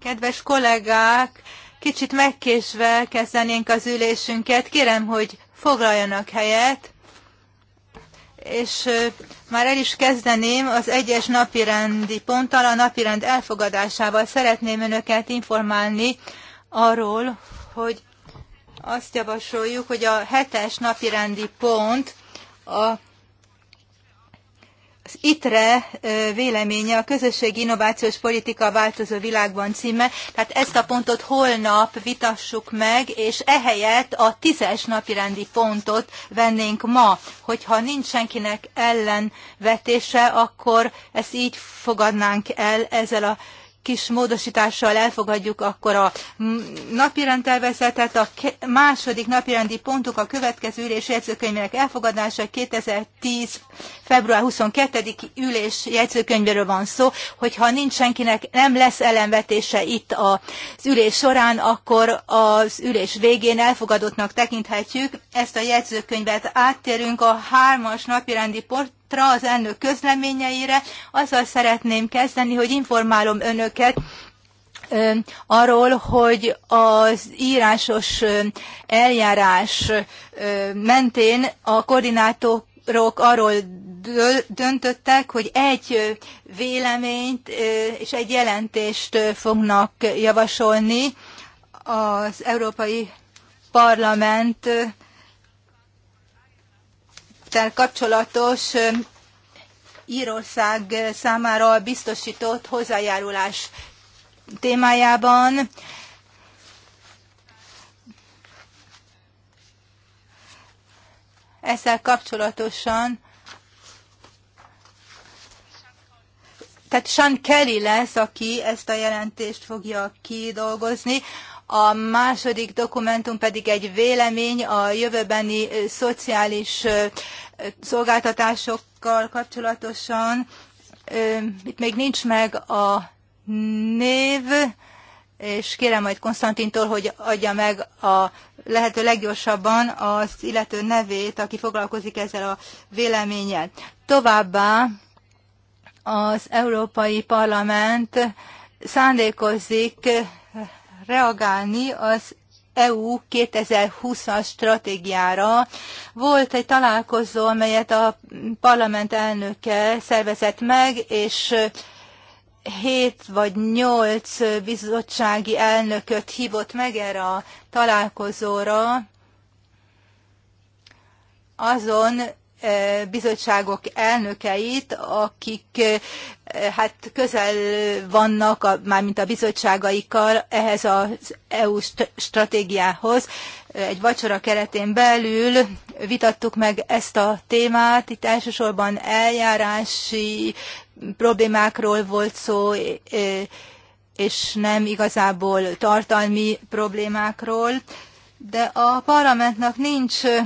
Kedves kollégák, kicsit megkésve kezdenénk az ülésünket. Kérem, hogy foglaljanak helyet, és már el is kezdeném az egyes napirendi ponttal, a napirend elfogadásával. Szeretném önöket informálni arról, hogy azt javasoljuk, hogy a hetes napirendi pont a az ITRE véleménye a közösségi innovációs politika változó világban címe, tehát ezt a pontot holnap vitassuk meg, és ehelyett a tízes napirendi pontot vennénk ma. Hogyha nincs senkinek ellenvetése, akkor ezt így fogadnánk el ezzel a kis módosítással elfogadjuk, akkor a napirend tervezetet, a második napirendi pontok a következő ülés jegyzőkönyvének elfogadása 2010. február 22. ülés jegyzőkönyvéről van szó, hogyha nincs senkinek, nem lesz ellenvetése itt az ülés során, akkor az ülés végén elfogadottnak tekinthetjük ezt a jegyzőkönyvet. Áttérünk a hármas napirendi pont pontra, az elnök közleményeire. Azzal szeretném kezdeni, hogy informálom önöket, arról, hogy az írásos eljárás mentén a koordinátok arról döntöttek, hogy egy véleményt és egy jelentést fognak javasolni az Európai Parlament kapcsolatos Írország számára biztosított hozzájárulás témájában. Ezzel kapcsolatosan tehát Sean Kelly lesz, aki ezt a jelentést fogja kidolgozni a második dokumentum pedig egy vélemény a jövőbeni szociális szolgáltatásokkal kapcsolatosan. Itt még nincs meg a név, és kérem majd Konstantintól, hogy adja meg a lehető leggyorsabban az illető nevét, aki foglalkozik ezzel a véleménnyel. Továbbá az Európai Parlament szándékozik reagálni az EU 2020-as stratégiára. Volt egy találkozó, amelyet a parlament elnöke szervezett meg, és hét vagy nyolc bizottsági elnököt hívott meg erre a találkozóra, azon bizottságok elnökeit, akik eh, hát közel vannak, a, mármint a bizottságaikkal ehhez az EU stratégiához. Egy vacsora keretén belül vitattuk meg ezt a témát, itt elsősorban eljárási problémákról volt szó, eh, és nem igazából tartalmi problémákról, de a parlamentnek nincs eh,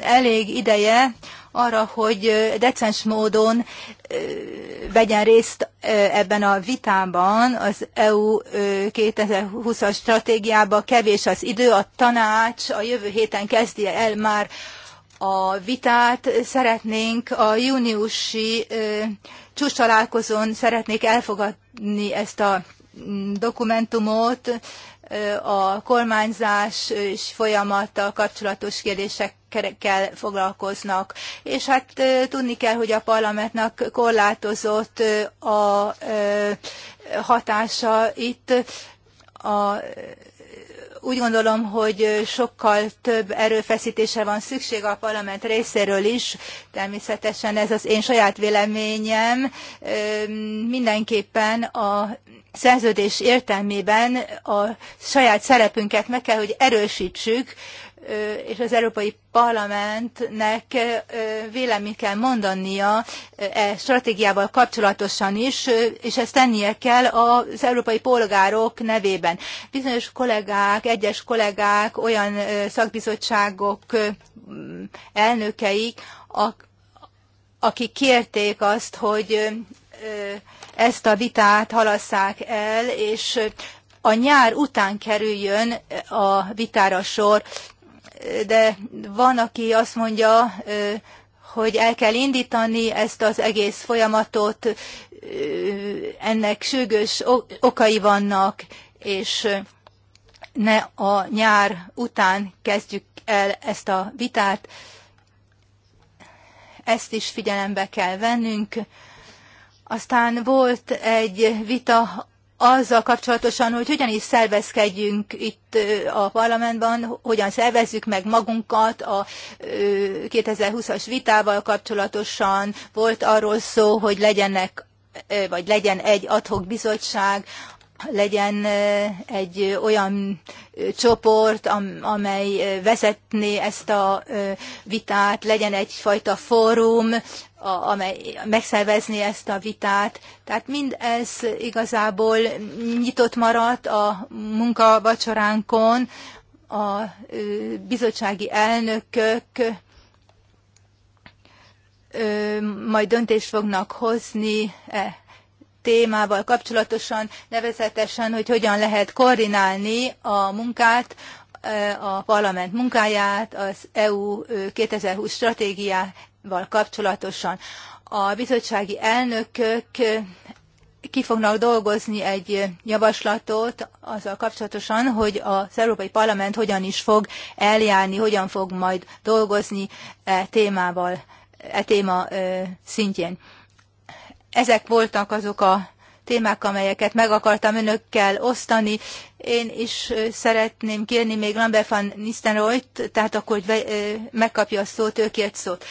elég ideje arra, hogy decens módon vegyen részt ebben a vitában, az EU 2020-as stratégiába kevés az idő, a tanács a jövő héten kezdi el már a vitát. Szeretnénk a júniusi csúcs találkozón szeretnék elfogadni ezt a mm, dokumentumot, a kormányzás és folyamattal kapcsolatos kérdések kérdésekkel foglalkoznak. És hát tudni kell, hogy a parlamentnak korlátozott a hatása itt. A, úgy gondolom, hogy sokkal több erőfeszítésre van szükség a parlament részéről is. Természetesen ez az én saját véleményem. Mindenképpen a szerződés értelmében a saját szerepünket meg kell, hogy erősítsük és az Európai Parlamentnek véleményt kell mondania e stratégiával kapcsolatosan is, és ezt tennie kell az európai polgárok nevében. Bizonyos kollégák, egyes kollégák, olyan szakbizottságok elnökeik, akik kérték azt, hogy ezt a vitát halasszák el, és a nyár után kerüljön a vitára sor de van, aki azt mondja, hogy el kell indítani ezt az egész folyamatot, ennek sürgős okai vannak, és ne a nyár után kezdjük el ezt a vitát. Ezt is figyelembe kell vennünk. Aztán volt egy vita azzal kapcsolatosan, hogy hogyan is szervezkedjünk itt a parlamentben, hogyan szervezzük meg magunkat a 2020-as vitával kapcsolatosan. Volt arról szó, hogy legyenek vagy legyen egy adhok bizottság, legyen egy olyan csoport, amely vezetné ezt a vitát, legyen egyfajta fórum, amely megszervezni ezt a vitát. Tehát mindez igazából nyitott maradt a munkavacsoránkon, a bizottsági elnökök majd döntést fognak hozni e témával kapcsolatosan, nevezetesen, hogy hogyan lehet koordinálni a munkát, eh, a parlament munkáját, az EU 2020 eh, stratégiával kapcsolatosan. A bizottsági elnökök eh, ki fognak dolgozni egy javaslatot azzal kapcsolatosan, hogy az Európai Parlament hogyan is fog eljárni, hogyan fog majd dolgozni e témával, e téma szintjén ezek voltak azok a témák, amelyeket meg akartam önökkel osztani. Én is szeretném kérni még Lambert van Nistenroyt, tehát akkor hogy megkapja a szót, ő kért szót.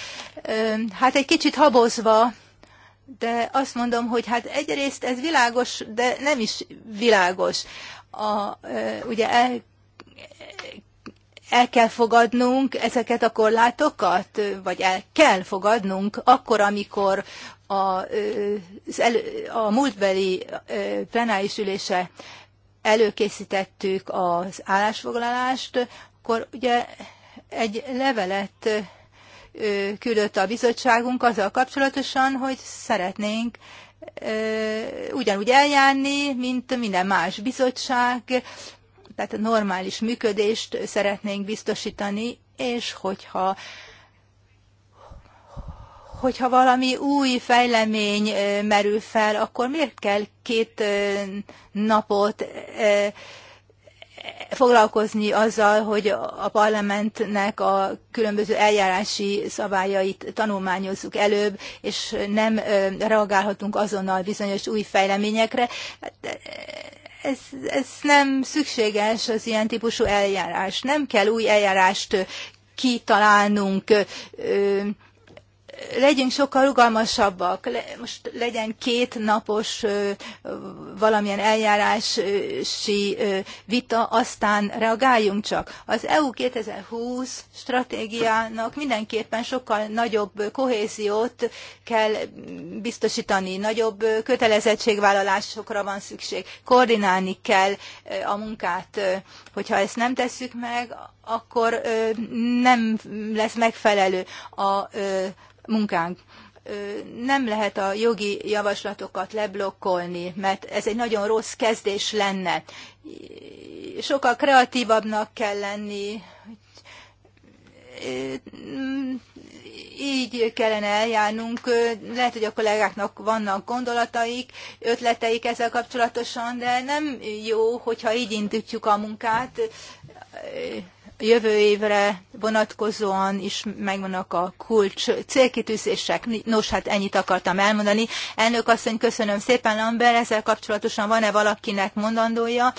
Hát egy kicsit habozva, de azt mondom, hogy hát egyrészt ez világos, de nem is világos. A, ugye el el kell fogadnunk ezeket a korlátokat, vagy el kell fogadnunk akkor, amikor a, az elő, a múltbeli plenáris ülése előkészítettük az állásfoglalást, akkor ugye egy levelet küldött a bizottságunk azzal kapcsolatosan, hogy szeretnénk ugyanúgy eljárni, mint minden más bizottság, tehát normális működést szeretnénk biztosítani, és hogyha hogyha valami új fejlemény merül fel, akkor miért kell két napot foglalkozni azzal, hogy a parlamentnek a különböző eljárási szabályait tanulmányozzuk előbb, és nem reagálhatunk azonnal bizonyos új fejleményekre. Hát, ez, ez nem szükséges az ilyen típusú eljárás. Nem kell új eljárást kitalálnunk. Ö, legyünk sokkal rugalmasabbak, most legyen két napos valamilyen eljárási vita, aztán reagáljunk csak. Az EU 2020 stratégiának mindenképpen sokkal nagyobb kohéziót kell biztosítani, nagyobb kötelezettségvállalásokra van szükség, koordinálni kell a munkát. Hogyha ezt nem tesszük meg, akkor nem lesz megfelelő a munkánk. Nem lehet a jogi javaslatokat leblokkolni, mert ez egy nagyon rossz kezdés lenne. Sokkal kreatívabbnak kell lenni, így kellene eljárnunk. Lehet, hogy a kollégáknak vannak gondolataik, ötleteik ezzel kapcsolatosan, de nem jó, hogyha így indítjuk a munkát jövő évre vonatkozóan is megvannak a kulcs célkitűzések. Nos, hát ennyit akartam elmondani. Elnök asszony, köszönöm szépen, Lambert, ezzel kapcsolatosan van-e valakinek mondandója?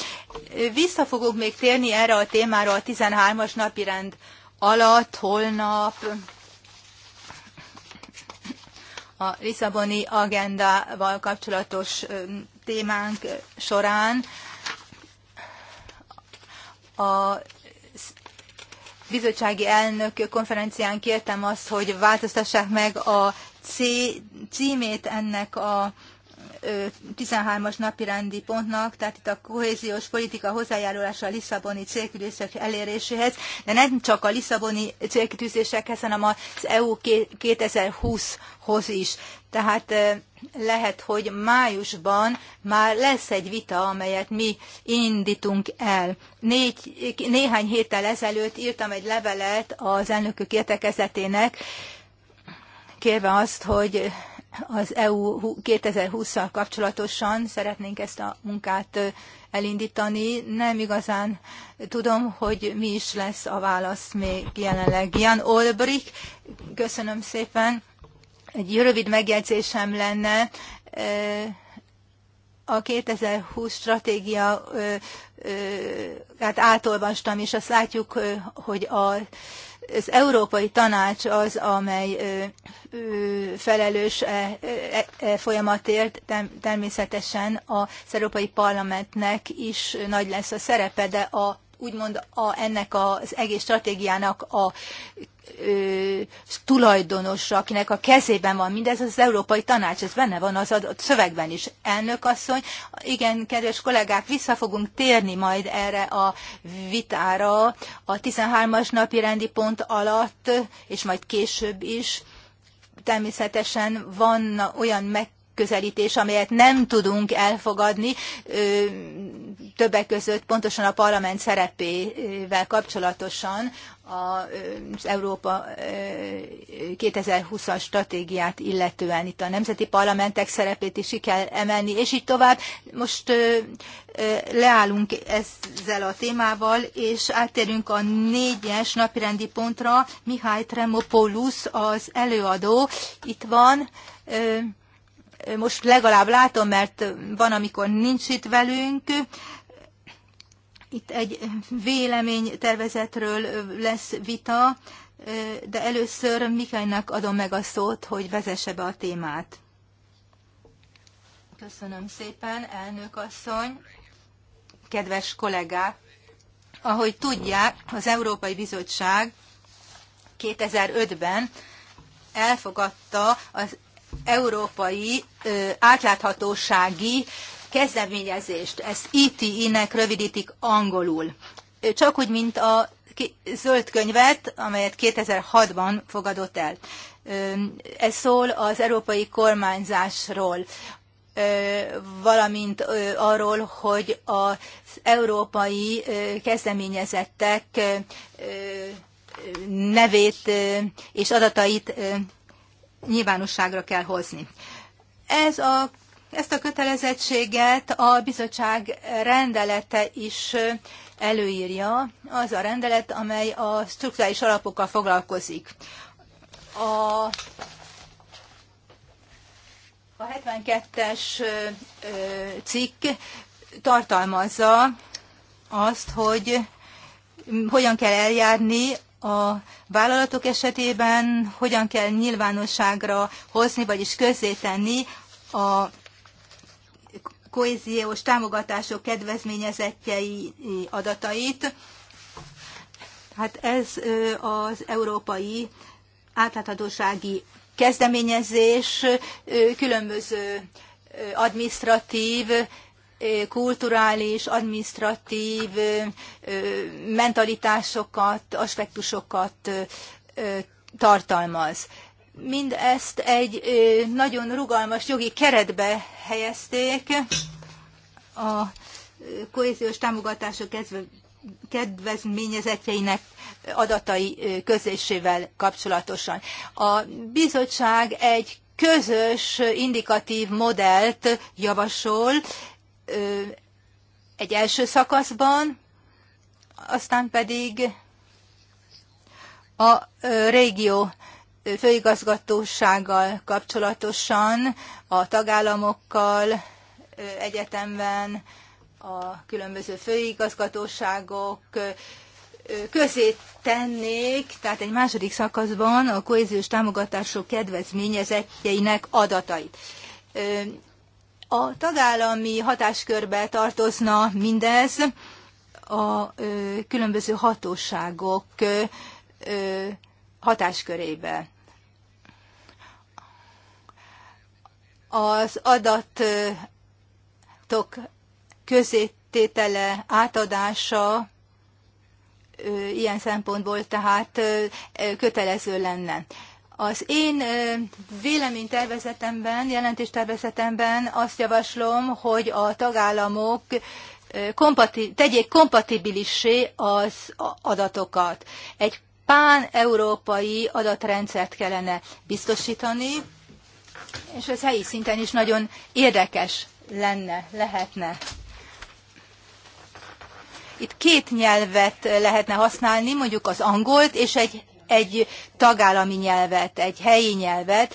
Vissza fogok még térni erre a témára a 13-as napirend alatt, holnap a Lisszaboni agendával kapcsolatos témánk során a bizottsági elnök konferencián kértem azt, hogy változtassák meg a C címét ennek a 13-as napirendi pontnak, tehát itt a kohéziós politika hozzájárulása a Lisszaboni célkülések eléréséhez, de nem csak a Lisszaboni célkütőzésekhez, hanem az EU 2020-hoz is. Tehát lehet, hogy májusban már lesz egy vita, amelyet mi indítunk el. Négy, néhány héttel ezelőtt írtam egy levelet az elnökök értekezetének, kérve azt, hogy az EU 2020-szal kapcsolatosan szeretnénk ezt a munkát elindítani. Nem igazán tudom, hogy mi is lesz a válasz még jelenleg. Jan Olbrich, köszönöm szépen. Egy rövid megjegyzésem lenne a 2020 stratégia hát átolvastam, és azt látjuk, hogy a, az Európai Tanács az, amely felelős e, e, e folyamatért, természetesen az Európai Parlamentnek is nagy lesz a szerepe, de a úgymond a, ennek az egész stratégiának a tulajdonosa, akinek a kezében van mindez, az Európai Tanács, ez benne van az a szövegben is. Elnök asszony, igen, kedves kollégák, vissza fogunk térni majd erre a vitára a 13-as napi rendi pont alatt, és majd később is természetesen van olyan meg megközelítés, amelyet nem tudunk elfogadni többek között pontosan a parlament szerepével kapcsolatosan az Európa 2020-as stratégiát illetően itt a nemzeti parlamentek szerepét is ki kell emelni, és így tovább. Most leállunk ezzel a témával, és áttérünk a négyes napirendi pontra. Mihály Tremopoulos az előadó itt van most legalább látom, mert van, amikor nincs itt velünk. Itt egy véleménytervezetről lesz vita, de először Mikálynak adom meg a szót, hogy vezesse be a témát. Köszönöm szépen, elnök asszony, kedves kollégák! Ahogy tudják, az Európai Bizottság 2005-ben elfogadta az európai ö, átláthatósági kezdeményezést. Ezt ETI-nek rövidítik angolul. Csak úgy, mint a zöld könyvet, amelyet 2006-ban fogadott el. Ez szól az európai kormányzásról, valamint arról, hogy az európai kezdeményezettek nevét és adatait nyilvánosságra kell hozni. Ez a, ezt a kötelezettséget a bizottság rendelete is előírja, az a rendelet, amely a struktúrális alapokkal foglalkozik. A, a 72-es cikk tartalmazza azt, hogy hogyan kell eljárni a vállalatok esetében hogyan kell nyilvánosságra hozni, vagyis közzétenni a kohéziós támogatások kedvezményezettjei adatait. Hát ez az európai átláthatósági kezdeményezés különböző administratív kulturális, administratív mentalitásokat, aspektusokat tartalmaz. Mind ezt egy nagyon rugalmas jogi keretbe helyezték a kohéziós támogatások kedvezményezetjeinek adatai közésével kapcsolatosan. A bizottság egy közös indikatív modellt javasol, egy első szakaszban, aztán pedig a régió főigazgatósággal kapcsolatosan, a tagállamokkal, egyetemben, a különböző főigazgatóságok közé tennék, tehát egy második szakaszban a kohéziós támogatások kedvezményezettjeinek adatait. A tagállami hatáskörbe tartozna mindez a különböző hatóságok hatáskörébe. Az adatok közététele, átadása ilyen szempontból tehát kötelező lenne. Az én véleménytervezetemben, jelentéstervezetemben azt javaslom, hogy a tagállamok kompati- tegyék kompatibilissé az adatokat. Egy pán-európai adatrendszert kellene biztosítani, és ez helyi szinten is nagyon érdekes lenne, lehetne. Itt két nyelvet lehetne használni, mondjuk az angolt és egy egy tagállami nyelvet, egy helyi nyelvet.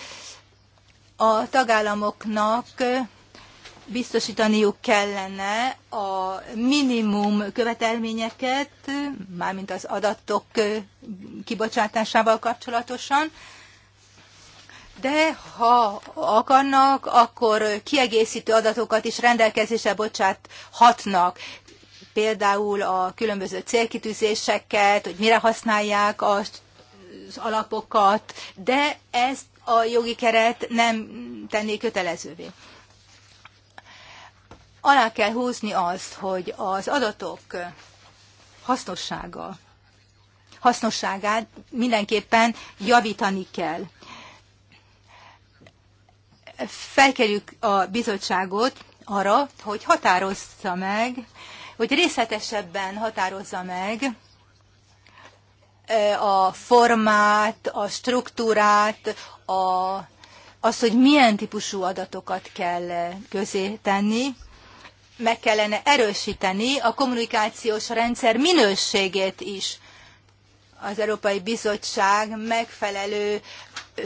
A tagállamoknak biztosítaniuk kellene a minimum követelményeket, mármint az adatok kibocsátásával kapcsolatosan, de ha akarnak, akkor kiegészítő adatokat is rendelkezésre bocsáthatnak. Például a különböző célkitűzéseket, hogy mire használják a az alapokat, de ezt a jogi keret nem tenné kötelezővé. Alá kell húzni azt, hogy az adatok hasznossága, hasznosságát mindenképpen javítani kell. Felkerjük a bizottságot arra, hogy határozza meg, hogy részletesebben határozza meg a formát, a struktúrát, a, az, hogy milyen típusú adatokat kell közé tenni, meg kellene erősíteni a kommunikációs rendszer minőségét is. Az Európai Bizottság megfelelő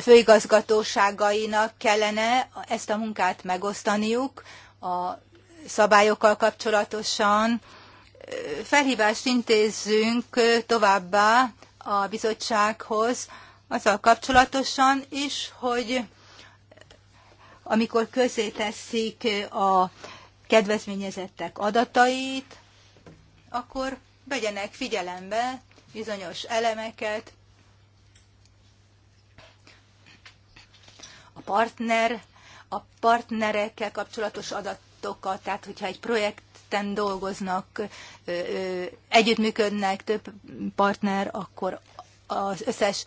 főigazgatóságainak kellene ezt a munkát megosztaniuk a szabályokkal kapcsolatosan. Felhívást intézzünk továbbá a bizottsághoz azzal kapcsolatosan is, hogy amikor közzéteszik a kedvezményezettek adatait, akkor vegyenek figyelembe bizonyos elemeket, a partner, a partnerekkel kapcsolatos adatokat, tehát hogyha egy projekt ketten dolgoznak, együttműködnek több partner, akkor az összes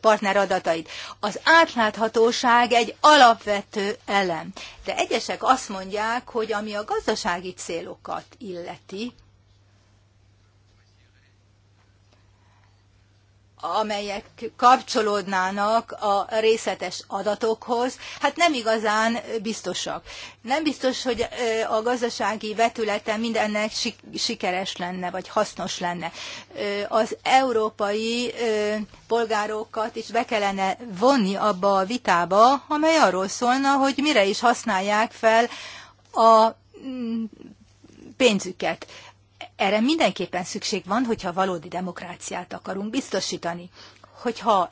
partner adatait. Az átláthatóság egy alapvető elem. De egyesek azt mondják, hogy ami a gazdasági célokat illeti, amelyek kapcsolódnának a részletes adatokhoz, hát nem igazán biztosak. Nem biztos, hogy a gazdasági vetülete mindennek sikeres lenne, vagy hasznos lenne. Az európai polgárokat is be kellene vonni abba a vitába, amely arról szólna, hogy mire is használják fel a mm, pénzüket erre mindenképpen szükség van, hogyha valódi demokráciát akarunk biztosítani. Hogyha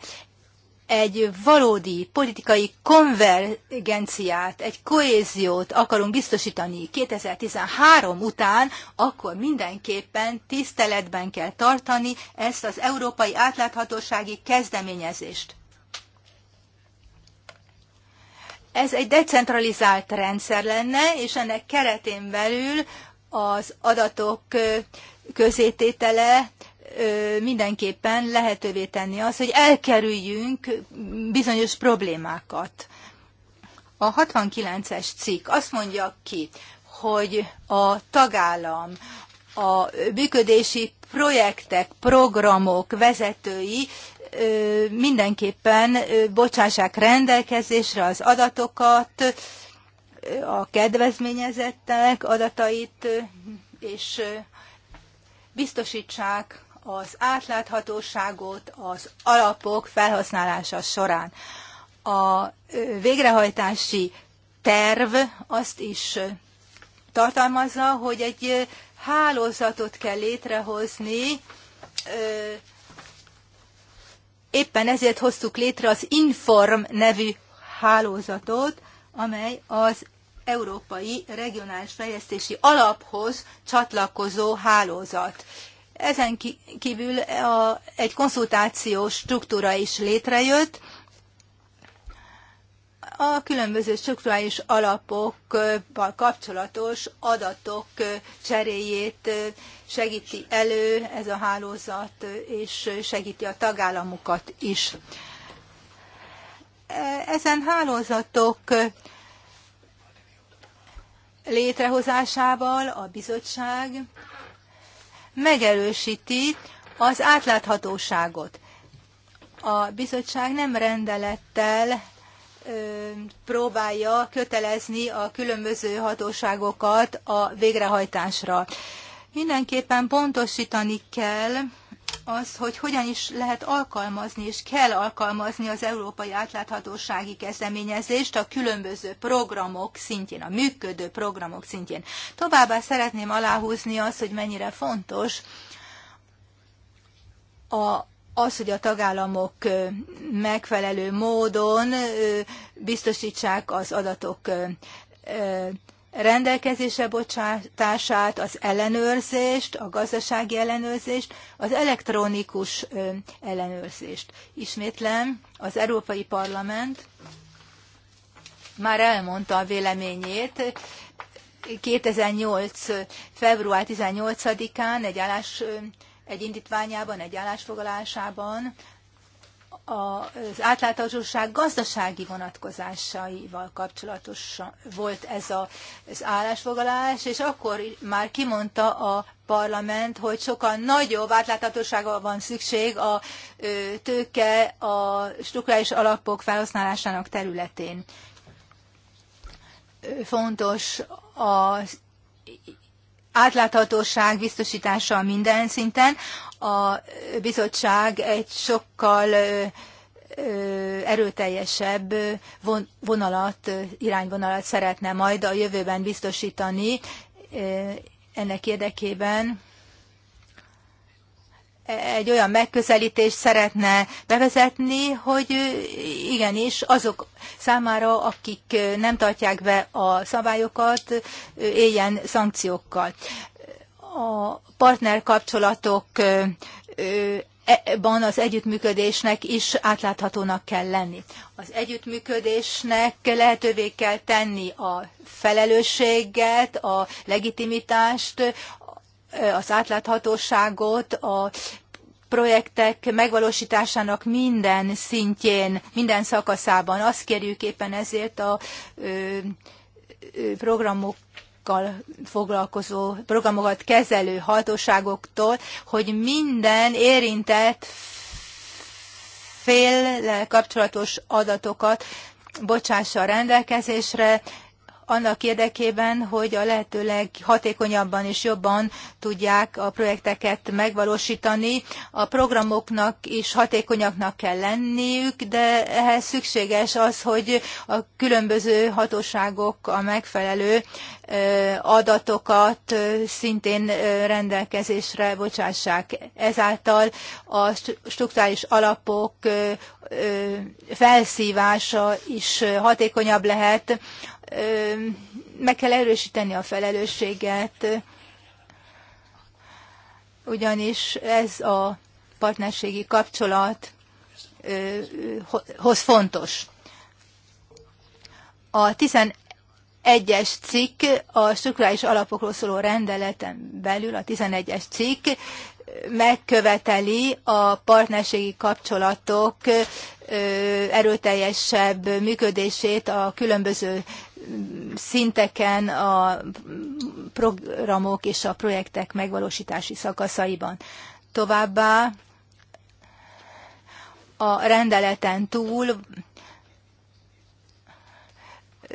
egy valódi politikai konvergenciát, egy koéziót akarunk biztosítani 2013 után, akkor mindenképpen tiszteletben kell tartani ezt az európai átláthatósági kezdeményezést. Ez egy decentralizált rendszer lenne, és ennek keretén belül az adatok közététele mindenképpen lehetővé tenni az, hogy elkerüljünk bizonyos problémákat. A 69-es cikk azt mondja ki, hogy a tagállam, a működési projektek, programok vezetői mindenképpen bocsássák rendelkezésre az adatokat, a kedvezményezettek adatait, és biztosítsák az átláthatóságot az alapok felhasználása során. A végrehajtási terv azt is tartalmazza, hogy egy hálózatot kell létrehozni, éppen ezért hoztuk létre az Inform nevű hálózatot, amely az Európai Regionális Fejlesztési Alaphoz csatlakozó hálózat. Ezen kívül a, egy konszultációs struktúra is létrejött, a különböző struktúrális alapokkal kapcsolatos adatok cseréjét segíti elő ez a hálózat, és segíti a tagállamokat is. E-, ezen hálózatok létrehozásával a bizottság megerősíti az átláthatóságot. A bizottság nem rendelettel próbálja kötelezni a különböző hatóságokat a végrehajtásra. Mindenképpen pontosítani kell az, hogy hogyan is lehet alkalmazni, és kell alkalmazni az európai átláthatósági kezdeményezést a különböző programok szintjén, a működő programok szintjén. Továbbá szeretném aláhúzni azt, hogy mennyire fontos a az, hogy a tagállamok megfelelő módon biztosítsák az adatok rendelkezésre bocsátását, az ellenőrzést, a gazdasági ellenőrzést, az elektronikus ellenőrzést. Ismétlem, az Európai Parlament már elmondta a véleményét, 2008. február 18-án egy, állás, egy indítványában, egy állásfoglalásában az átláthatóság gazdasági vonatkozásaival kapcsolatos volt ez a, az állásfoglalás, és akkor már kimondta a parlament, hogy sokkal nagyobb átláthatóságra van szükség a tőke a struktúrális alapok felhasználásának területén. Fontos az átláthatóság biztosítása minden szinten. A bizottság egy sokkal erőteljesebb vonalat, irányvonalat szeretne majd a jövőben biztosítani ennek érdekében, egy olyan megközelítést szeretne bevezetni, hogy igenis azok számára, akik nem tartják be a szabályokat, éljen szankciókkal. A partnerkapcsolatokban az együttműködésnek is átláthatónak kell lenni. Az együttműködésnek lehetővé kell tenni a felelősséget, a legitimitást, az átláthatóságot a projektek megvalósításának minden szintjén, minden szakaszában. Azt kérjük éppen ezért a programok foglalkozó programokat kezelő hatóságoktól, hogy minden érintett féllel kapcsolatos adatokat bocsássa a rendelkezésre, annak érdekében, hogy a lehetőleg hatékonyabban és jobban tudják a projekteket megvalósítani. A programoknak is hatékonyaknak kell lenniük, de ehhez szükséges az, hogy a különböző hatóságok a megfelelő adatokat szintén rendelkezésre bocsássák. Ezáltal a struktúrális alapok felszívása is hatékonyabb lehet, meg kell erősíteni a felelősséget, ugyanis ez a partnerségi kapcsolat hoz fontos. A 11-es cikk a strukturális alapokról szóló rendeleten belül, a 11-es cikk megköveteli a partnerségi kapcsolatok erőteljesebb működését a különböző szinteken a programok és a projektek megvalósítási szakaszaiban. Továbbá a rendeleten túl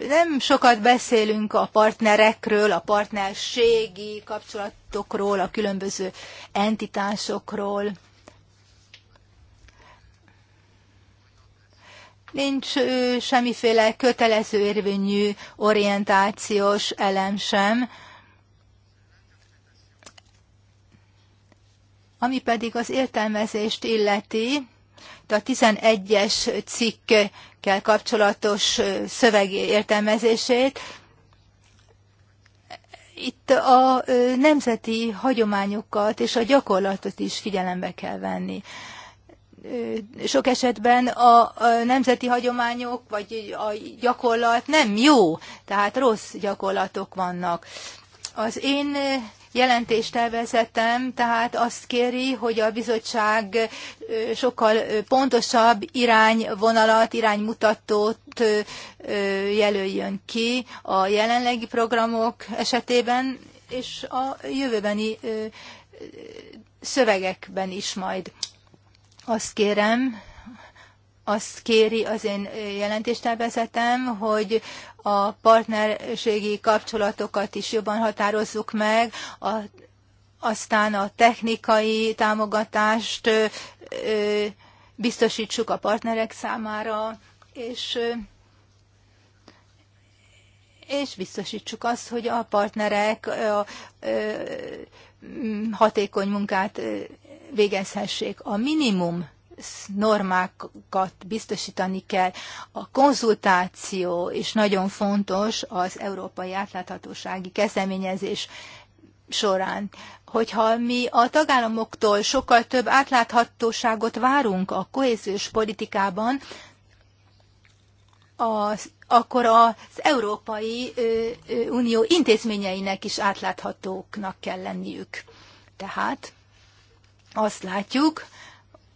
nem sokat beszélünk a partnerekről, a partnerségi kapcsolatokról, a különböző entitásokról. Nincs semmiféle kötelező érvényű orientációs elem sem. Ami pedig az értelmezést illeti, a 11-es cikkkel kapcsolatos szövegi értelmezését, itt a nemzeti hagyományokat és a gyakorlatot is figyelembe kell venni sok esetben a, nemzeti hagyományok vagy a gyakorlat nem jó, tehát rossz gyakorlatok vannak. Az én jelentéstervezetem tehát azt kéri, hogy a bizottság sokkal pontosabb irányvonalat, iránymutatót jelöljön ki a jelenlegi programok esetében, és a jövőbeni szövegekben is majd. Azt kérem, azt kéri az én jelentéstervezetem, hogy a partnerségi kapcsolatokat is jobban határozzuk meg, a, aztán a technikai támogatást ö, ö, biztosítsuk a partnerek számára, és ö, és biztosítsuk azt, hogy a partnerek ö, ö, hatékony munkát végezhessék. A minimum normákat biztosítani kell. A konzultáció is nagyon fontos az Európai Átláthatósági Kezdeményezés során. Hogyha mi a tagállamoktól sokkal több átláthatóságot várunk a kohéziós politikában, az, akkor az Európai Unió intézményeinek is átláthatóknak kell lenniük. Tehát azt látjuk,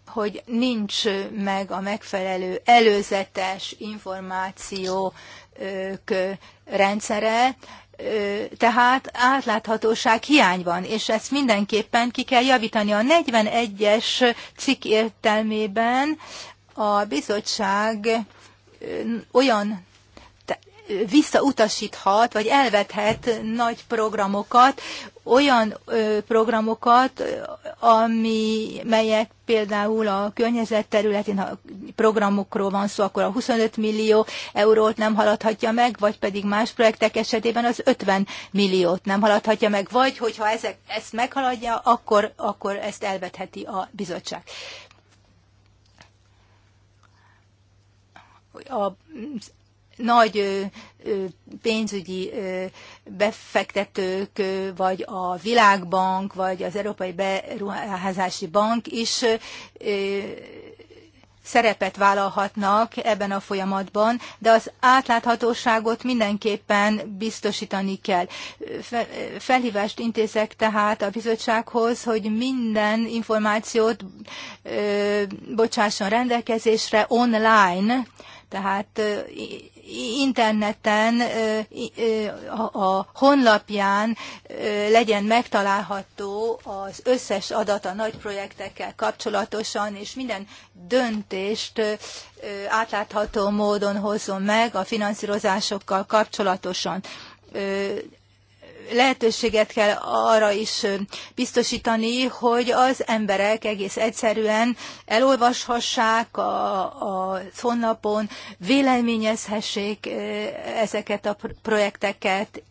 hogy nincs meg a megfelelő előzetes információk rendszere, tehát átláthatóság hiány van, és ezt mindenképpen ki kell javítani. A 41-es cikk értelmében a bizottság olyan visszautasíthat, vagy elvethet nagy programokat, olyan programokat, ami, melyek például a környezet területén, ha programokról van szó, akkor a 25 millió eurót nem haladhatja meg, vagy pedig más projektek esetében az 50 milliót nem haladhatja meg, vagy hogyha ezek, ezt meghaladja, akkor, akkor ezt elvetheti a bizottság. A nagy pénzügyi befektetők, vagy a Világbank, vagy az Európai Beruházási Bank is szerepet vállalhatnak ebben a folyamatban, de az átláthatóságot mindenképpen biztosítani kell. Felhívást intézek tehát a bizottsághoz, hogy minden információt bocsásson rendelkezésre online, tehát interneten, a honlapján legyen megtalálható az összes adat a nagy projektekkel kapcsolatosan, és minden döntést átlátható módon hozzon meg a finanszírozásokkal kapcsolatosan lehetőséget kell arra is biztosítani, hogy az emberek egész egyszerűen elolvashassák a, a honlapon, véleményezhessék ezeket a projekteket,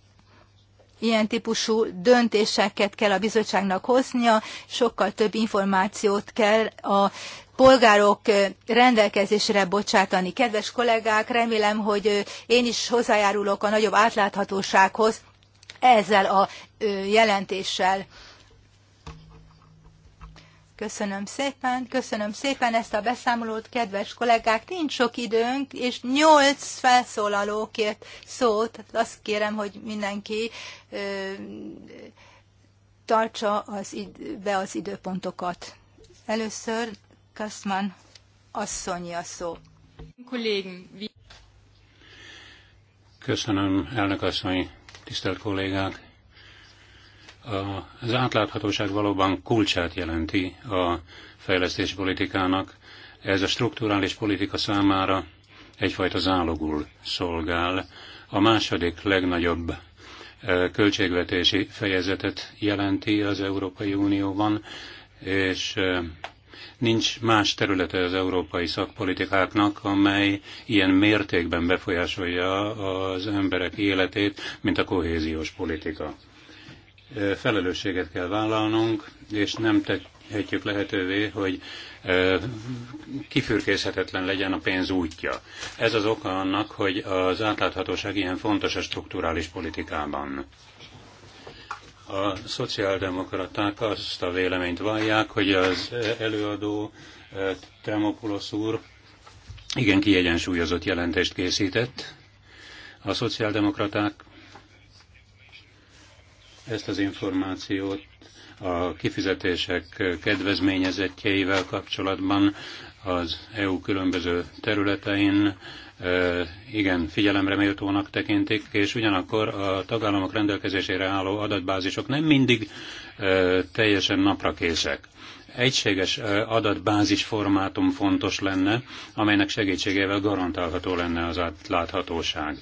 ilyen típusú döntéseket kell a bizottságnak hoznia, sokkal több információt kell a polgárok rendelkezésre bocsátani. Kedves kollégák, remélem, hogy én is hozzájárulok a nagyobb átláthatósághoz ezzel a jelentéssel. Köszönöm szépen, köszönöm szépen ezt a beszámolót, kedves kollégák. Nincs sok időnk, és nyolc felszólalókért szót. Azt kérem, hogy mindenki ö, tartsa az id- be az időpontokat. Először Kaszman asszonyi a szó. Köszönöm, elnök asszony tisztelt kollégák! Az átláthatóság valóban kulcsát jelenti a fejlesztési politikának. Ez a strukturális politika számára egyfajta zálogul szolgál. A második legnagyobb e, költségvetési fejezetet jelenti az Európai Unióban, és e, Nincs más területe az európai szakpolitikáknak, amely ilyen mértékben befolyásolja az emberek életét, mint a kohéziós politika. Felelősséget kell vállalnunk, és nem tehetjük lehetővé, hogy kifürkészhetetlen legyen a pénz útja. Ez az oka annak, hogy az átláthatóság ilyen fontos a strukturális politikában. A szociáldemokraták azt a véleményt vallják, hogy az előadó eh, Temopulosz úr igen kiegyensúlyozott jelentést készített. A szociáldemokraták ezt az információt a kifizetések kedvezményezettjeivel kapcsolatban az EU különböző területein igen figyelemre méltónak tekintik, és ugyanakkor a tagállamok rendelkezésére álló adatbázisok nem mindig teljesen naprakészek. Egységes adatbázis formátum fontos lenne, amelynek segítségével garantálható lenne az átláthatóság.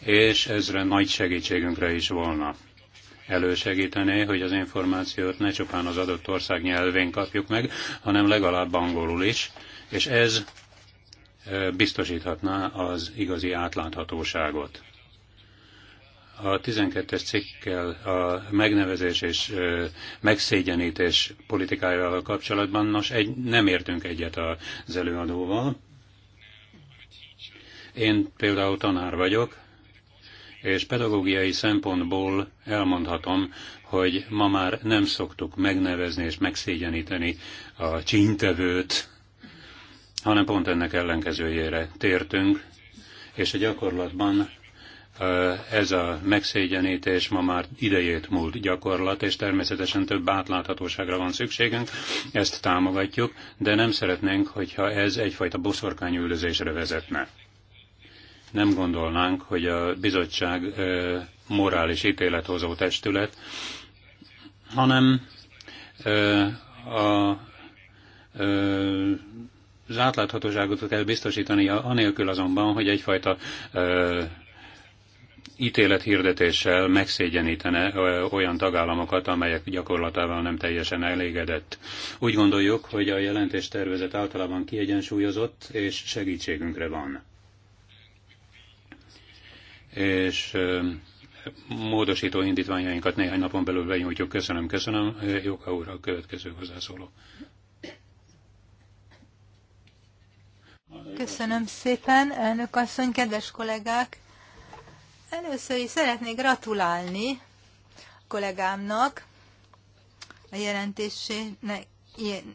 És ezre nagy segítségünkre is volna elősegítené, hogy az információt ne csupán az adott ország nyelvén kapjuk meg, hanem legalább angolul is, és ez biztosíthatná az igazi átláthatóságot. A 12-es cikkel a megnevezés és megszégyenítés politikájával kapcsolatban nos, egy, nem értünk egyet az előadóval. Én például tanár vagyok, és pedagógiai szempontból elmondhatom, hogy ma már nem szoktuk megnevezni és megszégyeníteni a csíntevőt, hanem pont ennek ellenkezőjére tértünk, és a gyakorlatban ez a megszégyenítés ma már idejét múlt gyakorlat, és természetesen több átláthatóságra van szükségünk, ezt támogatjuk, de nem szeretnénk, hogyha ez egyfajta boszorkányüldözésre vezetne. Nem gondolnánk, hogy a bizottság morális ítélethozó testület, hanem a az átláthatóságot kell biztosítani, anélkül azonban, hogy egyfajta ö, ítélethirdetéssel megszégyenítene olyan tagállamokat, amelyek gyakorlatával nem teljesen elégedett. Úgy gondoljuk, hogy a jelentés tervezet általában kiegyensúlyozott és segítségünkre van. És módosító indítványainkat néhány napon belül benyújtjuk. Köszönöm, köszönöm. Jóka úr a következő hozzászóló. Köszönöm szépen, elnök asszony, kedves kollégák! Először is szeretnék gratulálni kollégámnak a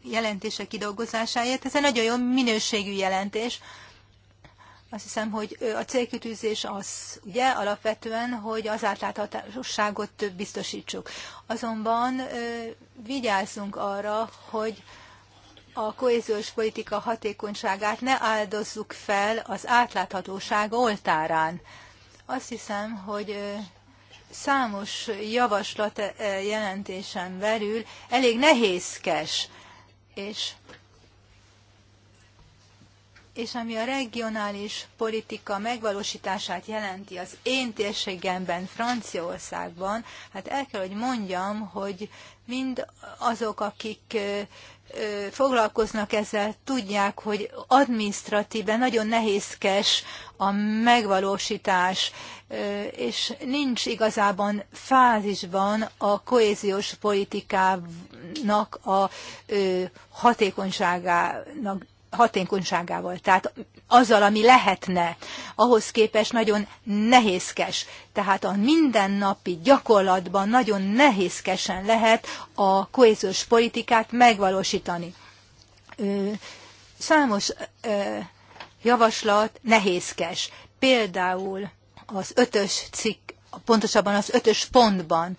jelentése kidolgozásáért. Ez egy nagyon jó minőségű jelentés. Azt hiszem, hogy a célkitűzés az, ugye, alapvetően, hogy az átláthatóságot biztosítsuk. Azonban vigyázzunk arra, hogy a kohéziós politika hatékonyságát ne áldozzuk fel az átláthatóság oltárán. Azt hiszem, hogy számos javaslat jelentésen belül elég nehézkes, és és ami a regionális politika megvalósítását jelenti az én térségemben, Franciaországban, hát el kell, hogy mondjam, hogy mind azok, akik foglalkoznak ezzel, tudják, hogy administratíven nagyon nehézkes a megvalósítás, és nincs igazában fázisban a kohéziós politikának a hatékonyságának hatékonyságával, tehát azzal, ami lehetne, ahhoz képest nagyon nehézkes. Tehát a mindennapi gyakorlatban nagyon nehézkesen lehet a kohéziós politikát megvalósítani. Számos javaslat nehézkes. Például az ötös cikk, pontosabban az ötös pontban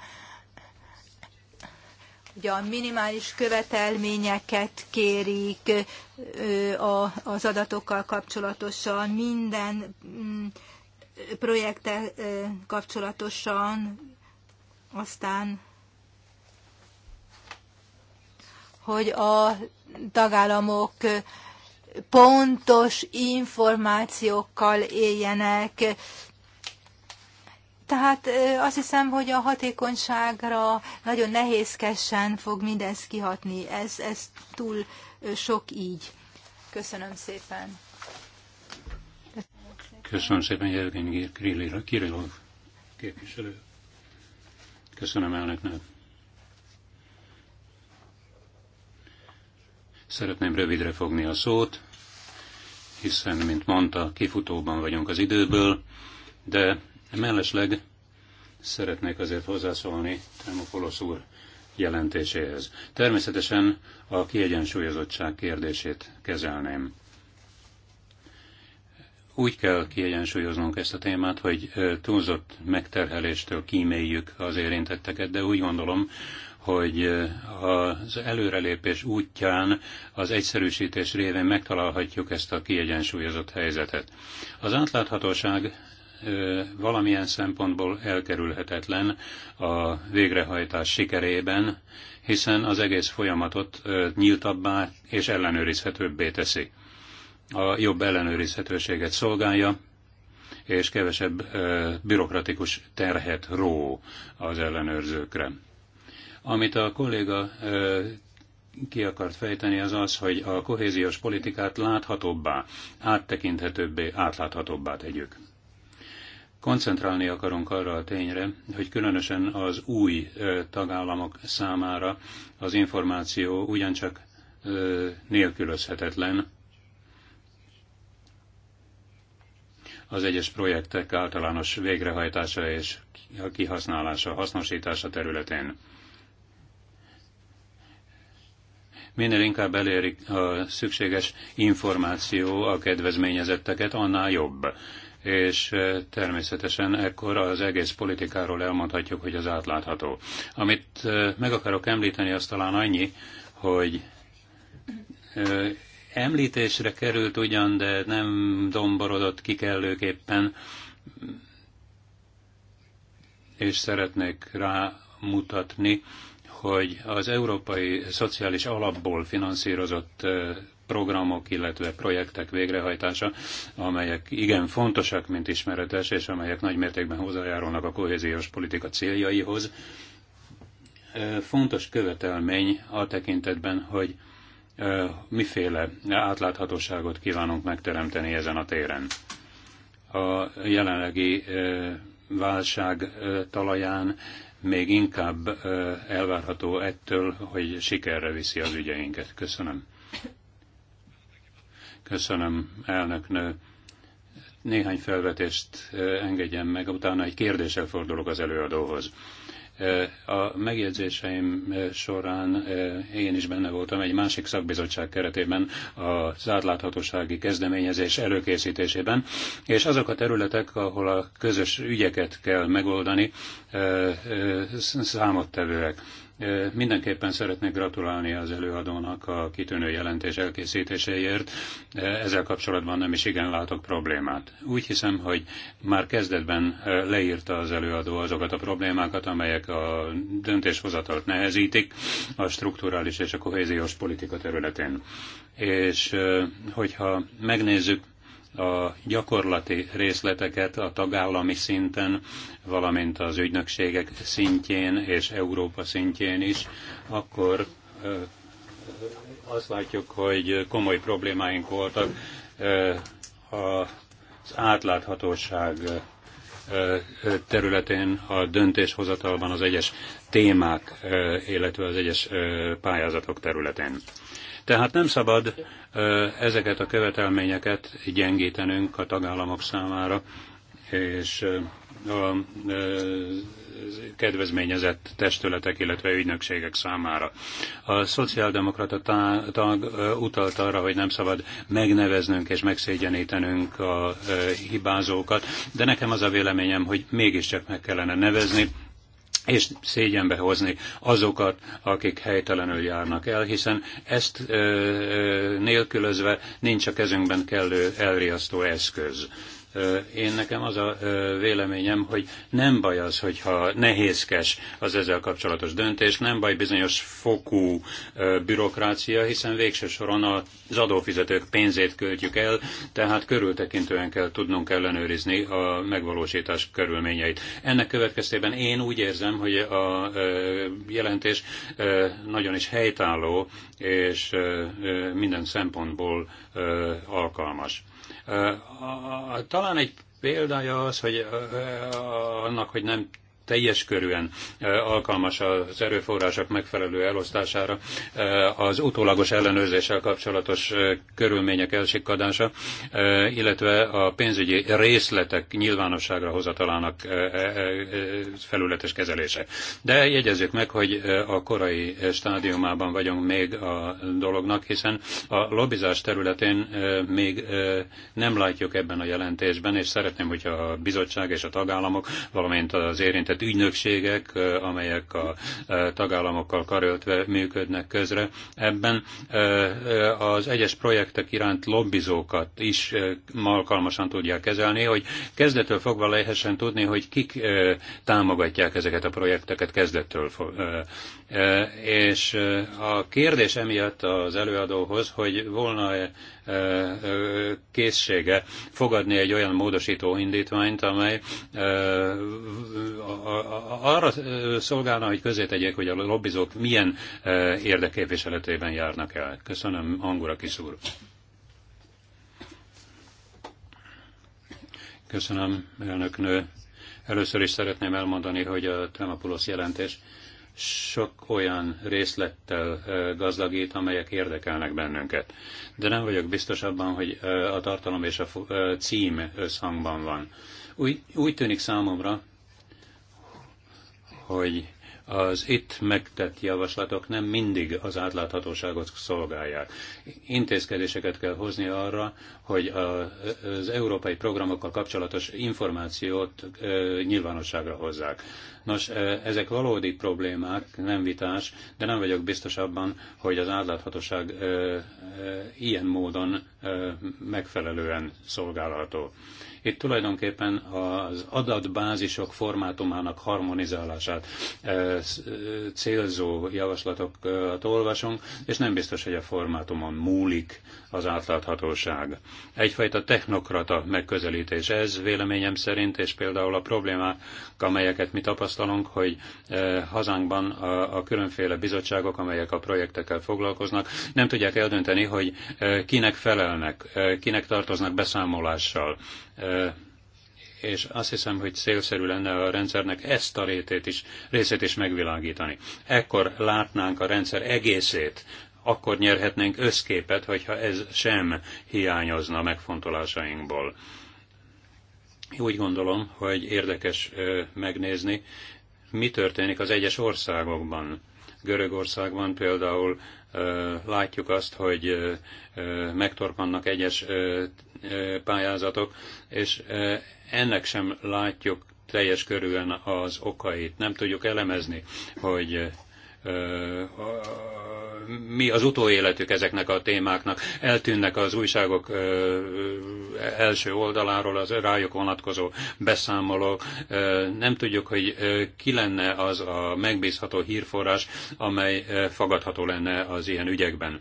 ugye a minimális követelményeket kérik az adatokkal kapcsolatosan, minden mm, projekttel kapcsolatosan, aztán hogy a tagállamok pontos információkkal éljenek, tehát azt hiszem, hogy a hatékonyságra nagyon nehézkesen fog mindez kihatni. Ez, ez túl sok így. Köszönöm szépen. Köszönöm szépen, Jelgény Kirillov képviselő. Köszönöm elnöknek. Szeretném rövidre fogni a szót, hiszen, mint mondta, kifutóban vagyunk az időből, de Mellesleg szeretnék azért hozzászólni Termopolosz úr jelentéséhez. Természetesen a kiegyensúlyozottság kérdését kezelném. Úgy kell kiegyensúlyoznunk ezt a témát, hogy túlzott megterheléstől kíméljük az érintetteket, de úgy gondolom, hogy az előrelépés útján az egyszerűsítés révén megtalálhatjuk ezt a kiegyensúlyozott helyzetet. Az átláthatóság valamilyen szempontból elkerülhetetlen a végrehajtás sikerében, hiszen az egész folyamatot nyíltabbá és ellenőrizhetőbbé teszi. A jobb ellenőrizhetőséget szolgálja, és kevesebb bürokratikus terhet ró az ellenőrzőkre. Amit a kolléga ki akart fejteni, az az, hogy a kohéziós politikát láthatóbbá, áttekinthetőbbé, átláthatóbbá tegyük koncentrálni akarunk arra a tényre, hogy különösen az új tagállamok számára az információ ugyancsak nélkülözhetetlen az egyes projektek általános végrehajtása és kihasználása, hasznosítása területén. Minél inkább elérik a szükséges információ a kedvezményezetteket, annál jobb és természetesen ekkor az egész politikáról elmondhatjuk, hogy az átlátható. Amit meg akarok említeni, az talán annyi, hogy említésre került ugyan, de nem domborodott ki kellőképpen, és szeretnék rámutatni, hogy az európai szociális alapból finanszírozott programok, illetve projektek végrehajtása, amelyek igen fontosak, mint ismeretes, és amelyek nagy mértékben hozzájárulnak a kohéziós politika céljaihoz. Fontos követelmény a tekintetben, hogy miféle átláthatóságot kívánunk megteremteni ezen a téren. A jelenlegi válság talaján még inkább elvárható ettől, hogy sikerre viszi az ügyeinket. Köszönöm. Köszönöm, elnök Néhány felvetést eh, engedjen meg, utána egy kérdéssel fordulok az előadóhoz. Eh, a megjegyzéseim eh, során én is benne voltam egy másik szakbizottság keretében az átláthatósági kezdeményezés előkészítésében, és azok a területek, ahol a közös ügyeket kell megoldani, számottevőek Mindenképpen szeretnék gratulálni az előadónak a kitűnő jelentés elkészítéséért. Ezzel kapcsolatban nem is igen látok problémát. Úgy hiszem, hogy már kezdetben leírta az előadó azokat a problémákat, amelyek a döntéshozatalt nehezítik a strukturális és a kohéziós politika területén. És hogyha megnézzük, a gyakorlati részleteket a tagállami szinten, valamint az ügynökségek szintjén és Európa szintjén is, akkor azt látjuk, hogy komoly problémáink voltak az átláthatóság területén a döntéshozatalban az egyes témák, illetve az egyes pályázatok területén. Tehát nem szabad ezeket a követelményeket gyengítenünk a tagállamok számára, és a kedvezményezett testületek, illetve ügynökségek számára. A szociáldemokrata tag utalt arra, hogy nem szabad megneveznünk és megszégyenítenünk a hibázókat, de nekem az a véleményem, hogy mégiscsak meg kellene nevezni, és szégyenbe hozni azokat, akik helytelenül járnak el, hiszen ezt ö, nélkülözve nincs a kezünkben kellő elriasztó eszköz. Én nekem az a véleményem, hogy nem baj az, hogyha nehézkes az ezzel kapcsolatos döntés, nem baj bizonyos fokú bürokrácia, hiszen végső soron az adófizetők pénzét költjük el, tehát körültekintően kell tudnunk ellenőrizni a megvalósítás körülményeit. Ennek következtében én úgy érzem, hogy a jelentés nagyon is helytálló, és minden szempontból alkalmas. Talán egy példája az, hogy annak, hogy nem teljes körűen alkalmas az erőforrások megfelelő elosztására, az utólagos ellenőrzéssel kapcsolatos körülmények elsikkadása, illetve a pénzügyi részletek nyilvánosságra hozatalának felületes kezelése. De jegyezzük meg, hogy a korai stádiumában vagyunk még a dolognak, hiszen a lobbizás területén még nem látjuk ebben a jelentésben, és szeretném, hogyha a bizottság és a tagállamok, valamint az érintett úgynevezett ügynökségek, amelyek a tagállamokkal karöltve működnek közre. Ebben az egyes projektek iránt lobbizókat is alkalmasan tudják kezelni, hogy kezdettől fogva lehessen tudni, hogy kik támogatják ezeket a projekteket kezdettől. És a kérdés emiatt az előadóhoz, hogy volna-e készsége fogadni egy olyan módosító indítványt, amely arra szolgálna, hogy közé tegyék, hogy a lobbizók milyen érdekképviseletében járnak el. Köszönöm, Angura Kiszúr. Köszönöm, elnöknő. nő. Először is szeretném elmondani, hogy a Temapulosz jelentés sok olyan részlettel gazdagít, amelyek érdekelnek bennünket. De nem vagyok biztos abban, hogy a tartalom és a cím összhangban van. Úgy, úgy tűnik számomra, hogy az itt megtett javaslatok nem mindig az átláthatóságot szolgálják. Intézkedéseket kell hozni arra, hogy az európai programokkal kapcsolatos információt nyilvánosságra hozzák. Nos, ezek valódi problémák, nem vitás, de nem vagyok biztos abban, hogy az átláthatóság ilyen módon megfelelően szolgálható itt tulajdonképpen az adatbázisok formátumának harmonizálását eh, eh, célzó javaslatokat olvasunk, és nem biztos, hogy a formátumon múlik az átláthatóság. Egyfajta technokrata megközelítés ez véleményem szerint, és például a problémák, amelyeket mi tapasztalunk, hogy eh, hazánkban a, a különféle bizottságok, amelyek a projektekkel foglalkoznak, nem tudják eldönteni, hogy kinek felelnek, kinek tartoznak beszámolással és azt hiszem, hogy szélszerű lenne a rendszernek ezt a rétét is, részét is megvilágítani. Ekkor látnánk a rendszer egészét, akkor nyerhetnénk összképet, hogyha ez sem hiányozna a megfontolásainkból. Úgy gondolom, hogy érdekes megnézni, mi történik az egyes országokban. Görögországban például látjuk azt, hogy megtorpannak egyes pályázatok, és ennek sem látjuk teljes körülön az okait. Nem tudjuk elemezni, hogy mi az utóéletük ezeknek a témáknak. Eltűnnek az újságok első oldaláról az rájuk vonatkozó beszámolók. Nem tudjuk, hogy ki lenne az a megbízható hírforrás, amely fogadható lenne az ilyen ügyekben.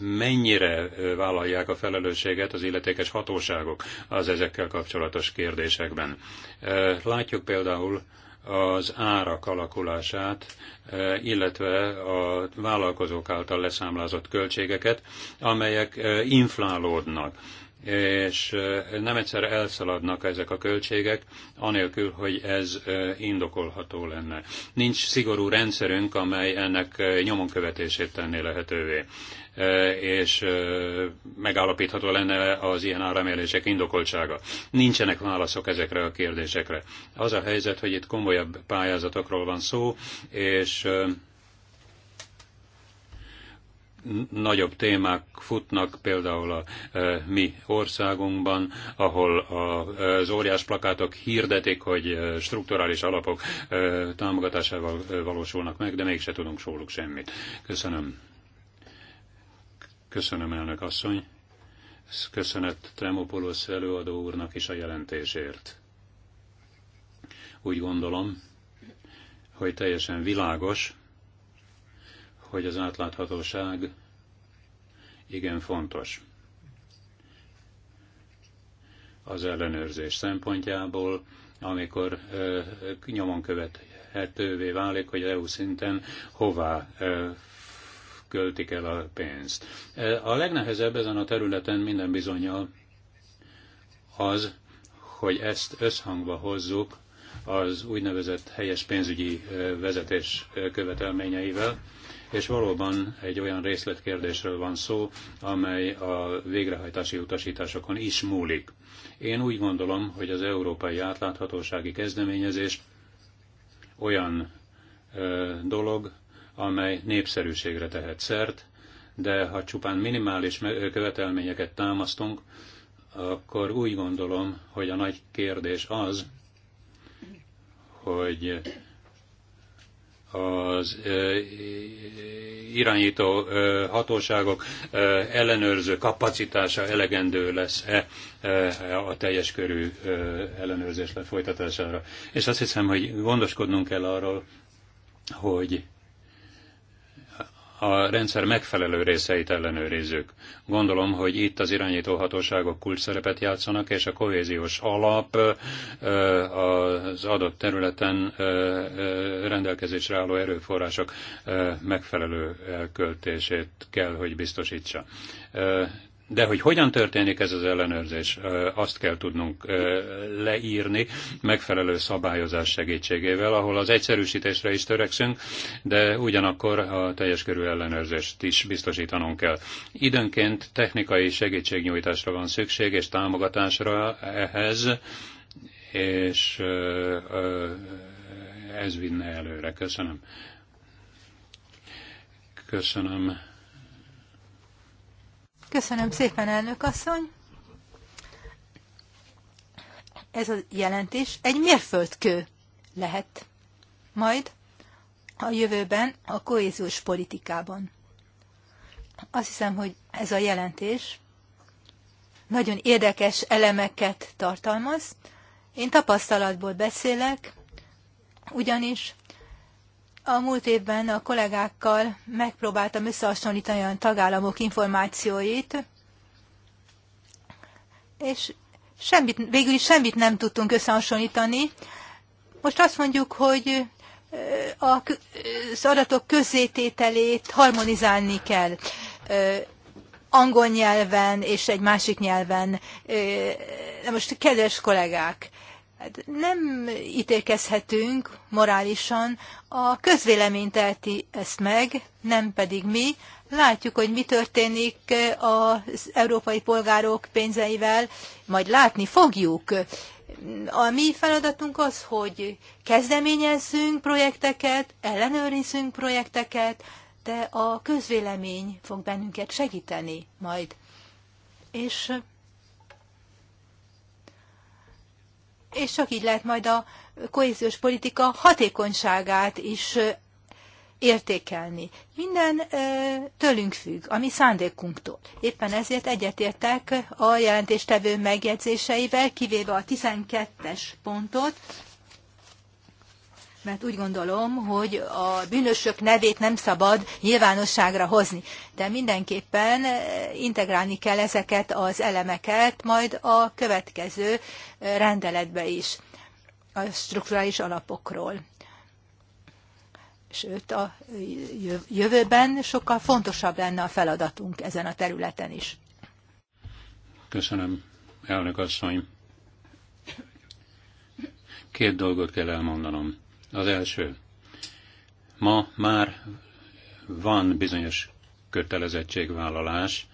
Mennyire vállalják a felelősséget az illetékes hatóságok az ezekkel kapcsolatos kérdésekben? Látjuk például, az árak alakulását, e, illetve a vállalkozók által leszámlázott költségeket, amelyek e, inflálódnak és e, nem egyszer elszaladnak ezek a költségek, anélkül, hogy ez indokolható lenne. Nincs szigorú rendszerünk, amely ennek nyomon követését tenné lehetővé. E, és e, megállapítható lenne az ilyen áremelések indokoltsága. Nincsenek válaszok ezekre a kérdésekre. Az a helyzet, hogy itt komolyabb pályázatokról van szó, és e, nagyobb témák futnak, például a e, mi országunkban, ahol a, az óriás plakátok hirdetik, hogy strukturális alapok e, támogatásával valósulnak meg, de mégse tudunk róluk semmit. Köszönöm. Köszönöm, elnök asszony. Köszönet Tremopolosz előadó úrnak is a jelentésért. Úgy gondolom, hogy teljesen világos, hogy az átláthatóság igen fontos. Az ellenőrzés szempontjából, amikor nyomon követhetővé válik, hogy EU szinten hová költik el a pénzt. E, a legnehezebb ezen a területen minden bizonyal az, hogy ezt összhangba hozzuk az úgynevezett helyes pénzügyi e, vezetés e, követelményeivel, és valóban egy olyan részletkérdésről van szó, amely a végrehajtási utasításokon is múlik. Én úgy gondolom, hogy az európai átláthatósági kezdeményezés olyan dolog, amely népszerűségre tehet szert, de ha csupán minimális követelményeket támasztunk, akkor úgy gondolom, hogy a nagy kérdés az, hogy az irányító hatóságok ellenőrző kapacitása elegendő lesz-e a teljes körű ellenőrzés lefolytatására. És azt hiszem, hogy gondoskodnunk kell arról, hogy a rendszer megfelelő részeit ellenőrizzük. Gondolom, hogy itt az irányítóhatóságok kulcs szerepet játszanak, és a kohéziós alap az adott területen rendelkezésre álló erőforrások megfelelő elköltését kell, hogy biztosítsa. De hogy hogyan történik ez az ellenőrzés, azt kell tudnunk leírni megfelelő szabályozás segítségével, ahol az egyszerűsítésre is törekszünk, de ugyanakkor a teljes körű ellenőrzést is biztosítanunk kell. Időnként technikai segítségnyújtásra van szükség, és támogatásra ehhez, és ez vinne előre. Köszönöm. Köszönöm. Köszönöm szépen, elnök asszony. Ez a jelentés egy mérföldkő lehet majd a jövőben a kohéziós politikában. Azt hiszem, hogy ez a jelentés nagyon érdekes elemeket tartalmaz. Én tapasztalatból beszélek, ugyanis a múlt évben a kollégákkal megpróbáltam összehasonlítani a tagállamok információit, és semmit, végül is semmit nem tudtunk összehasonlítani. Most azt mondjuk, hogy az adatok közzétételét harmonizálni kell angol nyelven és egy másik nyelven. Na most, kedves kollégák, Hát nem ítélkezhetünk morálisan, a közvélemény teheti ezt meg, nem pedig mi. Látjuk, hogy mi történik az európai polgárok pénzeivel, majd látni fogjuk. A mi feladatunk az, hogy kezdeményezzünk projekteket, ellenőrizzünk projekteket, de a közvélemény fog bennünket segíteni majd. És és csak így lehet majd a kohéziós politika hatékonyságát is értékelni. Minden tőlünk függ, ami szándékunktól. Éppen ezért egyetértek a jelentéstevő megjegyzéseivel, kivéve a 12-es pontot, mert úgy gondolom, hogy a bűnösök nevét nem szabad nyilvánosságra hozni. De mindenképpen eh, integrálni kell ezeket az elemeket majd a következő eh, rendeletbe is, a strukturális alapokról. Sőt, a eh, jövőben sokkal fontosabb lenne a feladatunk ezen a területen is. Köszönöm, elnök asszony. Két dolgot kell elmondanom az első. Ma már van bizonyos kötelezettségvállalás,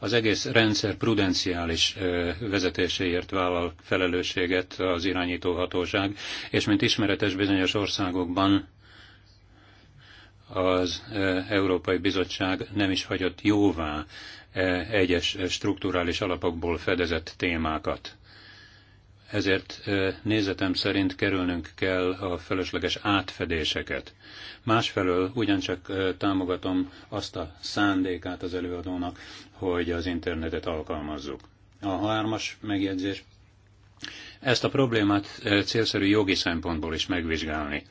az egész rendszer prudenciális vezetéséért vállal felelősséget az irányító hatóság, és mint ismeretes bizonyos országokban az Európai Bizottság nem is hagyott jóvá egyes strukturális alapokból fedezett témákat ezért nézetem szerint kerülnünk kell a fölösleges átfedéseket. Másfelől ugyancsak támogatom azt a szándékát az előadónak, hogy az internetet alkalmazzuk. A hármas megjegyzés. Ezt a problémát célszerű jogi szempontból is megvizsgálni.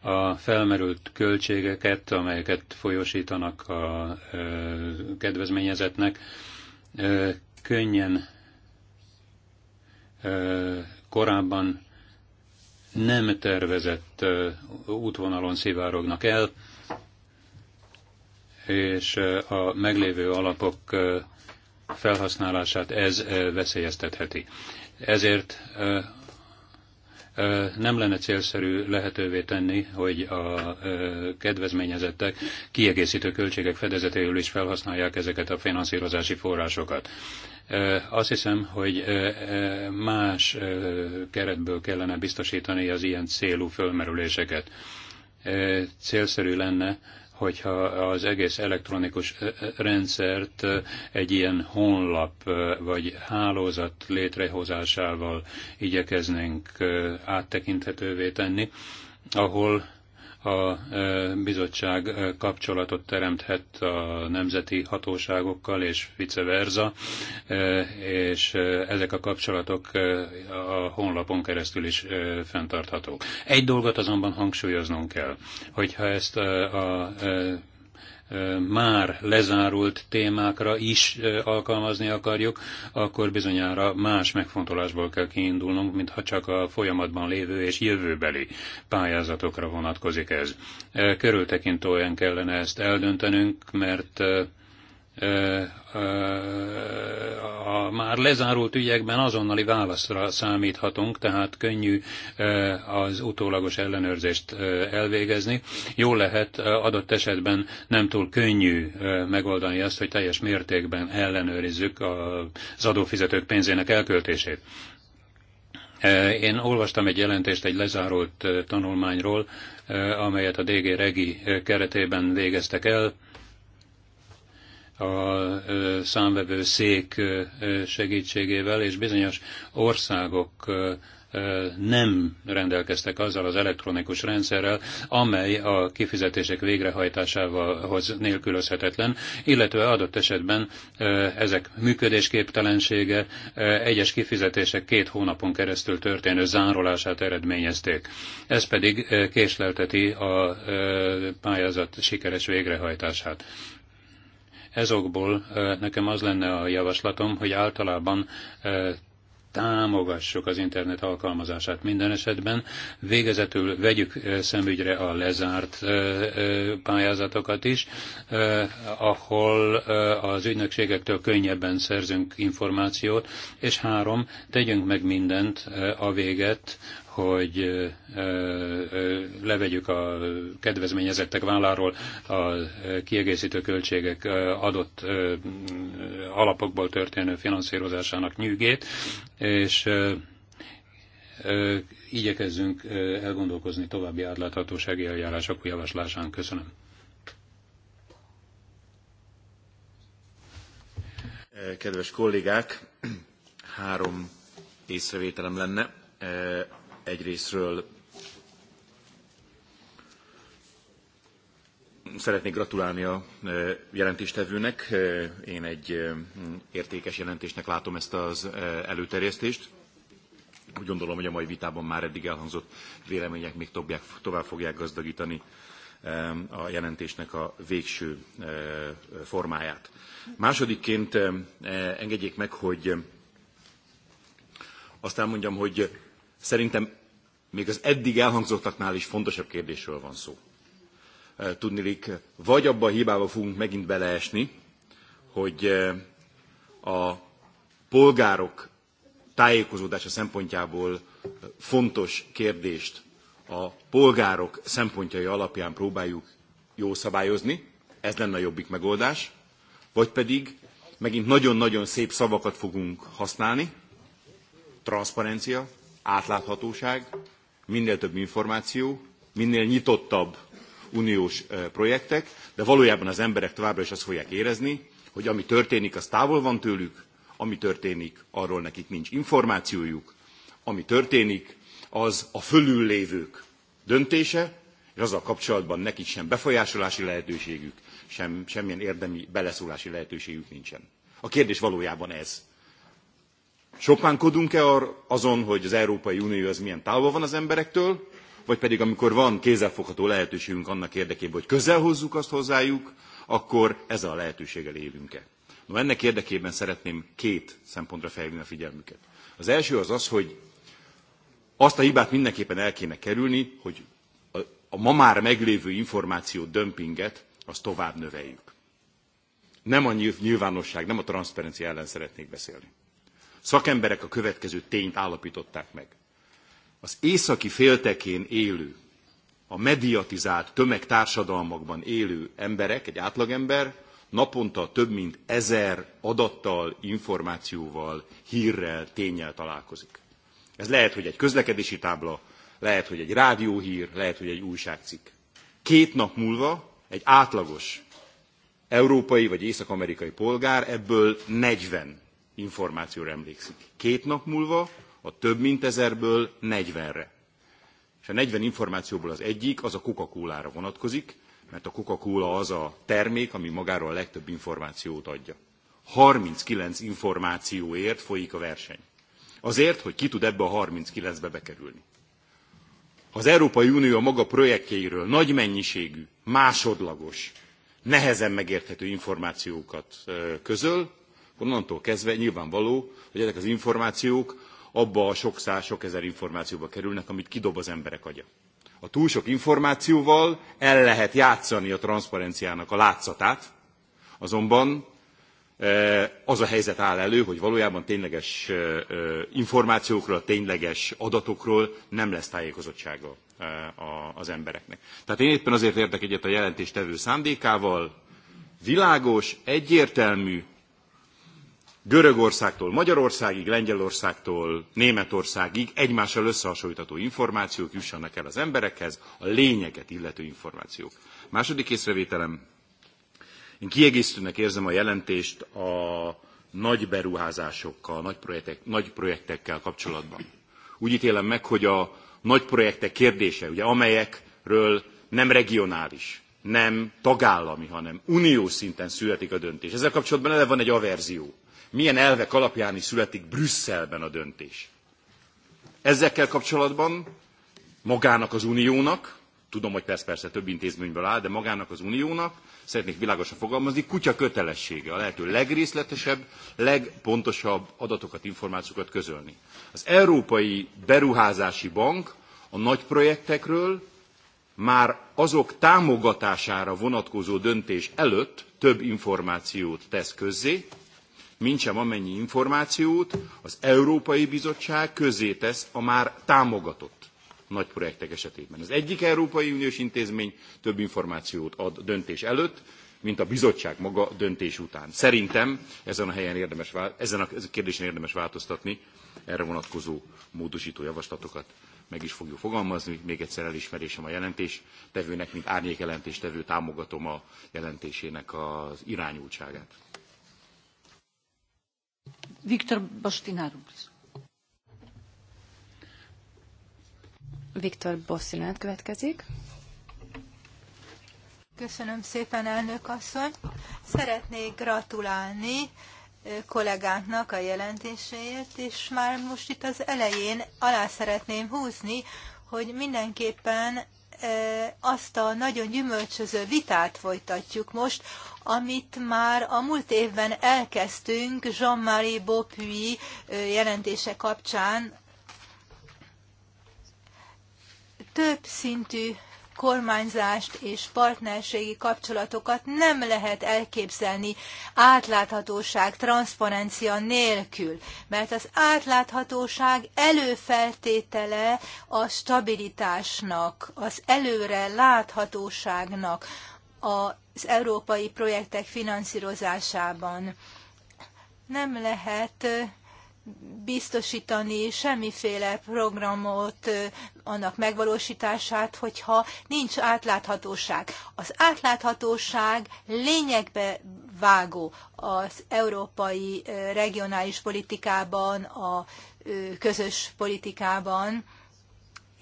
A felmerült költségeket, amelyeket folyosítanak a kedvezményezetnek, könnyen korábban nem tervezett útvonalon szivárognak el, és a meglévő alapok felhasználását ez veszélyeztetheti. Ezért nem lenne célszerű lehetővé tenni, hogy a kedvezményezettek kiegészítő költségek fedezetéül is felhasználják ezeket a finanszírozási forrásokat. Azt hiszem, hogy más keretből kellene biztosítani az ilyen célú fölmerüléseket. Célszerű lenne, hogyha az egész elektronikus rendszert egy ilyen honlap vagy hálózat létrehozásával igyekeznénk áttekinthetővé tenni, ahol a e, bizottság e, kapcsolatot teremthet a nemzeti hatóságokkal, és vice versa, e, és ezek a kapcsolatok a honlapon keresztül is fenntarthatók. Egy dolgot azonban hangsúlyoznunk kell, hogyha ezt a már lezárult témákra is alkalmazni akarjuk, akkor bizonyára más megfontolásból kell kiindulnunk, mintha csak a folyamatban lévő és jövőbeli pályázatokra vonatkozik ez. Körültekintően kellene ezt eldöntenünk, mert a már lezárult ügyekben azonnali válaszra számíthatunk, tehát könnyű az utólagos ellenőrzést elvégezni. Jó lehet, adott esetben nem túl könnyű megoldani azt, hogy teljes mértékben ellenőrizzük az adófizetők pénzének elköltését. Én olvastam egy jelentést egy lezárult tanulmányról, amelyet a DG Regi keretében végeztek el, a szék segítségével, és bizonyos országok nem rendelkeztek azzal az elektronikus rendszerrel, amely a kifizetések végrehajtásával nélkülözhetetlen, illetve adott esetben ezek működésképtelensége egyes kifizetések két hónapon keresztül történő zárolását eredményezték. Ez pedig késlelteti a pályázat sikeres végrehajtását. Ezokból nekem az lenne a javaslatom, hogy általában támogassuk az internet alkalmazását minden esetben. Végezetül vegyük szemügyre a lezárt pályázatokat is, ahol az ügynökségektől könnyebben szerzünk információt, és három, tegyünk meg mindent a véget, hogy levegyük a kedvezményezettek válláról a kiegészítő költségek adott alapokból történő finanszírozásának nyűgét, és igyekezzünk elgondolkozni további átláthatósági eljárások javaslásán. Köszönöm. Kedves kollégák, három észrevételem lenne egyrésztről Szeretnék gratulálni a e, jelentéstevőnek. E, én egy e, értékes jelentésnek látom ezt az előterjesztést. Úgy gondolom, hogy a mai vitában már eddig elhangzott vélemények még tovább, tovább fogják gazdagítani a jelentésnek a végső formáját. Másodikként engedjék meg, hogy azt elmondjam, hogy Szerintem még az eddig elhangzottaknál is fontosabb kérdésről van szó. Tudnilik, vagy abba a hibába fogunk megint beleesni, hogy a polgárok tájékozódása szempontjából fontos kérdést a polgárok szempontjai alapján próbáljuk jó szabályozni, ez lenne a jobbik megoldás, vagy pedig megint nagyon-nagyon szép szavakat fogunk használni, transzparencia, átláthatóság, minél több információ, minél nyitottabb uniós projektek, de valójában az emberek továbbra is azt fogják érezni, hogy ami történik, az távol van tőlük, ami történik, arról nekik nincs információjuk, ami történik, az a fölül lévők döntése, és azzal kapcsolatban nekik sem befolyásolási lehetőségük, sem, semmilyen érdemi beleszólási lehetőségük nincsen. A kérdés valójában ez. Sopánkodunk-e azon, hogy az Európai Unió az milyen távol van az emberektől, vagy pedig amikor van kézzelfogható lehetőségünk annak érdekében, hogy közel hozzuk azt hozzájuk, akkor ezzel a lehetőséggel élünk-e? No, ennek érdekében szeretném két szempontra felhívni a figyelmüket. Az első az az, hogy azt a hibát mindenképpen el kéne kerülni, hogy a ma már meglévő információ dömpinget azt tovább növeljük. Nem a nyilvánosság, nem a transzparencia ellen szeretnék beszélni. Szakemberek a következő tényt állapították meg. Az északi féltekén élő, a mediatizált tömegtársadalmakban élő emberek, egy átlagember naponta több mint ezer adattal, információval, hírrel, tényel találkozik. Ez lehet, hogy egy közlekedési tábla, lehet, hogy egy rádióhír, lehet, hogy egy újságcikk. Két nap múlva egy átlagos európai vagy észak-amerikai polgár ebből 40 információra emlékszik. Két nap múlva a több mint ezerből 40-re. És a 40 információból az egyik az a Coca-Cola-ra vonatkozik, mert a Coca-Cola az a termék, ami magáról a legtöbb információt adja. 39 információért folyik a verseny. Azért, hogy ki tud ebbe a 39-be bekerülni. Ha az Európai Unió a maga projektjeiről nagy mennyiségű, másodlagos, nehezen megérthető információkat közöl, onnantól kezdve nyilvánvaló, hogy ezek az információk abba a sok száz, sok ezer információba kerülnek, amit kidob az emberek agya. A túl sok információval el lehet játszani a transzparenciának a látszatát, azonban e, az a helyzet áll elő, hogy valójában tényleges e, e, információkról, tényleges adatokról nem lesz tájékozottsága az embereknek. Tehát én éppen azért értek egyet a jelentéstevő szándékával, világos, egyértelmű, Görögországtól Magyarországig, Lengyelországtól Németországig egymással összehasonlítható információk jussanak el az emberekhez, a lényeget illető információk. Második észrevételem, én kiegészítőnek érzem a jelentést a nagy beruházásokkal, nagy, projektek, nagy projektekkel kapcsolatban. Úgy ítélem meg, hogy a nagy projektek kérdése, ugye, amelyekről nem regionális, nem tagállami, hanem uniós szinten születik a döntés. Ezzel kapcsolatban eleve van egy averzió milyen elvek alapján is születik Brüsszelben a döntés. Ezekkel kapcsolatban magának az uniónak, tudom, hogy persze, persze több intézményből áll, de magának az uniónak, szeretnék világosan fogalmazni, kutya kötelessége a lehető legrészletesebb, legpontosabb adatokat, információkat közölni. Az Európai Beruházási Bank a nagy projektekről már azok támogatására vonatkozó döntés előtt több információt tesz közzé, mintsem amennyi információt az Európai Bizottság közzétesz a már támogatott nagy projektek esetében. Az egyik Európai Uniós intézmény több információt ad döntés előtt, mint a bizottság maga döntés után. Szerintem ezen a, helyen érdemes, ezen a kérdésen érdemes változtatni, erre vonatkozó módosító javaslatokat meg is fogjuk fogalmazni. Még egyszer elismerésem a jelentés tevőnek, mint árnyék jelentéstevő támogatom a jelentésének az irányultságát. Viktor Bostináru. Viktor Bosszinát következik. Köszönöm szépen, elnök asszony. Szeretnék gratulálni eh, kollégánknak a jelentéséért, és már most itt az elején alá szeretném húzni, hogy mindenképpen azt a nagyon gyümölcsöző vitát folytatjuk most, amit már a múlt évben elkezdtünk Jean-Marie Beaupuy jelentése kapcsán. Több szintű kormányzást és partnerségi kapcsolatokat nem lehet elképzelni átláthatóság, transzparencia nélkül, mert az átláthatóság előfeltétele a stabilitásnak, az előre láthatóságnak az európai projektek finanszírozásában. Nem lehet biztosítani semmiféle programot, annak megvalósítását, hogyha nincs átláthatóság. Az átláthatóság lényegbe vágó az európai regionális politikában, a közös politikában.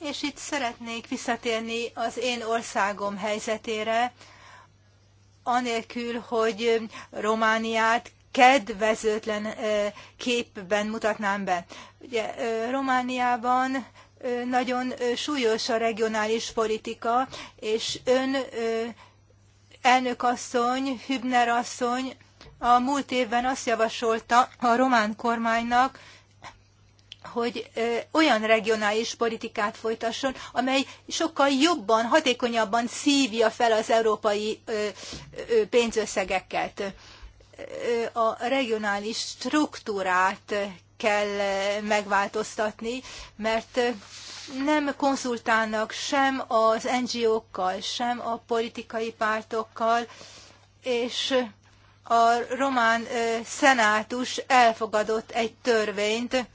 És itt szeretnék visszatérni az én országom helyzetére, anélkül, hogy Romániát kedvezőtlen képben mutatnám be. Ugye Romániában nagyon súlyos a regionális politika, és ön elnökasszony, Hübner asszony a múlt évben azt javasolta a román kormánynak, hogy olyan regionális politikát folytasson, amely sokkal jobban, hatékonyabban szívja fel az európai pénzösszegeket a regionális struktúrát kell megváltoztatni, mert nem konzultálnak sem az NGO-kkal, sem a politikai pártokkal, és a román szenátus elfogadott egy törvényt,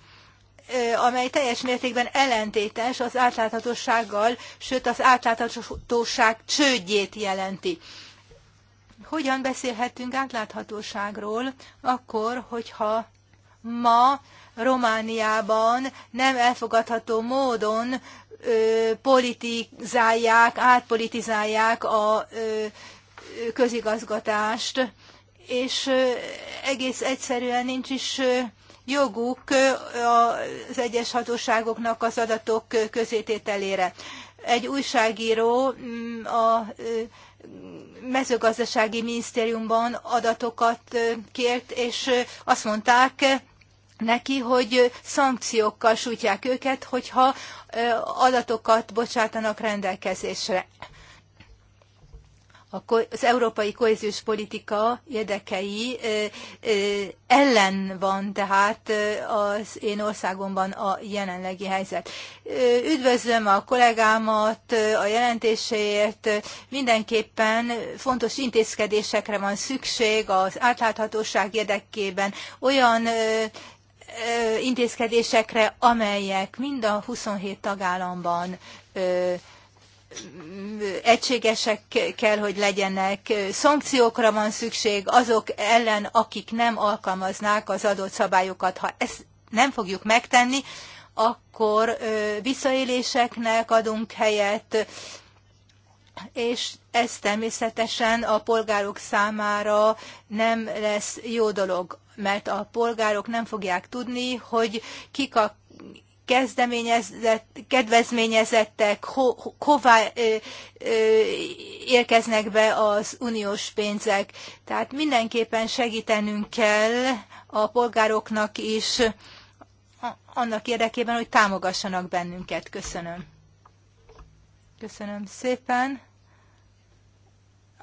amely teljes mértékben ellentétes az átláthatósággal, sőt az átláthatóság csődjét jelenti. Hogyan beszélhetünk átláthatóságról akkor, hogyha ma Romániában nem elfogadható módon ö, politizálják, átpolitizálják a ö, közigazgatást, és ö, egész egyszerűen nincs is ö, joguk az egyes hatóságoknak az adatok közétételére. Egy újságíró mm, a mezőgazdasági minisztériumban adatokat kért, és azt mondták neki, hogy szankciókkal sújtják őket, hogyha adatokat bocsátanak rendelkezésre az európai kohéziós politika érdekei ellen van tehát az én országomban a jelenlegi helyzet. Üdvözlöm a kollégámat a jelentéséért. Mindenképpen fontos intézkedésekre van szükség az átláthatóság érdekében olyan intézkedésekre, amelyek mind a 27 tagállamban egységesek kell, hogy legyenek, szankciókra van szükség azok ellen, akik nem alkalmaznák az adott szabályokat. Ha ezt nem fogjuk megtenni, akkor visszaéléseknek adunk helyet, és ez természetesen a polgárok számára nem lesz jó dolog, mert a polgárok nem fogják tudni, hogy kik a kedvezményezettek ho, hová ö, ö, érkeznek be az uniós pénzek. Tehát mindenképpen segítenünk kell a polgároknak is annak érdekében, hogy támogassanak bennünket. Köszönöm. Köszönöm szépen.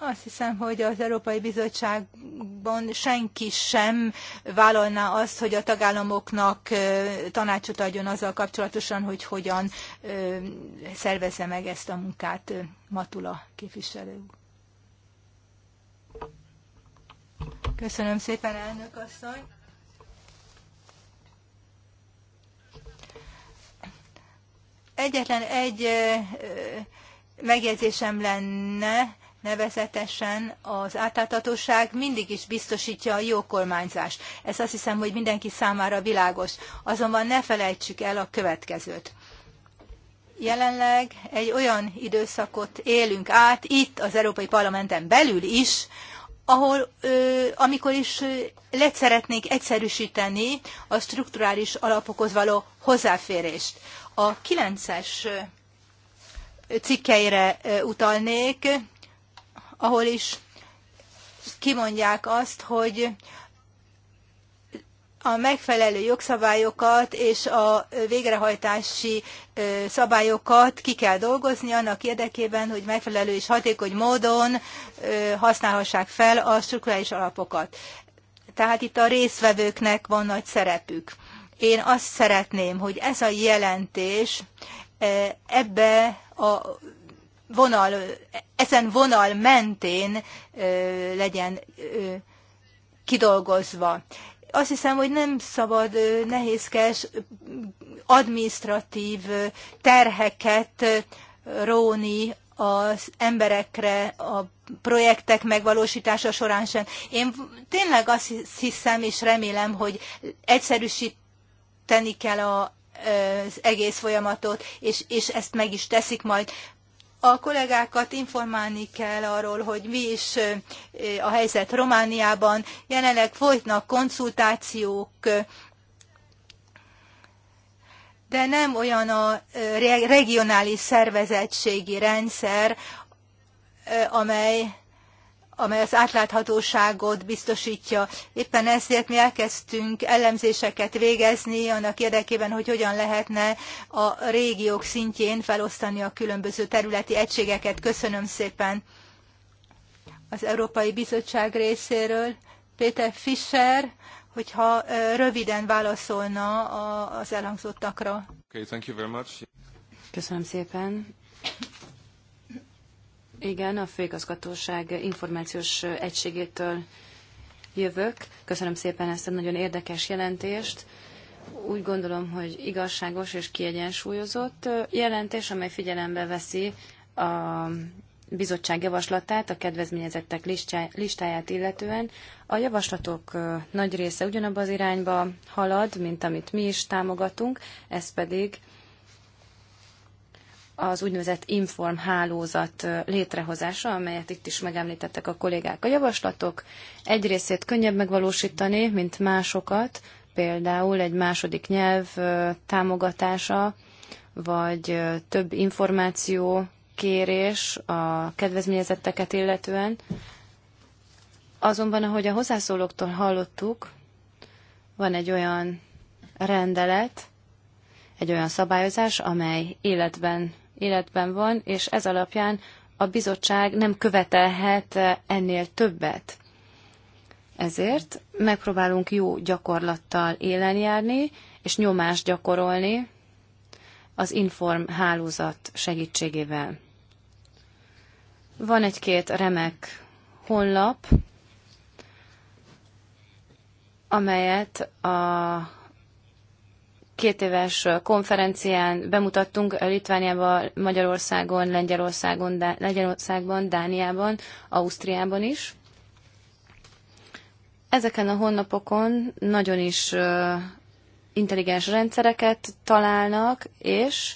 Azt hiszem, hogy az Európai Bizottságban senki sem vállalná azt, hogy a tagállamoknak tanácsot adjon azzal kapcsolatosan, hogy hogyan szervezze meg ezt a munkát Matula képviselő. Köszönöm szépen, elnök asszony! Egyetlen egy megjegyzésem lenne, Nevezetesen az átláthatóság mindig is biztosítja a jó kormányzást. Ez azt hiszem, hogy mindenki számára világos. Azonban ne felejtsük el a következőt. Jelenleg egy olyan időszakot élünk át, itt az Európai Parlamenten belül is, ahol amikor is le szeretnék egyszerűsíteni a strukturális alapokhoz való hozzáférést. A 9-es cikkeire utalnék, ahol is kimondják azt, hogy a megfelelő jogszabályokat és a végrehajtási szabályokat ki kell dolgozni annak érdekében, hogy megfelelő és hatékony módon használhassák fel a strukturális alapokat. Tehát itt a részvevőknek van nagy szerepük. Én azt szeretném, hogy ez a jelentés ebbe a vonal, ezen vonal mentén legyen kidolgozva. Azt hiszem, hogy nem szabad nehézkes administratív terheket róni az emberekre a projektek megvalósítása során sem. Én tényleg azt hiszem és remélem, hogy egyszerűsíteni kell a, az egész folyamatot, és, és ezt meg is teszik majd. A kollégákat informálni kell arról, hogy mi is a helyzet Romániában. Jelenleg folytnak konzultációk, de nem olyan a regionális szervezettségi rendszer, amely amely az átláthatóságot biztosítja. Éppen ezért mi elkezdtünk elemzéseket végezni annak érdekében, hogy hogyan lehetne a régiók szintjén felosztani a különböző területi egységeket. Köszönöm szépen az Európai Bizottság részéről. Péter Fischer, hogyha röviden válaszolna az elhangzottakra. Okay, thank you very much. Köszönöm szépen. Igen, a főigazgatóság információs egységétől jövök. Köszönöm szépen ezt a nagyon érdekes jelentést. Úgy gondolom, hogy igazságos és kiegyensúlyozott jelentés, amely figyelembe veszi a bizottság javaslatát a kedvezményezettek listáját illetően. A javaslatok nagy része ugyanabba az irányba halad, mint amit mi is támogatunk, ez pedig az úgynevezett inform hálózat létrehozása, amelyet itt is megemlítettek a kollégák. A javaslatok egy részét könnyebb megvalósítani, mint másokat, például egy második nyelv támogatása, vagy több információ kérés a kedvezményezetteket illetően. Azonban, ahogy a hozzászólóktól hallottuk, van egy olyan rendelet, egy olyan szabályozás, amely életben életben van, és ez alapján a bizottság nem követelhet ennél többet. Ezért megpróbálunk jó gyakorlattal élen járni, és nyomást gyakorolni az Inform hálózat segítségével. Van egy-két remek honlap, amelyet a két éves konferencián bemutattunk Litvániában, Magyarországon, Lengyelországon, Dá- Lengyelországban, Dániában, Ausztriában is. Ezeken a honlapokon nagyon is intelligens rendszereket találnak, és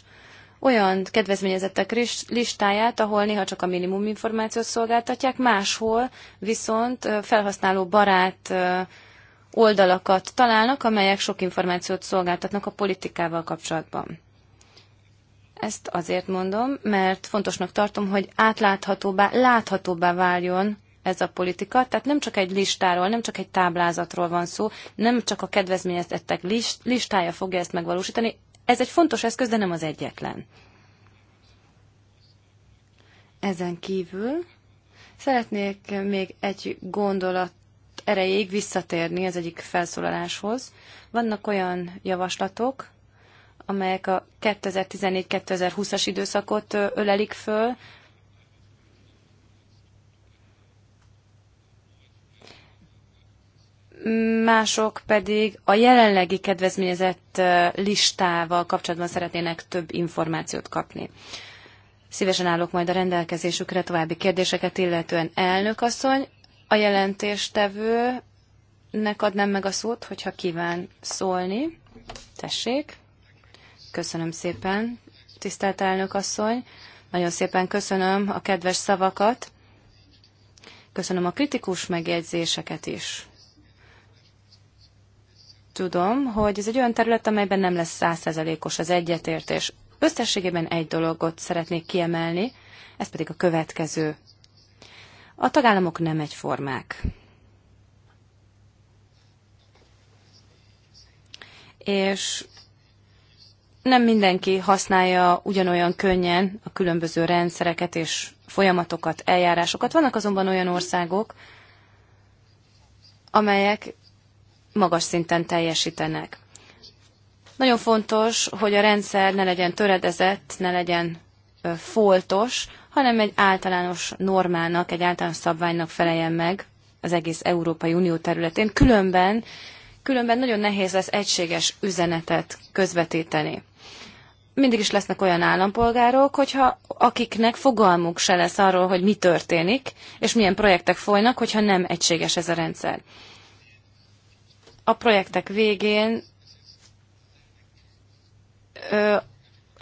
olyan kedvezményezettek listáját, ahol néha csak a minimum információt szolgáltatják, máshol viszont felhasználó barát oldalakat találnak, amelyek sok információt szolgáltatnak a politikával kapcsolatban. Ezt azért mondom, mert fontosnak tartom, hogy átláthatóbbá, láthatóbbá váljon ez a politika, tehát nem csak egy listáról, nem csak egy táblázatról van szó, nem csak a kedvezményezettek list, listája fogja ezt megvalósítani. Ez egy fontos eszköz, de nem az egyetlen. Ezen kívül szeretnék még egy gondolat erejéig visszatérni az egyik felszólaláshoz. Vannak olyan javaslatok, amelyek a 2014-2020-as időszakot ölelik föl. Mások pedig a jelenlegi kedvezményezett listával kapcsolatban szeretnének több információt kapni. Szívesen állok majd a rendelkezésükre további kérdéseket, illetően elnök asszony. A jelentéstevőnek adnám meg a szót, hogyha kíván szólni. Tessék. Köszönöm szépen, tisztelt elnök asszony. Nagyon szépen köszönöm a kedves szavakat. Köszönöm a kritikus megjegyzéseket is. Tudom, hogy ez egy olyan terület, amelyben nem lesz százszerzelékos az egyetértés. Összességében egy dologot szeretnék kiemelni, ez pedig a következő. A tagállamok nem egyformák. És nem mindenki használja ugyanolyan könnyen a különböző rendszereket és folyamatokat, eljárásokat. Vannak azonban olyan országok, amelyek magas szinten teljesítenek. Nagyon fontos, hogy a rendszer ne legyen töredezett, ne legyen foltos, hanem egy általános normának, egy általános szabványnak feleljen meg az egész Európai Unió területén. Különben, különben nagyon nehéz lesz egységes üzenetet közvetíteni. Mindig is lesznek olyan állampolgárok, hogyha akiknek fogalmuk se lesz arról, hogy mi történik, és milyen projektek folynak, hogyha nem egységes ez a rendszer. A projektek végén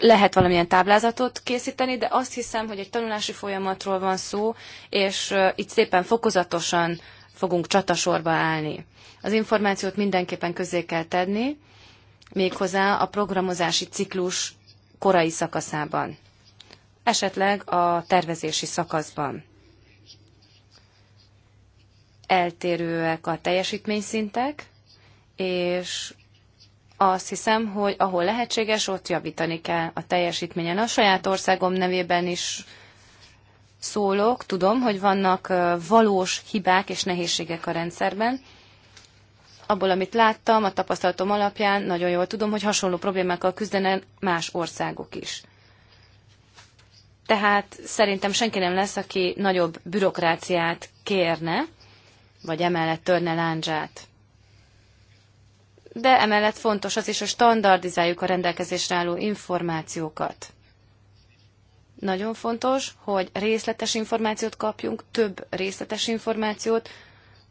lehet valamilyen táblázatot készíteni, de azt hiszem, hogy egy tanulási folyamatról van szó, és itt szépen fokozatosan fogunk csatasorba állni. Az információt mindenképpen közé kell tenni, méghozzá a programozási ciklus korai szakaszában, esetleg a tervezési szakaszban. Eltérőek a teljesítményszintek, és azt hiszem, hogy ahol lehetséges, ott javítani kell a teljesítményen. A saját országom nevében is szólok, tudom, hogy vannak valós hibák és nehézségek a rendszerben. Abból, amit láttam, a tapasztalatom alapján nagyon jól tudom, hogy hasonló problémákkal küzdenek más országok is. Tehát szerintem senki nem lesz, aki nagyobb bürokráciát kérne, vagy emellett törne láncsát de emellett fontos az is, hogy standardizáljuk a rendelkezésre álló információkat. Nagyon fontos, hogy részletes információt kapjunk, több részletes információt,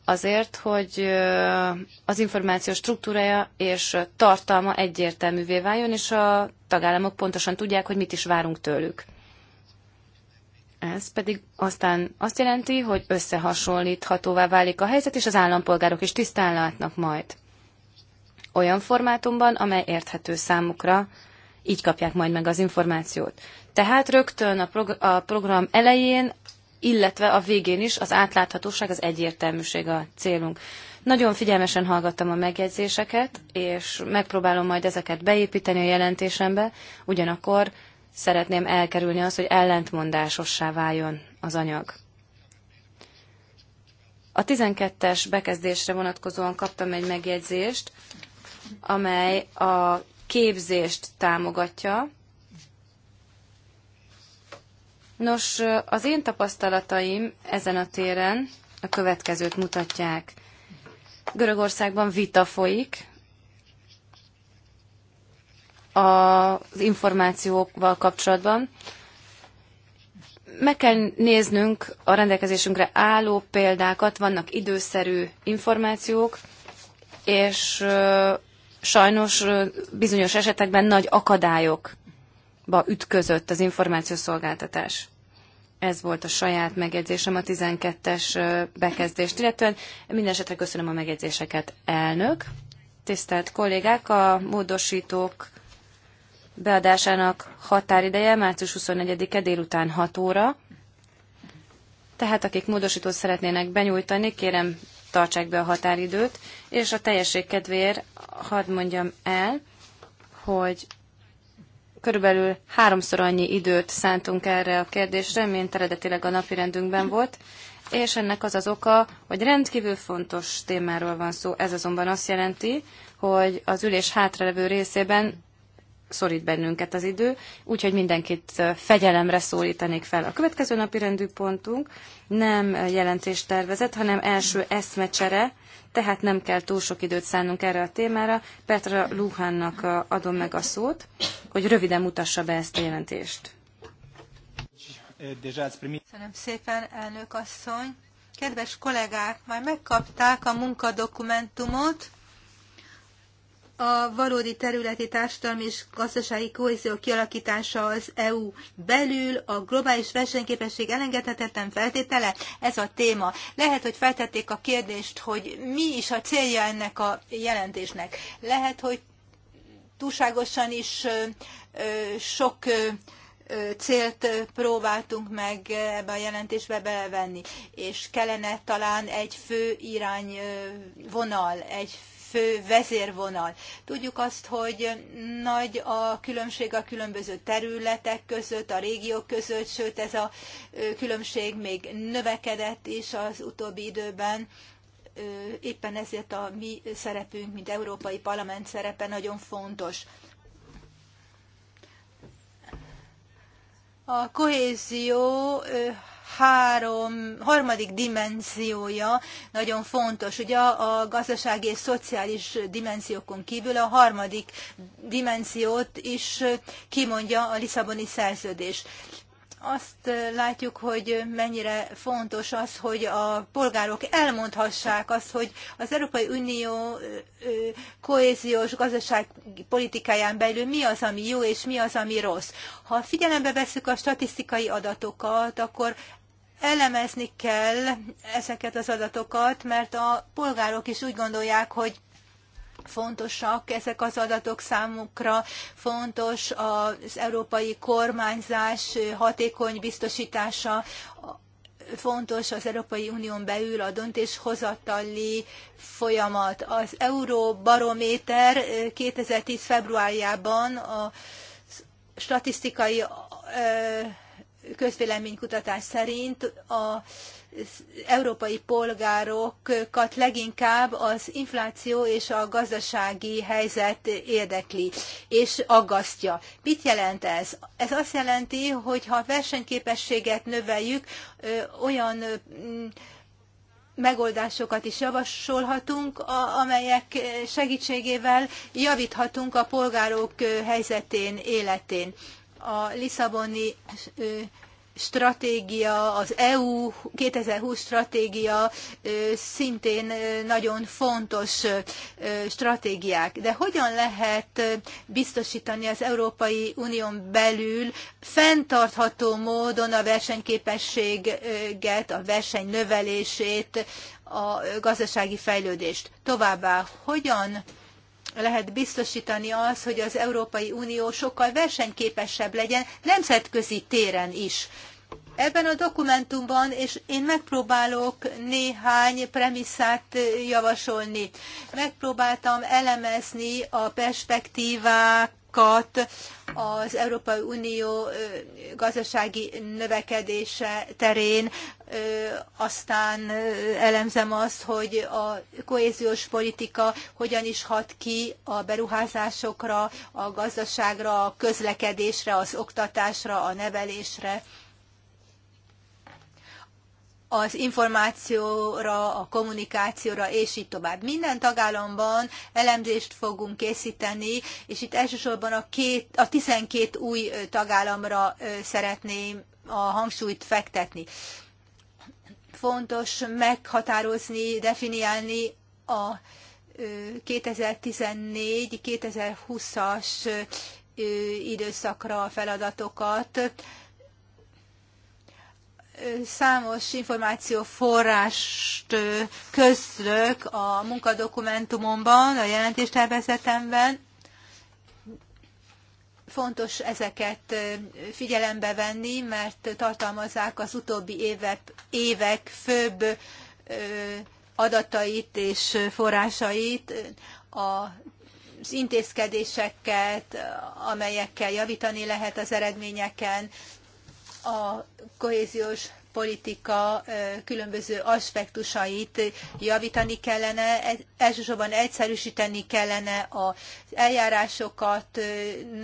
azért, hogy az információ struktúrája és tartalma egyértelművé váljon, és a tagállamok pontosan tudják, hogy mit is várunk tőlük. Ez pedig aztán azt jelenti, hogy összehasonlíthatóvá válik a helyzet, és az állampolgárok is tisztán látnak majd olyan formátumban, amely érthető számukra, így kapják majd meg az információt. Tehát rögtön a, prog- a program elején, illetve a végén is az átláthatóság, az egyértelműség a célunk. Nagyon figyelmesen hallgattam a megjegyzéseket, és megpróbálom majd ezeket beépíteni a jelentésembe, ugyanakkor szeretném elkerülni azt, hogy ellentmondásossá váljon az anyag. A 12-es bekezdésre vonatkozóan kaptam egy megjegyzést, amely a képzést támogatja. Nos, az én tapasztalataim ezen a téren a következőt mutatják. Görögországban vita folyik az információkval kapcsolatban. Meg kell néznünk a rendelkezésünkre álló példákat, vannak időszerű információk, és sajnos bizonyos esetekben nagy akadályokba ütközött az információszolgáltatás. Ez volt a saját megjegyzésem a 12-es bekezdést, illetően minden esetre köszönöm a megjegyzéseket, elnök. Tisztelt kollégák, a módosítók beadásának határideje március 24-e délután 6 óra. Tehát akik módosítót szeretnének benyújtani, kérem tartsák be a határidőt, és a teljesség kedvéért hadd mondjam el, hogy körülbelül háromszor annyi időt szántunk erre a kérdésre, mint eredetileg a napirendünkben volt, és ennek az az oka, hogy rendkívül fontos témáról van szó. Ez azonban azt jelenti, hogy az ülés hátralevő részében szorít bennünket az idő, úgyhogy mindenkit fegyelemre szólítanék fel. A következő napi rendű pontunk nem tervezett, hanem első eszmecsere, tehát nem kell túl sok időt szánnunk erre a témára. Petra Luhánnak adom meg a szót, hogy röviden mutassa be ezt a jelentést. Köszönöm szépen, elnök asszony! Kedves kollégák, már megkapták a munkadokumentumot, a valódi területi társadalmi és gazdasági kohézió kialakítása az EU belül a globális versenyképesség elengedhetetlen feltétele? Ez a téma. Lehet, hogy feltették a kérdést, hogy mi is a célja ennek a jelentésnek. Lehet, hogy túlságosan is sok célt próbáltunk meg ebbe a jelentésbe belevenni, és kellene talán egy fő irányvonal, egy fő vezérvonal. Tudjuk azt, hogy nagy a különbség a különböző területek között, a régiók között, sőt ez a különbség még növekedett is az utóbbi időben. Éppen ezért a mi szerepünk, mint Európai Parlament szerepe nagyon fontos. A kohézió három, harmadik dimenziója nagyon fontos. Ugye a gazdasági és szociális dimenziókon kívül a harmadik dimenziót is kimondja a Lisszaboni szerződés azt látjuk, hogy mennyire fontos az, hogy a polgárok elmondhassák azt, hogy az Európai Unió kohéziós gazdaságpolitikáján belül mi az, ami jó, és mi az, ami rossz. Ha figyelembe vesszük a statisztikai adatokat, akkor elemezni kell ezeket az adatokat, mert a polgárok is úgy gondolják, hogy fontosak ezek az adatok számukra, fontos az európai kormányzás hatékony biztosítása, fontos az Európai Unión belül a döntéshozatali folyamat. Az Euróbarométer 2010. februárjában a statisztikai közvéleménykutatás szerint az európai polgárokat leginkább az infláció és a gazdasági helyzet érdekli és aggasztja. Mit jelent ez? Ez azt jelenti, hogy ha a versenyképességet növeljük, olyan megoldásokat is javasolhatunk, amelyek segítségével javíthatunk a polgárok helyzetén, életén a Lisszaboni stratégia, az EU 2020 stratégia szintén nagyon fontos stratégiák. De hogyan lehet biztosítani az Európai Unión belül fenntartható módon a versenyképességet, a verseny növelését, a gazdasági fejlődést? Továbbá hogyan lehet biztosítani az, hogy az Európai Unió sokkal versenyképesebb legyen nemzetközi téren is. Ebben a dokumentumban, és én megpróbálok néhány premisszát javasolni. Megpróbáltam elemezni a perspektívákat, az Európai Unió gazdasági növekedése terén, aztán elemzem azt, hogy a kohéziós politika hogyan is hat ki a beruházásokra, a gazdaságra, a közlekedésre, az oktatásra, a nevelésre az információra, a kommunikációra, és így tovább. Minden tagállamban elemzést fogunk készíteni, és itt elsősorban a, két, a 12 új tagállamra szeretném a hangsúlyt fektetni. Fontos meghatározni, definiálni a 2014-2020-as időszakra a feladatokat, számos információforrást közlök a munkadokumentumomban, a jelentéstervezetemben. Fontos ezeket figyelembe venni, mert tartalmazzák az utóbbi évek, évek főbb adatait és forrásait, az intézkedéseket, amelyekkel javítani lehet az eredményeken, a kohéziós politika különböző aspektusait javítani kellene, elsősorban egyszerűsíteni kellene az eljárásokat,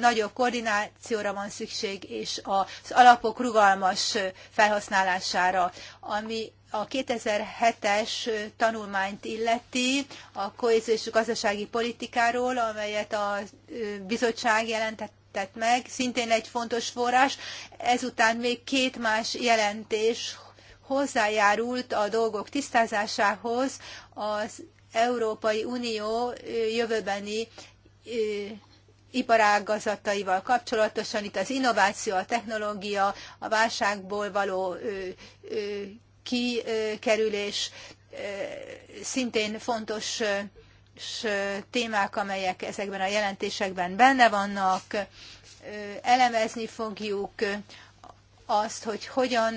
nagyobb koordinációra van szükség, és az alapok rugalmas felhasználására, ami a 2007-es tanulmányt illeti a kohéziós gazdasági politikáról, amelyet a bizottság jelentett tett meg, szintén egy fontos forrás. Ezután még két más jelentés hozzájárult a dolgok tisztázásához az Európai Unió jövőbeni iparágazataival kapcsolatosan, itt az innováció, a technológia, a válságból való kikerülés szintén fontos témák, amelyek ezekben a jelentésekben benne vannak. Elemezni fogjuk azt, hogy hogyan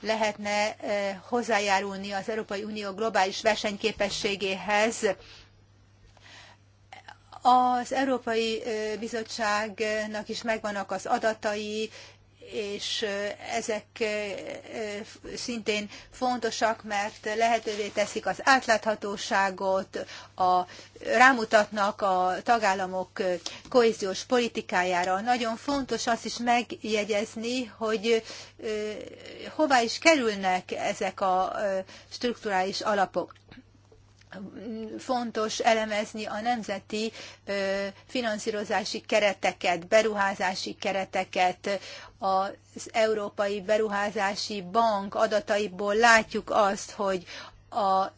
lehetne hozzájárulni az Európai Unió globális versenyképességéhez. Az Európai Bizottságnak is megvannak az adatai, és ezek szintén fontosak, mert lehetővé teszik az átláthatóságot, a, rámutatnak a tagállamok kohéziós politikájára. Nagyon fontos azt is megjegyezni, hogy hová is kerülnek ezek a strukturális alapok fontos elemezni a nemzeti finanszírozási kereteket, beruházási kereteket. Az Európai Beruházási Bank adataiból látjuk azt, hogy az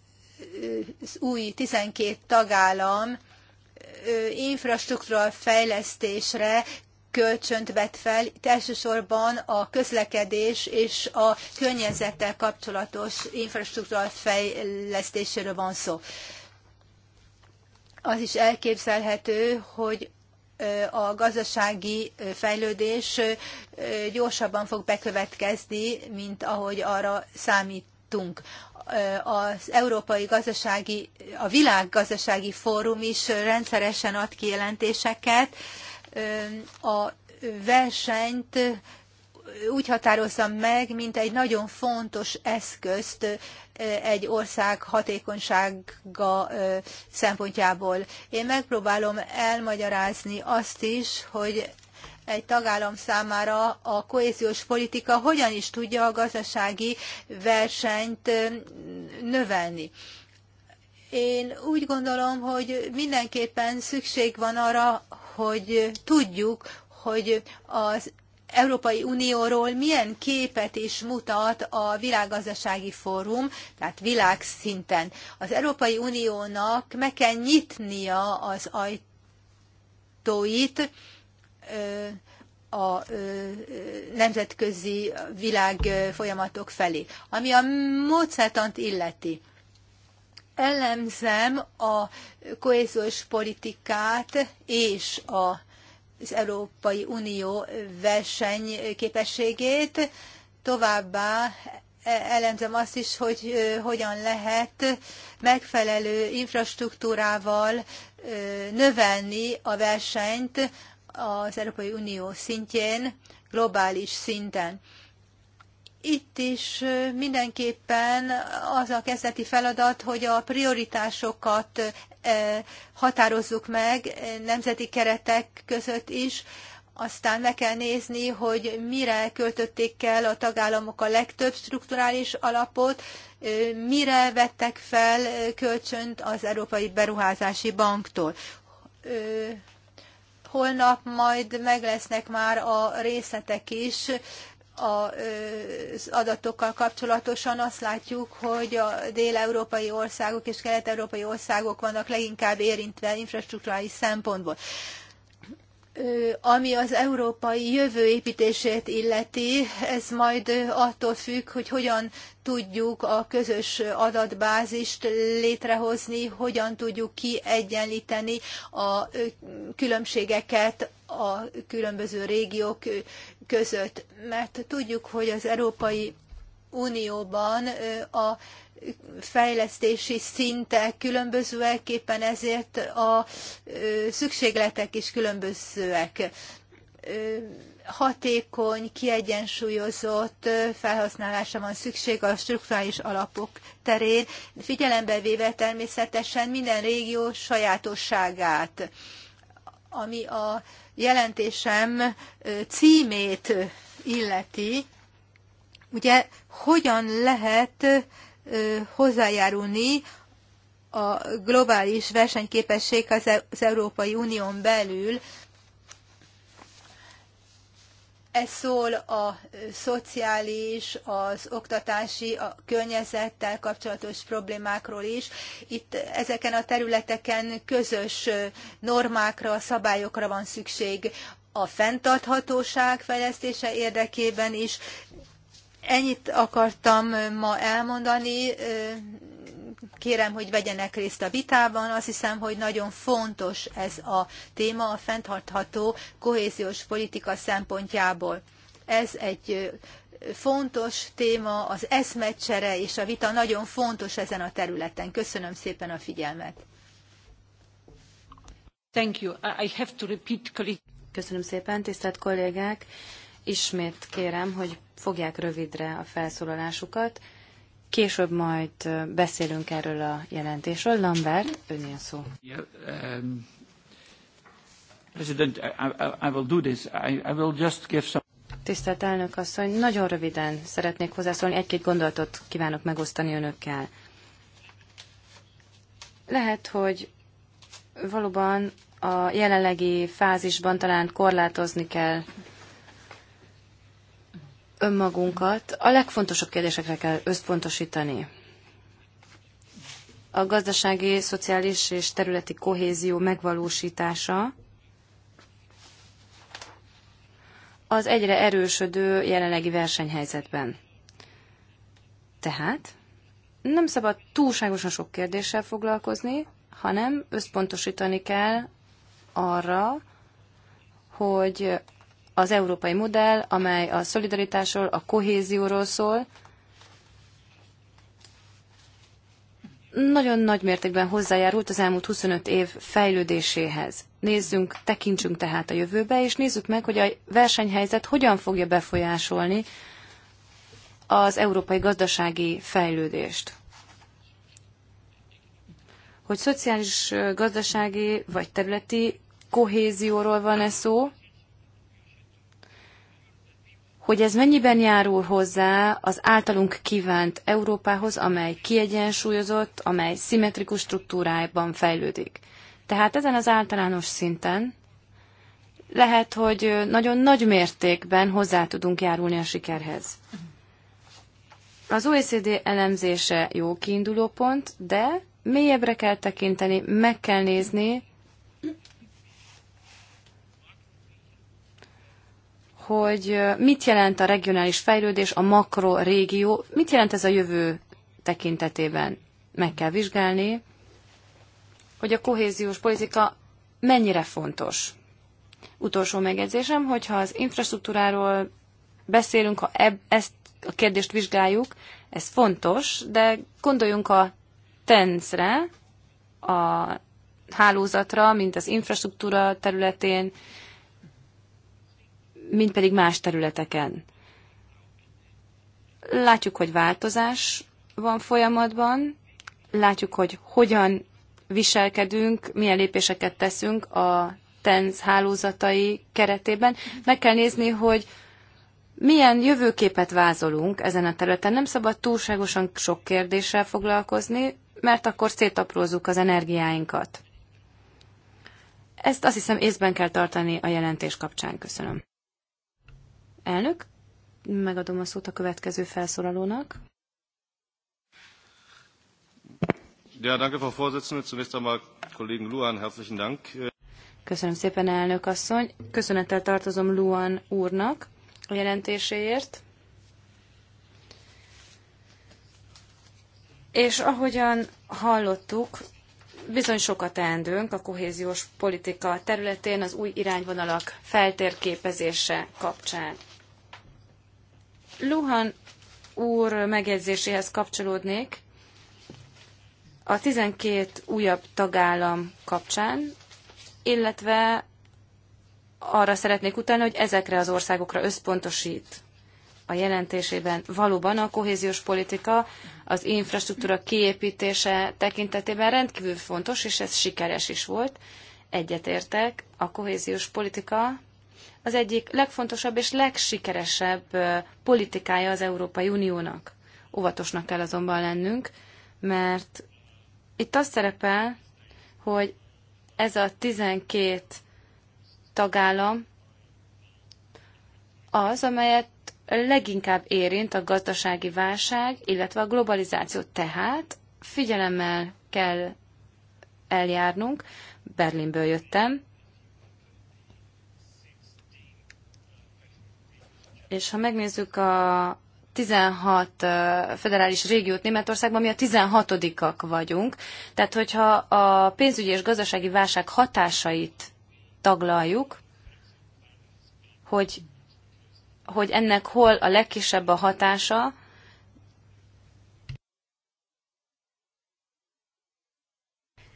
új 12 tagállam infrastruktúra fejlesztésre kölcsönt vett fel, itt elsősorban a közlekedés és a környezettel kapcsolatos infrastruktúra fejlesztéséről van szó. Az is elképzelhető, hogy a gazdasági fejlődés gyorsabban fog bekövetkezni, mint ahogy arra számítunk. Az Európai Gazdasági, a Világ Gazdasági Fórum is rendszeresen ad ki jelentéseket, a versenyt úgy határozza meg, mint egy nagyon fontos eszközt egy ország hatékonysága szempontjából. Én megpróbálom elmagyarázni azt is, hogy egy tagállam számára a kohéziós politika hogyan is tudja a gazdasági versenyt növelni. Én úgy gondolom, hogy mindenképpen szükség van arra, hogy tudjuk, hogy az Európai Unióról milyen képet is mutat a világgazdasági fórum, tehát világszinten. Az Európai Uniónak meg kell nyitnia az ajtóit a nemzetközi világ folyamatok felé, ami a módszertant illeti elemzem a kohéziós politikát és a, az Európai Unió versenyképességét, továbbá e, elemzem azt is, hogy hogyan lehet megfelelő infrastruktúrával növelni a versenyt az Európai Unió szintjén, globális szinten itt is mindenképpen az a kezdeti feladat, hogy a prioritásokat határozzuk meg nemzeti keretek között is, aztán meg kell nézni, hogy mire költötték el a tagállamok a legtöbb strukturális alapot, mire vettek fel kölcsönt az Európai Beruházási Banktól. Holnap majd meg lesznek már a részletek is az adatokkal kapcsolatosan azt látjuk, hogy a dél-európai országok és kelet-európai országok vannak leginkább érintve infrastruktúrális szempontból ami az európai jövő építését illeti, ez majd attól függ, hogy hogyan tudjuk a közös adatbázist létrehozni, hogyan tudjuk kiegyenlíteni a különbségeket a különböző régiók között. Mert tudjuk, hogy az Európai Unióban a fejlesztési szintek különbözőek, éppen ezért a szükségletek is különbözőek. Hatékony, kiegyensúlyozott felhasználása van szükség a struktúrális alapok terén, figyelembe véve természetesen minden régió sajátosságát, ami a jelentésem címét illeti, ugye hogyan lehet hozzájárulni a globális versenyképesség e- az Európai Unión belül. Ez szól a szociális, az oktatási, a környezettel kapcsolatos problémákról is. Itt ezeken a területeken közös normákra, szabályokra van szükség a fenntarthatóság fejlesztése érdekében is Ennyit akartam ma elmondani. Kérem, hogy vegyenek részt a vitában. Azt hiszem, hogy nagyon fontos ez a téma a fenntartható kohéziós politika szempontjából. Ez egy fontos téma, az eszmecsere és a vita nagyon fontos ezen a területen. Köszönöm szépen a figyelmet. Thank you. I have to repeat, Köszönöm szépen, tisztelt kollégák! ismét kérem, hogy fogják rövidre a felszólalásukat. Később majd beszélünk erről a jelentésről. Lambert, önél szó. Um, President, I, will do this. I, will just give some... Tisztelt elnök asszony, nagyon röviden szeretnék hozzászólni, egy-két gondolatot kívánok megosztani önökkel. Lehet, hogy valóban a jelenlegi fázisban talán korlátozni kell önmagunkat, a legfontosabb kérdésekre kell összpontosítani. A gazdasági, szociális és területi kohézió megvalósítása az egyre erősödő jelenlegi versenyhelyzetben. Tehát nem szabad túlságosan sok kérdéssel foglalkozni, hanem összpontosítani kell arra, hogy az európai modell, amely a szolidaritásról, a kohézióról szól, nagyon nagy mértékben hozzájárult az elmúlt 25 év fejlődéséhez. Nézzünk, tekintsünk tehát a jövőbe, és nézzük meg, hogy a versenyhelyzet hogyan fogja befolyásolni az európai gazdasági fejlődést. Hogy szociális, gazdasági vagy területi kohézióról van-e szó, hogy ez mennyiben járul hozzá az általunk kívánt Európához, amely kiegyensúlyozott, amely szimmetrikus struktúrájában fejlődik. Tehát ezen az általános szinten lehet, hogy nagyon nagy mértékben hozzá tudunk járulni a sikerhez. Az OECD elemzése jó kiinduló pont, de mélyebbre kell tekinteni, meg kell nézni, hogy mit jelent a regionális fejlődés, a makrorégió, mit jelent ez a jövő tekintetében. Meg kell vizsgálni, hogy a kohéziós politika mennyire fontos. Utolsó megjegyzésem, hogyha az infrastruktúráról beszélünk, ha eb- ezt a kérdést vizsgáljuk, ez fontos, de gondoljunk a TENC-re, a hálózatra, mint az infrastruktúra területén, mint pedig más területeken. Látjuk, hogy változás van folyamatban, látjuk, hogy hogyan viselkedünk, milyen lépéseket teszünk a TENZ hálózatai keretében. Meg kell nézni, hogy milyen jövőképet vázolunk ezen a területen. Nem szabad túlságosan sok kérdéssel foglalkozni, mert akkor szétaprózzuk az energiáinkat. Ezt azt hiszem észben kell tartani a jelentés kapcsán. Köszönöm. Elnök, megadom a szót a következő felszólalónak. Ja, danke, Frau Vorsitzende. Zunächst einmal Kollegen Luan, herzlichen Dank. Köszönöm szépen, elnök asszony. Köszönettel tartozom Luan úrnak a jelentéséért. És ahogyan hallottuk, bizony sokat teendőnk a kohéziós politika területén az új irányvonalak feltérképezése kapcsán. Luhan úr megjegyzéséhez kapcsolódnék. A 12 újabb tagállam kapcsán, illetve arra szeretnék utalni, hogy ezekre az országokra összpontosít a jelentésében. Valóban a kohéziós politika az infrastruktúra kiépítése tekintetében rendkívül fontos, és ez sikeres is volt. Egyetértek, a kohéziós politika az egyik legfontosabb és legsikeresebb politikája az Európai Uniónak. Óvatosnak kell azonban lennünk, mert itt az szerepel, hogy ez a 12 tagállam az, amelyet leginkább érint a gazdasági válság, illetve a globalizáció. Tehát figyelemmel kell eljárnunk. Berlinből jöttem, És ha megnézzük a 16 federális régiót Németországban, mi a 16-ak vagyunk. Tehát, hogyha a pénzügyi és gazdasági válság hatásait taglaljuk, hogy, hogy ennek hol a legkisebb a hatása,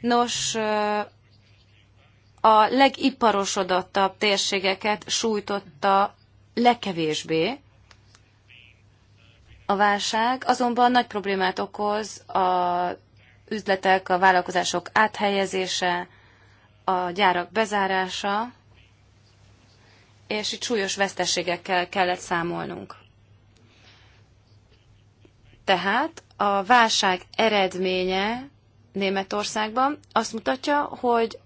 Nos, a legiparosodottabb térségeket sújtotta legkevésbé. A válság azonban nagy problémát okoz a üzletek, a vállalkozások áthelyezése, a gyárak bezárása, és itt súlyos veszteségekkel kellett számolnunk. Tehát a válság eredménye Németországban azt mutatja, hogy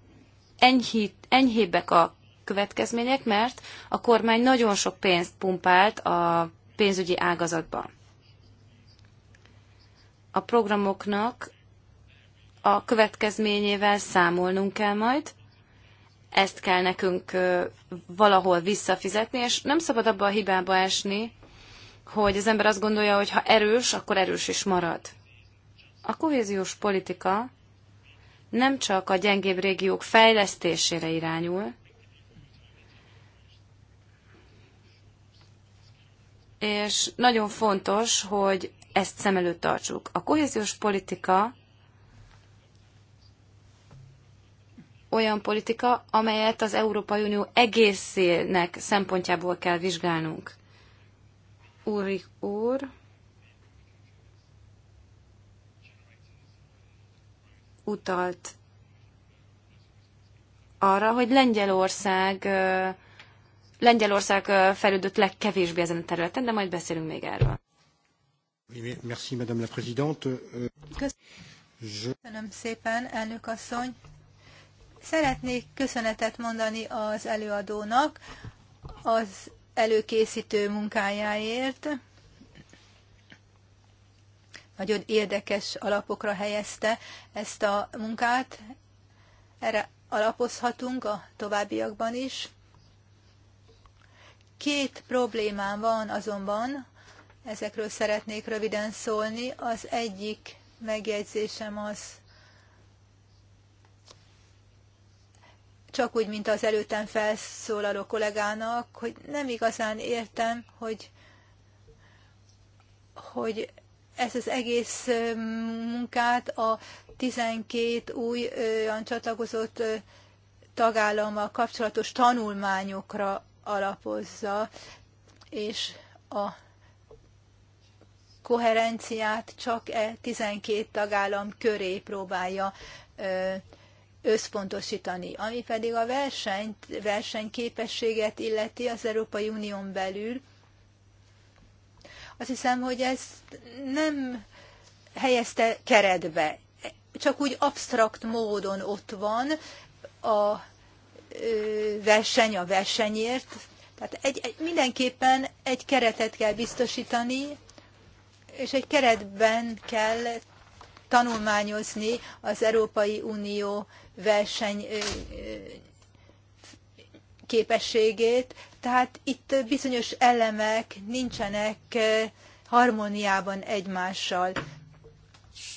enyhít, enyhébbek a következmények, mert a kormány nagyon sok pénzt pumpált a pénzügyi ágazatba. A programoknak a következményével számolnunk kell majd, ezt kell nekünk valahol visszafizetni, és nem szabad abba a hibába esni, hogy az ember azt gondolja, hogy ha erős, akkor erős is marad. A kohéziós politika nem csak a gyengébb régiók fejlesztésére irányul, és nagyon fontos, hogy ezt szem előtt tartsuk. A kohéziós politika olyan politika, amelyet az Európai Unió egészének szempontjából kell vizsgálnunk. Úri úr, utalt arra, hogy Lengyelország Lengyelország fejlődött legkevésbé ezen a területen, de majd beszélünk még erről. Merci, Madame la Présidente. Köszönöm szépen, elnök asszony. Szeretnék köszönetet mondani az előadónak az előkészítő munkájáért. Nagyon érdekes alapokra helyezte ezt a munkát. Erre alapozhatunk a továbbiakban is. Két problémám van azonban, ezekről szeretnék röviden szólni. Az egyik megjegyzésem az, csak úgy, mint az előttem felszólaló kollégának, hogy nem igazán értem, hogy, hogy ez az egész munkát a 12 új olyan csatlakozott tagállammal kapcsolatos tanulmányokra alapozza, és a koherenciát csak e 12 tagállam köré próbálja összpontosítani. Ami pedig a versenyt, versenyképességet illeti az Európai Unión belül, azt hiszem, hogy ez nem helyezte keretbe. Csak úgy absztrakt módon ott van a verseny a versenyért. Tehát egy, egy, mindenképpen egy keretet kell biztosítani, és egy keretben kell tanulmányozni az Európai Unió verseny képességét, tehát itt bizonyos elemek nincsenek harmóniában egymással.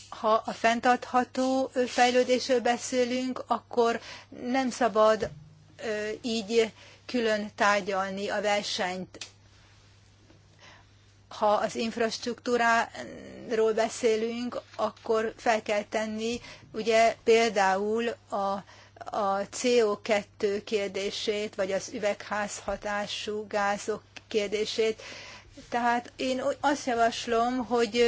Ha a fenntartható fejlődésről beszélünk, akkor nem szabad így külön tárgyalni a versenyt. Ha az infrastruktúráról beszélünk, akkor fel kell tenni ugye például a a CO2 kérdését, vagy az üvegházhatású gázok kérdését. Tehát én azt javaslom, hogy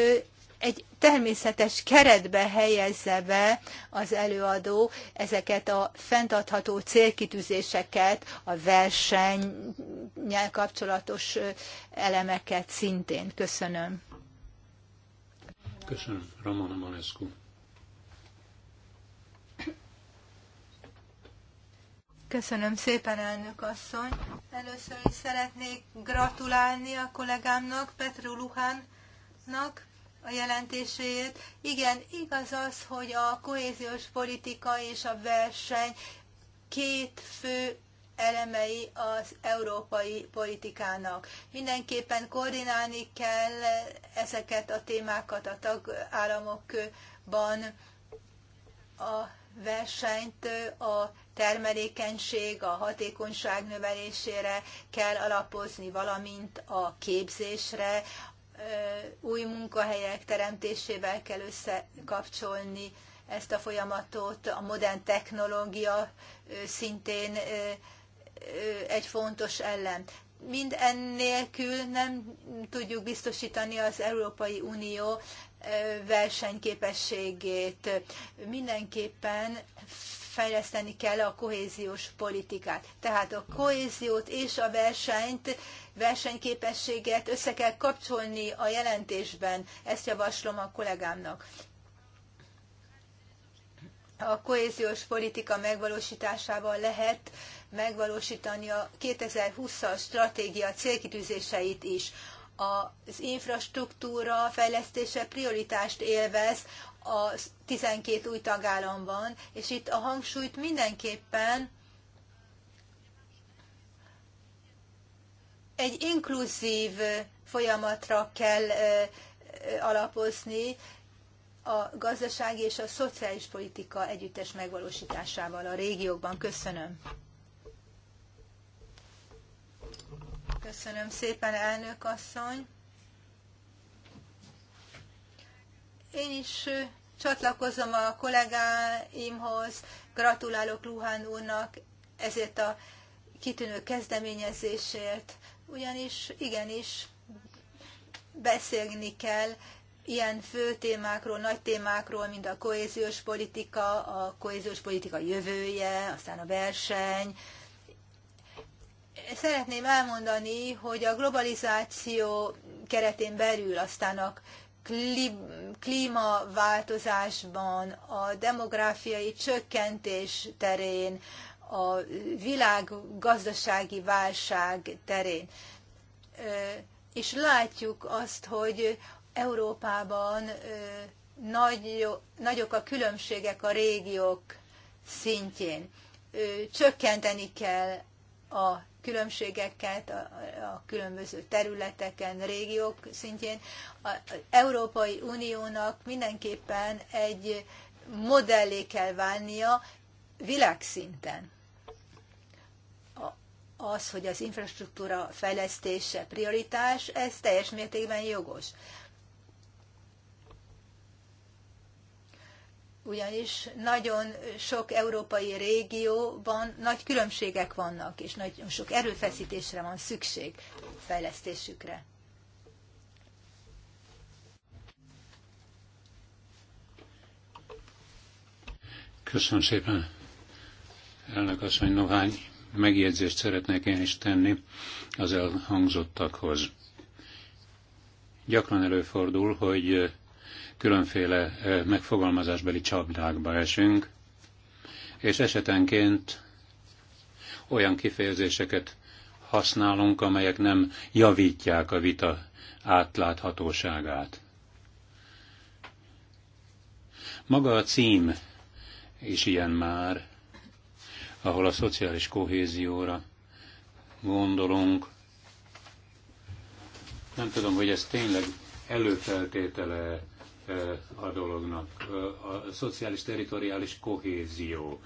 egy természetes keretbe helyezze be az előadó ezeket a fenntartható célkitűzéseket, a versennyel kapcsolatos elemeket szintén. Köszönöm. Köszönöm, Ramona Malescu. Köszönöm szépen, elnök asszony. Először is szeretnék gratulálni a kollégámnak, Petru Luhánnak, a jelentéséért. Igen, igaz az, hogy a kohéziós politika és a verseny két fő elemei az európai politikának. Mindenképpen koordinálni kell ezeket a témákat a tagállamokban, a versenyt a termelékenység, a hatékonyság növelésére kell alapozni, valamint a képzésre, új munkahelyek teremtésével kell összekapcsolni ezt a folyamatot, a modern technológia szintén egy fontos ellen. Mind ennélkül nem tudjuk biztosítani az Európai Unió versenyképességét. Mindenképpen fejleszteni kell a kohéziós politikát. Tehát a kohéziót és a versenyt, versenyképességet össze kell kapcsolni a jelentésben. Ezt javaslom a kollégámnak. A kohéziós politika megvalósításával lehet megvalósítani a 2020-as stratégia célkitűzéseit is az infrastruktúra fejlesztése prioritást élvez a 12 új tagállamban, és itt a hangsúlyt mindenképpen egy inkluzív folyamatra kell alapozni a gazdasági és a szociális politika együttes megvalósításával a régiókban. Köszönöm. Köszönöm szépen, elnök asszony. Én is csatlakozom a kollégáimhoz, gratulálok Luhán úrnak ezért a kitűnő kezdeményezésért, ugyanis igenis beszélni kell ilyen fő témákról, nagy témákról, mint a kohéziós politika, a kohéziós politika jövője, aztán a verseny. Szeretném elmondani, hogy a globalizáció keretén belül aztán a klímaváltozásban, a demográfiai csökkentés terén, a világ gazdasági válság terén. És látjuk azt, hogy Európában nagy, nagyok a különbségek a régiók szintjén. Csökkenteni kell a különbségeket a, a különböző területeken, régiók szintjén. Az Európai Uniónak mindenképpen egy modellé kell válnia világszinten. Az, hogy az infrastruktúra fejlesztése prioritás, ez teljes mértékben jogos. ugyanis nagyon sok európai régióban nagy különbségek vannak, és nagyon sok erőfeszítésre van szükség fejlesztésükre. Köszönöm szépen, elnök asszony Nohány. Megjegyzést szeretnék én is tenni az elhangzottakhoz. Gyakran előfordul, hogy különféle megfogalmazásbeli csapdákba esünk, és esetenként olyan kifejezéseket használunk, amelyek nem javítják a vita átláthatóságát. Maga a cím is ilyen már, ahol a szociális kohézióra gondolunk. Nem tudom, hogy ez tényleg előfeltétele a dolognak. A szociális teritoriális kohézió,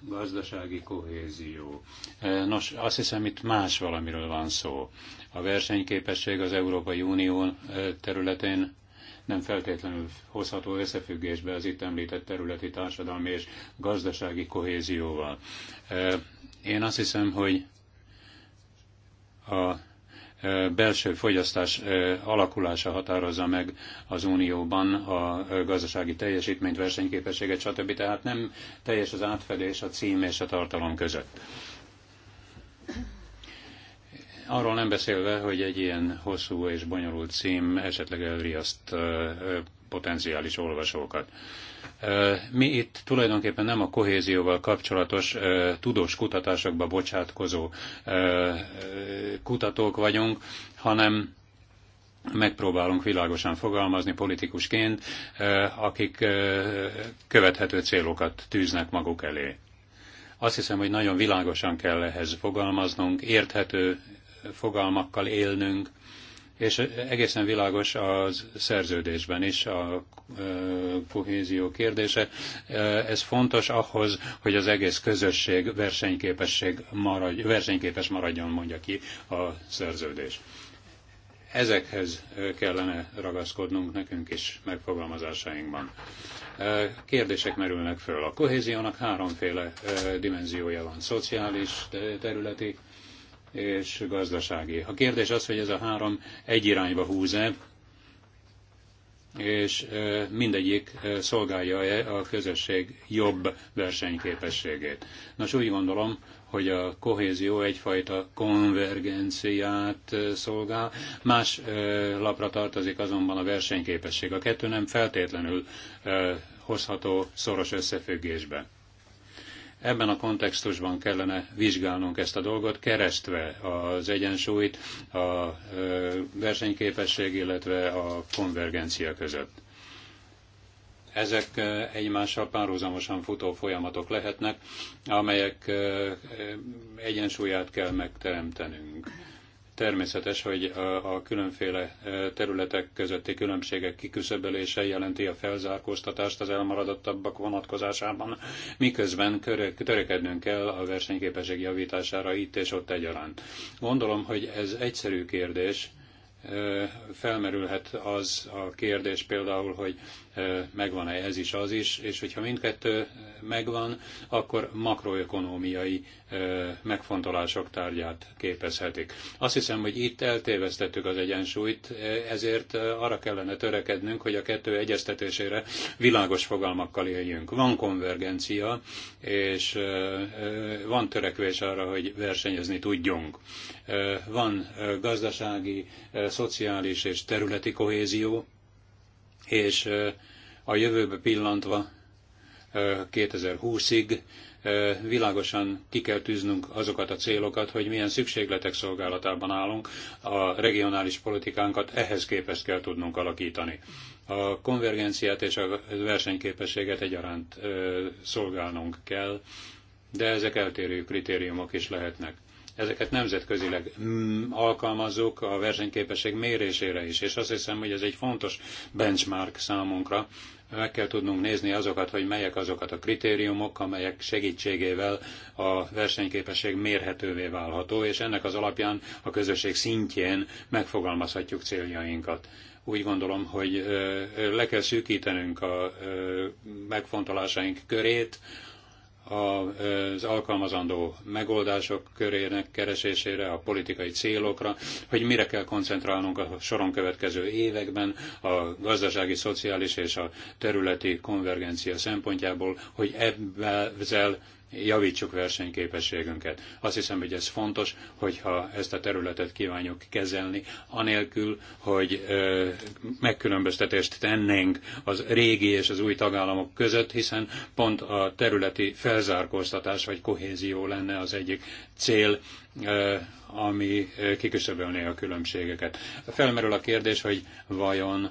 gazdasági kohézió. Nos, azt hiszem itt más valamiről van szó. A versenyképesség az Európai Unió területén nem feltétlenül hozható összefüggésbe az itt említett területi társadalmi és gazdasági kohézióval. Én azt hiszem, hogy a belső fogyasztás alakulása határozza meg az Unióban a gazdasági teljesítményt, versenyképességet, stb. Tehát nem teljes az átfedés a cím és a tartalom között. Arról nem beszélve, hogy egy ilyen hosszú és bonyolult cím esetleg elriaszt potenciális olvasókat. Mi itt tulajdonképpen nem a kohézióval kapcsolatos tudós kutatásokba bocsátkozó kutatók vagyunk, hanem megpróbálunk világosan fogalmazni politikusként, akik követhető célokat tűznek maguk elé. Azt hiszem, hogy nagyon világosan kell ehhez fogalmaznunk, érthető fogalmakkal élnünk, és egészen világos az szerződésben is a kohézió kérdése. Ez fontos ahhoz, hogy az egész közösség versenyképesség maradj, versenyképes maradjon, mondja ki a szerződés. Ezekhez kellene ragaszkodnunk nekünk is megfogalmazásainkban. Kérdések merülnek föl. A kohéziónak háromféle dimenziója van. Szociális, területi, és gazdasági. A kérdés az, hogy ez a három egy irányba húz-e, és mindegyik szolgálja-e a közösség jobb versenyképességét. Nos, úgy gondolom, hogy a kohézió egyfajta konvergenciát szolgál, más lapra tartozik azonban a versenyképesség. A kettő nem feltétlenül hozható szoros összefüggésbe. Ebben a kontextusban kellene vizsgálnunk ezt a dolgot, keresztve az egyensúlyt a versenyképesség, illetve a konvergencia között. Ezek egymással párhuzamosan futó folyamatok lehetnek, amelyek egyensúlyát kell megteremtenünk Természetes, hogy a különféle e, területek közötti különbségek kiküszöbölése jelenti a felzárkóztatást az elmaradottabbak vonatkozásában, miközben törekednünk kell a versenyképesség javítására itt és ott egyaránt. Gondolom, hogy ez egyszerű kérdés, e, felmerülhet az a kérdés például, hogy megvan-e ez is, az is, és hogyha mindkettő megvan, akkor makroökonómiai megfontolások tárgyát képezhetik. Azt hiszem, hogy itt eltévesztettük az egyensúlyt, ezért arra kellene törekednünk, hogy a kettő egyeztetésére világos fogalmakkal éljünk. Van konvergencia, és van törekvés arra, hogy versenyezni tudjunk. Van gazdasági, szociális és területi kohézió, és a jövőbe pillantva 2020-ig világosan ki kell tűznünk azokat a célokat, hogy milyen szükségletek szolgálatában állunk, a regionális politikánkat ehhez képest kell tudnunk alakítani. A konvergenciát és a versenyképességet egyaránt szolgálnunk kell, de ezek eltérő kritériumok is lehetnek ezeket nemzetközileg mm, alkalmazzuk a versenyképesség mérésére is, és azt hiszem, hogy ez egy fontos benchmark számunkra, meg kell tudnunk nézni azokat, hogy melyek azokat a kritériumok, amelyek segítségével a versenyképesség mérhetővé válható, és ennek az alapján a közösség szintjén megfogalmazhatjuk céljainkat. Úgy gondolom, hogy le kell szűkítenünk a megfontolásaink körét, az alkalmazandó megoldások körének keresésére, a politikai célokra, hogy mire kell koncentrálnunk a soron következő években a gazdasági, szociális és a területi konvergencia szempontjából, hogy ebben javítsuk versenyképességünket. Azt hiszem, hogy ez fontos, hogyha ezt a területet kívánjuk kezelni, anélkül, hogy megkülönböztetést tennénk az régi és az új tagállamok között, hiszen pont a területi felzárkóztatás vagy kohézió lenne az egyik cél ami kiküszöbölné a különbségeket. Felmerül a kérdés, hogy vajon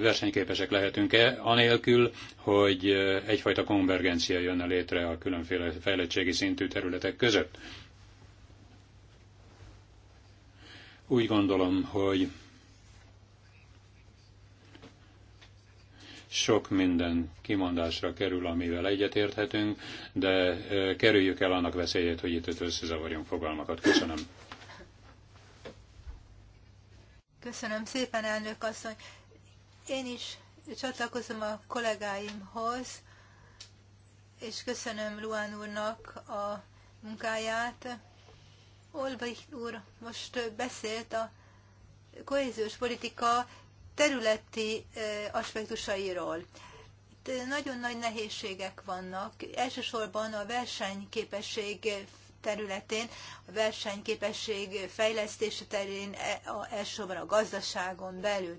versenyképesek lehetünk-e, anélkül, hogy egyfajta konvergencia jönne létre a különféle fejlettségi szintű területek között. Úgy gondolom, hogy sok minden kimondásra kerül, amivel egyetérthetünk, de kerüljük el annak veszélyét, hogy itt összezavarjunk fogalmakat. Köszönöm. Köszönöm szépen, elnök asszony. Én is csatlakozom a kollégáimhoz, és köszönöm Luán úrnak a munkáját. Olbrich úr most beszélt a kohéziós politika területi aspektusairól. Itt nagyon nagy nehézségek vannak, elsősorban a versenyképesség területén, a versenyképesség fejlesztése terén, e, elsősorban a gazdaságon belül.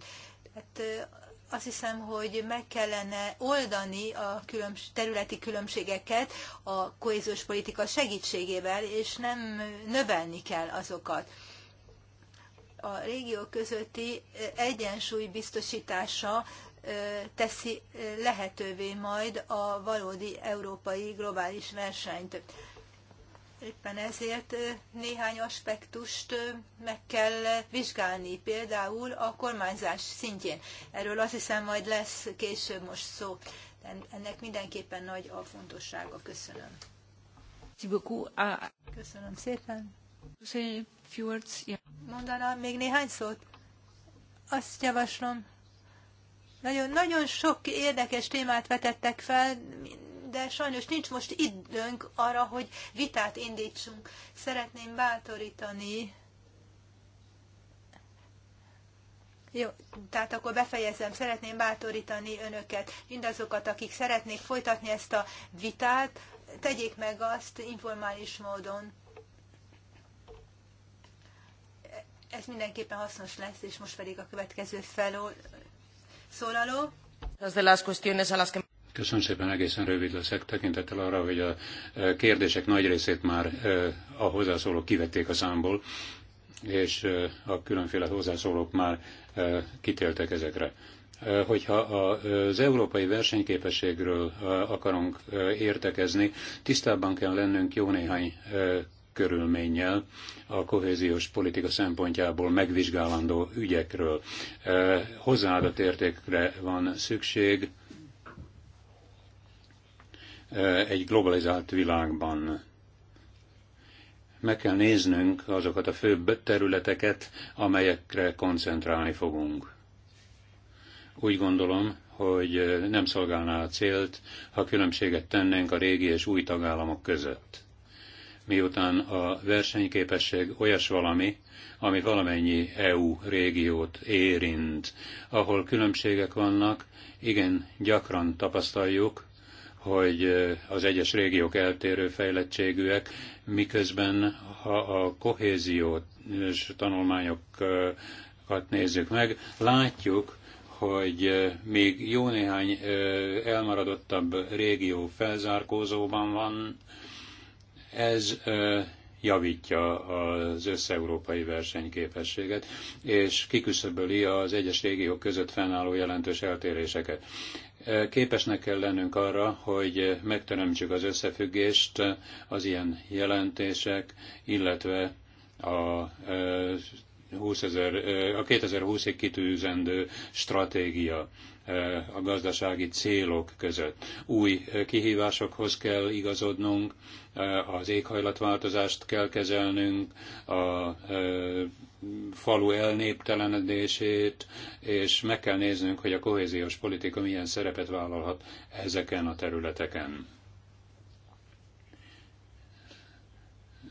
Tehát azt hiszem, hogy meg kellene oldani a különbs- területi különbségeket a kohéziós politika segítségével, és nem növelni kell azokat a régiók közötti egyensúly biztosítása teszi lehetővé majd a valódi európai globális versenyt. Éppen ezért néhány aspektust meg kell vizsgálni, például a kormányzás szintjén. Erről azt hiszem majd lesz később most szó. Ennek mindenképpen nagy a fontossága. Köszönöm. Ah. Köszönöm szépen. Mondaná még néhány szót? Azt javaslom. Nagyon, nagyon sok érdekes témát vetettek fel, de sajnos nincs most időnk arra, hogy vitát indítsunk. Szeretném bátorítani. Jó, tehát akkor befejezem. Szeretném bátorítani önöket, mindazokat, akik szeretnék folytatni ezt a vitát, tegyék meg azt informális módon. ez mindenképpen hasznos lesz, és most pedig a következő felszólaló. Köszönöm szépen, egészen rövid leszek, tekintettel arra, hogy a e, kérdések nagy részét már e, a hozzászólók kivették a számból, és e, a különféle hozzászólók már kitéltek ezekre. Hogyha az európai versenyképességről akarunk értekezni, tisztában kell lennünk jó néhány körülménnyel a kohéziós politika szempontjából megvizsgálandó ügyekről. E, hozzáadott értékre van szükség e, egy globalizált világban meg kell néznünk azokat a főbb területeket, amelyekre koncentrálni fogunk. Úgy gondolom, hogy nem szolgálná a célt, ha különbséget tennénk a régi és új tagállamok között miután a versenyképesség olyas valami, ami valamennyi EU régiót érint, ahol különbségek vannak, igen gyakran tapasztaljuk, hogy az egyes régiók eltérő fejlettségűek, miközben ha a kohéziót és tanulmányokat nézzük meg, látjuk, hogy még jó néhány elmaradottabb régió felzárkózóban van, ez javítja az összeurópai versenyképességet, és kiküszöböli az egyes régiók között fennálló jelentős eltéréseket. Képesnek kell lennünk arra, hogy megteremtsük az összefüggést az ilyen jelentések, illetve a 20 000, a 2020-ig kitűzendő stratégia a gazdasági célok között. Új kihívásokhoz kell igazodnunk, Eh, az éghajlatváltozást kell kezelnünk, a eh, falu elnéptelenedését, és meg kell néznünk, hogy a kohéziós politika milyen szerepet vállalhat ezeken a területeken.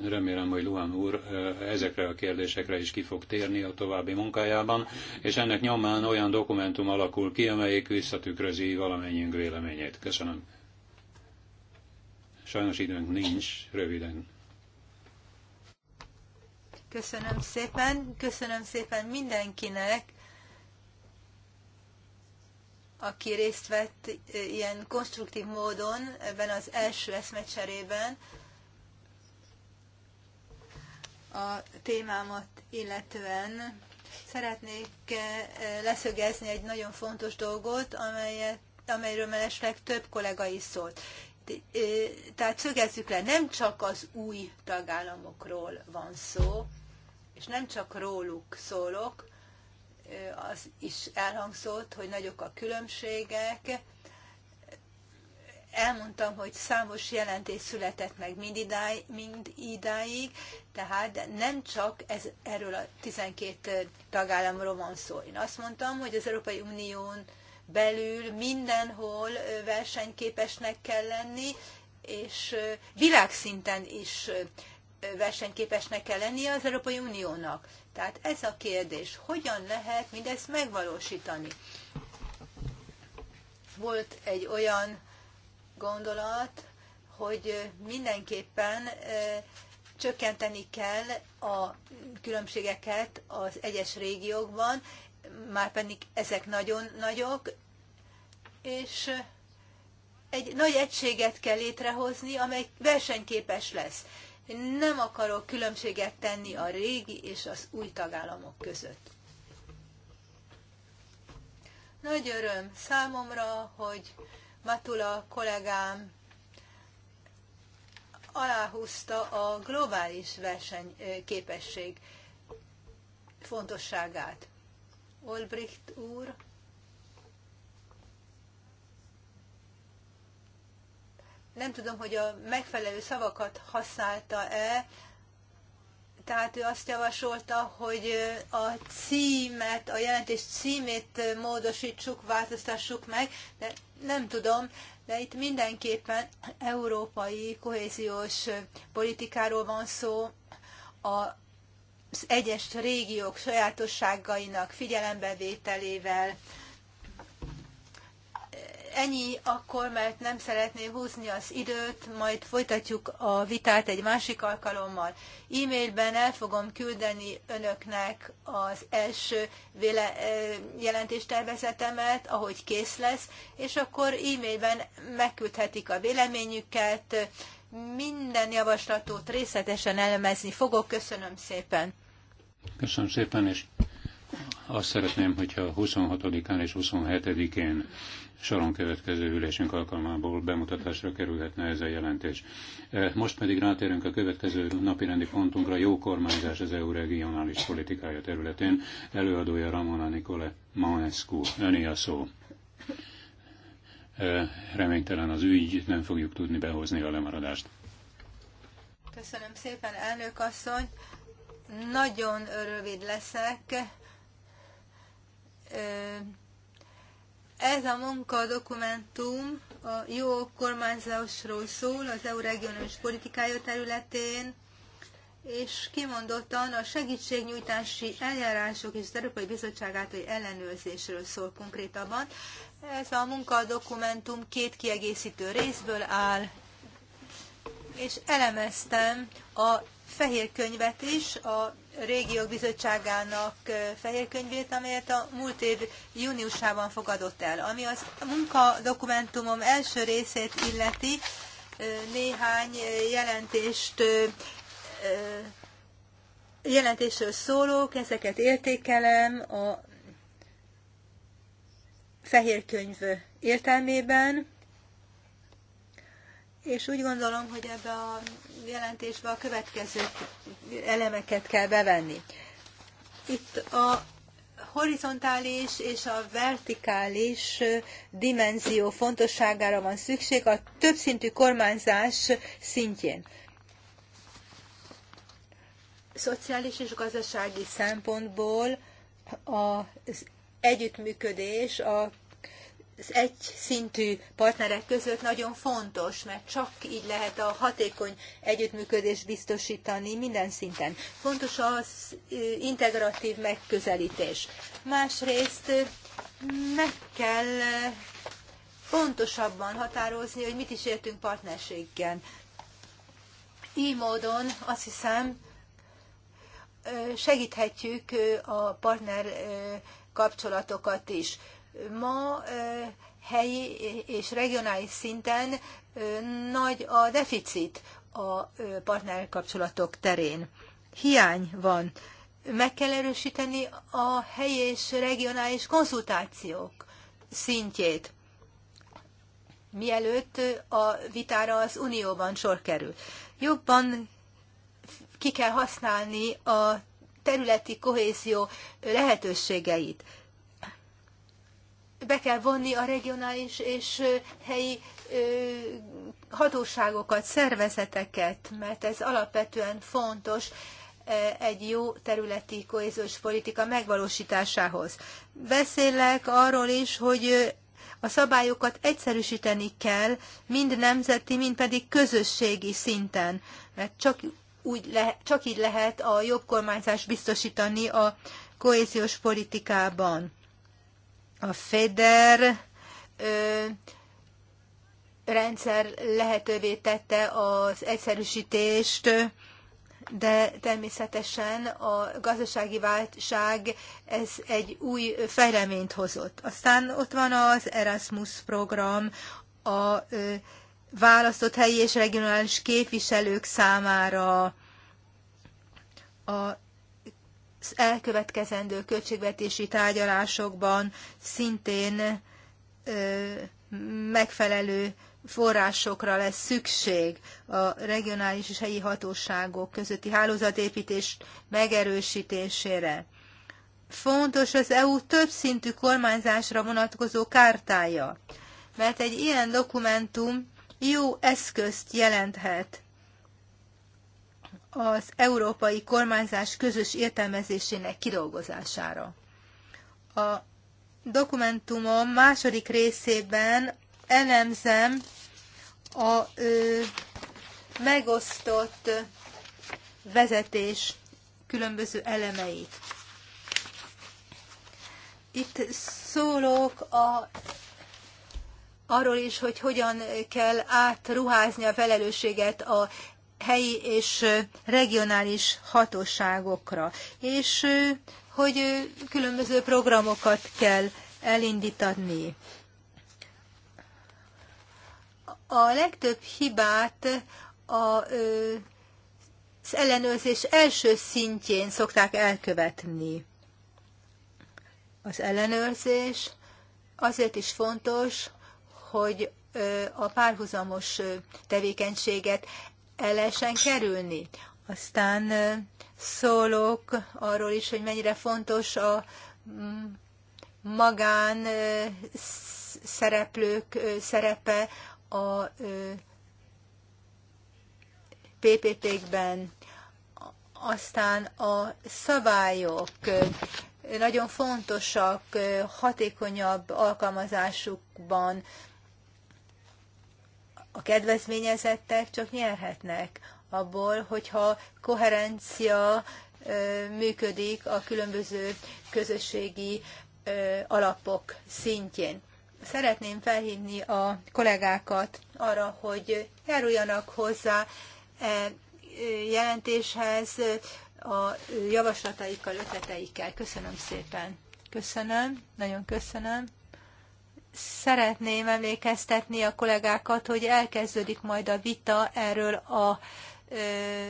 remélem, hogy Luan úr eh, ezekre a kérdésekre is ki fog térni a további munkájában, és ennek nyomán olyan dokumentum alakul ki, amelyik visszatükrözi valamennyiünk véleményét. Köszönöm. Sajnos időnk nincs, röviden. Köszönöm szépen, köszönöm szépen mindenkinek, aki részt vett eh, ilyen konstruktív módon ebben az első eszmecserében a témámat illetően. Szeretnék eh, leszögezni egy nagyon fontos dolgot, amelyet, amelyről mellesleg több kollega is szólt tehát szögezzük le, nem csak az új tagállamokról van szó, és nem csak róluk szólok, az is elhangzott, hogy nagyok a különbségek. Elmondtam, hogy számos jelentés született meg mind idáig, tehát nem csak ez, erről a 12 tagállamról van szó. Én azt mondtam, hogy az Európai Unión belül mindenhol versenyképesnek kell lenni, és világszinten is versenyképesnek kell lennie az Európai Uniónak. Tehát ez a kérdés, hogyan lehet mindezt megvalósítani? Volt egy olyan gondolat, hogy mindenképpen csökkenteni kell a különbségeket az egyes régiókban, már pedig ezek nagyon nagyok, és egy nagy egységet kell létrehozni, amely versenyképes lesz. Én nem akarok különbséget tenni a régi és az új tagállamok között. Nagy öröm számomra, hogy Matula kollégám aláhúzta a globális versenyképesség fontosságát. Olbricht úr. Nem tudom, hogy a megfelelő szavakat használta-e, tehát ő azt javasolta, hogy a címet, a jelentés címét módosítsuk, változtassuk meg, de nem tudom, de itt mindenképpen európai kohéziós politikáról van szó, a az egyes régiók sajátosságainak figyelembevételével. Ennyi akkor, mert nem szeretném húzni az időt, majd folytatjuk a vitát egy másik alkalommal. E-mailben el fogom küldeni önöknek az első véle, jelentéstervezetemet, ahogy kész lesz, és akkor e-mailben megküldhetik a véleményüket, minden javaslatot részletesen elemezni fogok. Köszönöm szépen. Köszönöm szépen, és azt szeretném, hogyha 26-án és 27-én soron következő ülésünk alkalmából bemutatásra kerülhetne ez a jelentés. Eh, most pedig rátérünk a következő napi rendi pontunkra, jó kormányzás az EU regionális politikája területén. Előadója Ramona Nikole Manescu. Öné a szó reménytelen az ügy, nem fogjuk tudni behozni a lemaradást. Köszönöm szépen, elnök asszony. Nagyon rövid leszek. Ez a dokumentum a jó kormányzásról szól az EU regionális politikája területén, és kimondottan a segítségnyújtási eljárások és az Európai Bizottság által ellenőrzésről szól konkrétabban. Ez a munkadokumentum két kiegészítő részből áll, és elemeztem a fehér könyvet is, a régiók bizottságának fehér könyvét, amelyet a múlt év júniusában fogadott el. Ami az munkadokumentumom első részét illeti, néhány jelentést jelentésről szólók, ezeket értékelem, a fehér könyv értelmében, és úgy gondolom, hogy ebbe a jelentésbe a következő elemeket kell bevenni. Itt a horizontális és a vertikális dimenzió fontosságára van szükség a többszintű kormányzás szintjén. Szociális és gazdasági szempontból az együttműködés a az szintű partnerek között nagyon fontos, mert csak így lehet a hatékony együttműködést biztosítani minden szinten. Fontos az integratív megközelítés. Másrészt meg kell pontosabban határozni, hogy mit is értünk partnerségen. Így módon azt hiszem, segíthetjük a partner kapcsolatokat is. Ma helyi és regionális szinten nagy a deficit a partnerkapcsolatok terén. Hiány van. Meg kell erősíteni a helyi és regionális konzultációk szintjét mielőtt a vitára az Unióban sor kerül. Jobban ki kell használni a területi kohézió lehetőségeit. Be kell vonni a regionális és helyi hatóságokat, szervezeteket, mert ez alapvetően fontos egy jó területi kohéziós politika megvalósításához. Beszélek arról is, hogy a szabályokat egyszerűsíteni kell, mind nemzeti, mind pedig közösségi szinten, mert csak úgy lehet, csak így lehet a jobb kormányzást biztosítani a kohéziós politikában. A FEDER ö, rendszer lehetővé tette az egyszerűsítést, de természetesen a gazdasági válság ez egy új fejleményt hozott. Aztán ott van az Erasmus program, a választott helyi és regionális képviselők számára a az elkövetkezendő költségvetési tárgyalásokban szintén megfelelő forrásokra lesz szükség a regionális és helyi hatóságok közötti hálózatépítés megerősítésére. Fontos az EU többszintű kormányzásra vonatkozó kártája, mert egy ilyen dokumentum jó eszközt jelenthet az európai kormányzás közös értelmezésének kidolgozására. A dokumentumom második részében elemzem a ö, megosztott vezetés különböző elemeit. Itt szólok a arról is, hogy hogyan kell átruházni a felelősséget a helyi és regionális hatóságokra, és hogy különböző programokat kell elindítani. A legtöbb hibát a, az ellenőrzés első szintjén szokták elkövetni. Az ellenőrzés azért is fontos, hogy a párhuzamos tevékenységet el lehessen kerülni. Aztán szólok arról is, hogy mennyire fontos a mm, magán szereplők szerepe a PPP-kben. Aztán a szabályok nagyon fontosak hatékonyabb alkalmazásukban, a kedvezményezettek csak nyerhetnek abból, hogyha koherencia működik a különböző közösségi alapok szintjén. Szeretném felhívni a kollégákat arra, hogy járuljanak hozzá e jelentéshez a javaslataikkal, ötleteikkel. Köszönöm szépen. Köszönöm, nagyon köszönöm szeretném emlékeztetni a kollégákat, hogy elkezdődik majd a vita erről a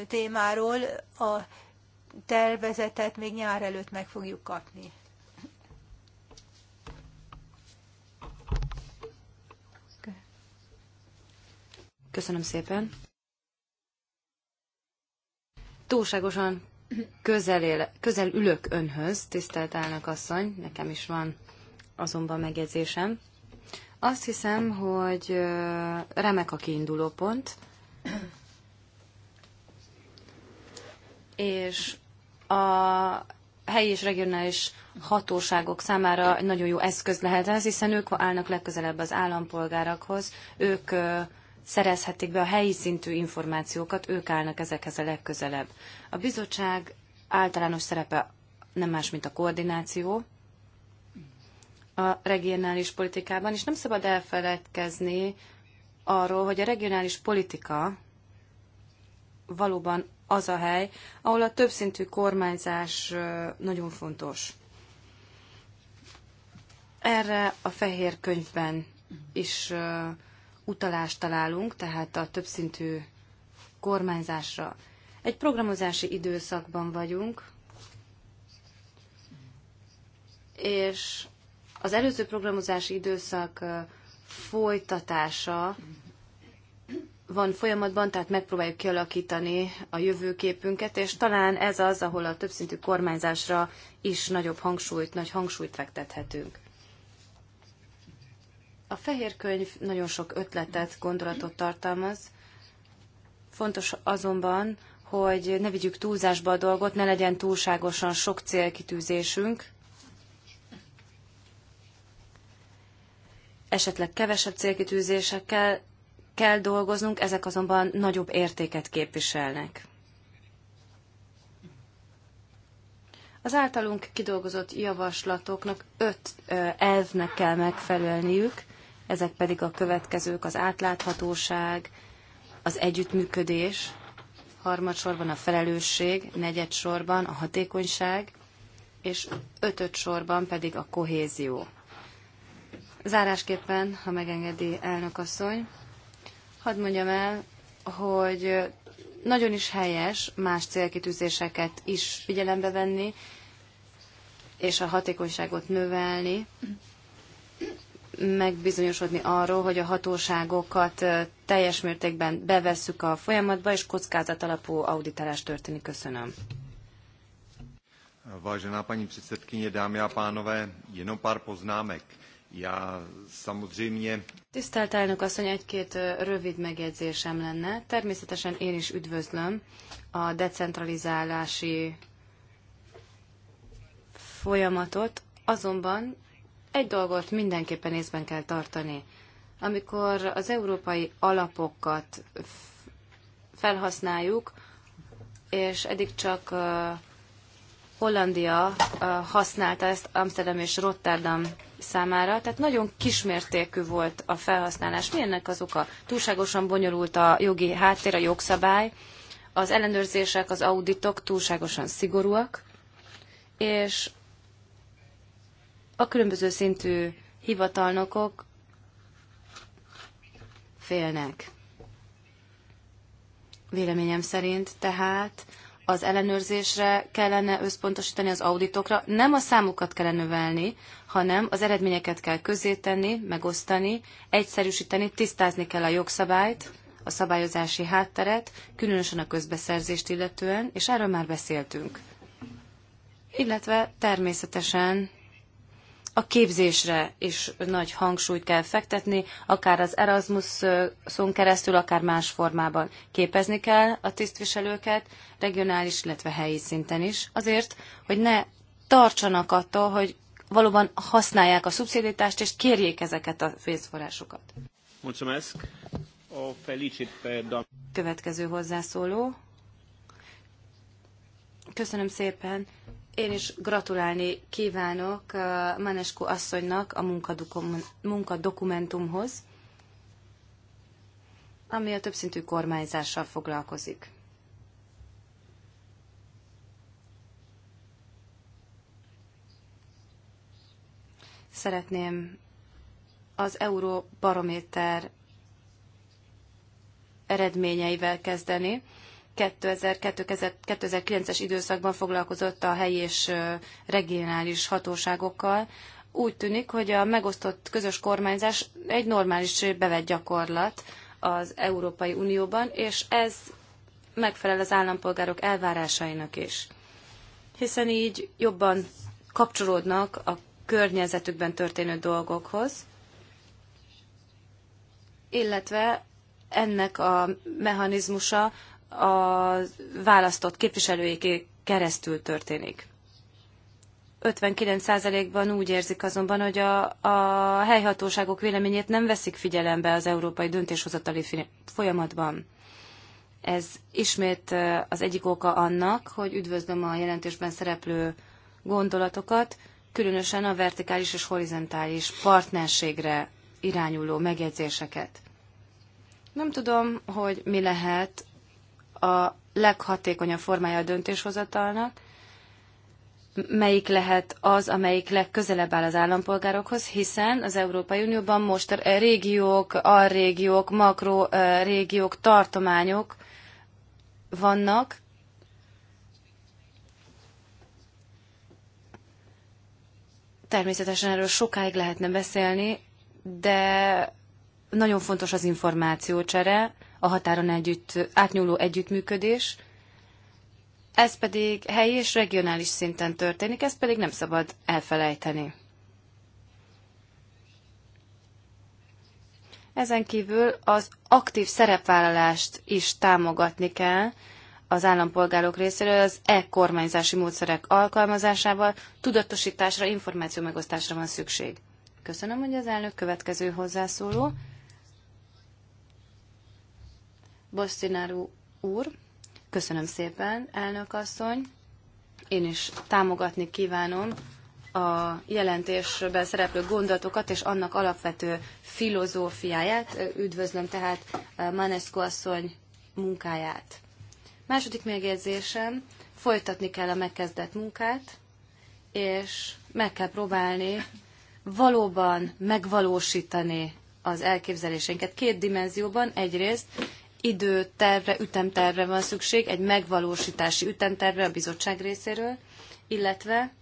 témáról. A tervezetet még nyár előtt meg fogjuk kapni. Köszönöm szépen. Túlságosan közel, él, közel ülök önhöz, tisztelt elnök asszony, nekem is van azonban megjegyzésem. Azt hiszem, hogy remek a kiinduló pont, és a helyi és regionális hatóságok számára nagyon jó eszköz lehet ez, hiszen ők állnak legközelebb az állampolgárakhoz, ők szerezhetik be a helyi szintű információkat, ők állnak ezekhez a legközelebb. A bizottság általános szerepe nem más, mint a koordináció, a regionális politikában, és nem szabad elfeledkezni arról, hogy a regionális politika valóban az a hely, ahol a többszintű kormányzás nagyon fontos. Erre a fehér könyvben is utalást találunk, tehát a többszintű kormányzásra. Egy programozási időszakban vagyunk, és az előző programozási időszak folytatása van folyamatban, tehát megpróbáljuk kialakítani a jövőképünket, és talán ez az, ahol a többszintű kormányzásra is nagyobb hangsúlyt, nagy hangsúlyt fektethetünk. A fehér könyv nagyon sok ötletet, gondolatot tartalmaz. Fontos azonban, hogy ne vigyük túlzásba a dolgot, ne legyen túlságosan sok célkitűzésünk, esetleg kevesebb célkitűzésekkel kell dolgoznunk, ezek azonban nagyobb értéket képviselnek. Az általunk kidolgozott javaslatoknak öt elvnek kell megfelelniük, ezek pedig a következők az átláthatóság, az együttműködés, harmadsorban a felelősség, negyedsorban a hatékonyság, és ötöd sorban pedig a kohézió. Zárásképpen, ha megengedi elnök asszony, hadd mondjam el, hogy nagyon is helyes más célkitűzéseket is figyelembe venni, és a hatékonyságot növelni, megbizonyosodni arról, hogy a hatóságokat teljes mértékben bevesszük a folyamatba, és kockázat alapú auditálás történik. Köszönöm. Vážená paní předsedkyně, dámy a pánové, jenom pár poznámek. Já samozřejmě... Tisztelt elnök asszony, egy-két rövid megjegyzésem lenne. Természetesen én is üdvözlöm a decentralizálási folyamatot, azonban egy dolgot mindenképpen észben kell tartani. Amikor az európai alapokat felhasználjuk, és eddig csak Hollandia használta ezt Amsterdam és Rotterdam számára, tehát nagyon kismértékű volt a felhasználás. Mi ennek az oka? Túlságosan bonyolult a jogi háttér, a jogszabály, az ellenőrzések, az auditok túlságosan szigorúak, és a különböző szintű hivatalnokok félnek. Véleményem szerint tehát az ellenőrzésre kellene összpontosítani, az auditokra. Nem a számokat kell növelni, hanem az eredményeket kell közzétenni, megosztani, egyszerűsíteni, tisztázni kell a jogszabályt, a szabályozási hátteret, különösen a közbeszerzést illetően, és erről már beszéltünk. Illetve természetesen a képzésre is nagy hangsúlyt kell fektetni, akár az Erasmuson keresztül, akár más formában képezni kell a tisztviselőket, regionális, illetve helyi szinten is, azért, hogy ne tartsanak attól, hogy valóban használják a szubszidítást, és kérjék ezeket a pénzforrásokat. Következő hozzászóló. Köszönöm szépen. Én is gratulálni kívánok uh, Manesku asszonynak a munkadokumentumhoz, ami a többszintű kormányzással foglalkozik. Szeretném az Euróbarométer eredményeivel kezdeni. 2009-es időszakban foglalkozott a helyi és regionális hatóságokkal. Úgy tűnik, hogy a megosztott közös kormányzás egy normális bevett gyakorlat az Európai Unióban, és ez megfelel az állampolgárok elvárásainak is. Hiszen így jobban kapcsolódnak a környezetükben történő dolgokhoz, illetve ennek a mechanizmusa a választott képviselőiké keresztül történik. 59%-ban úgy érzik azonban, hogy a, a helyhatóságok véleményét nem veszik figyelembe az európai döntéshozatali folyamatban. Ez ismét az egyik oka annak, hogy üdvözlöm a jelentésben szereplő gondolatokat, különösen a vertikális és horizontális partnerségre irányuló megjegyzéseket. Nem tudom, hogy mi lehet a leghatékonyabb formája a döntéshozatalnak, melyik lehet az, amelyik legközelebb áll az állampolgárokhoz, hiszen az Európai Unióban most régiók, alrégiók, makrorégiók, tartományok vannak, Természetesen erről sokáig lehetne beszélni, de nagyon fontos az információcsere, a határon együtt, átnyúló együttműködés, ez pedig helyi és regionális szinten történik, ezt pedig nem szabad elfelejteni. Ezen kívül az aktív szerepvállalást is támogatni kell az állampolgárok részéről az e-kormányzási módszerek alkalmazásával, tudatosításra, információ megosztásra van szükség. Köszönöm, hogy az elnök következő hozzászóló. Bosztinárú úr. Köszönöm szépen, elnök asszony. Én is támogatni kívánom a jelentésben szereplő gondolatokat és annak alapvető filozófiáját. Üdvözlöm tehát eh, Manescu asszony munkáját. Második megjegyzésem, folytatni kell a megkezdett munkát, és meg kell próbálni valóban megvalósítani az elképzeléseinket két dimenzióban. Egyrészt időtervre, ütemtervre van szükség, egy megvalósítási ütemtervre a bizottság részéről, illetve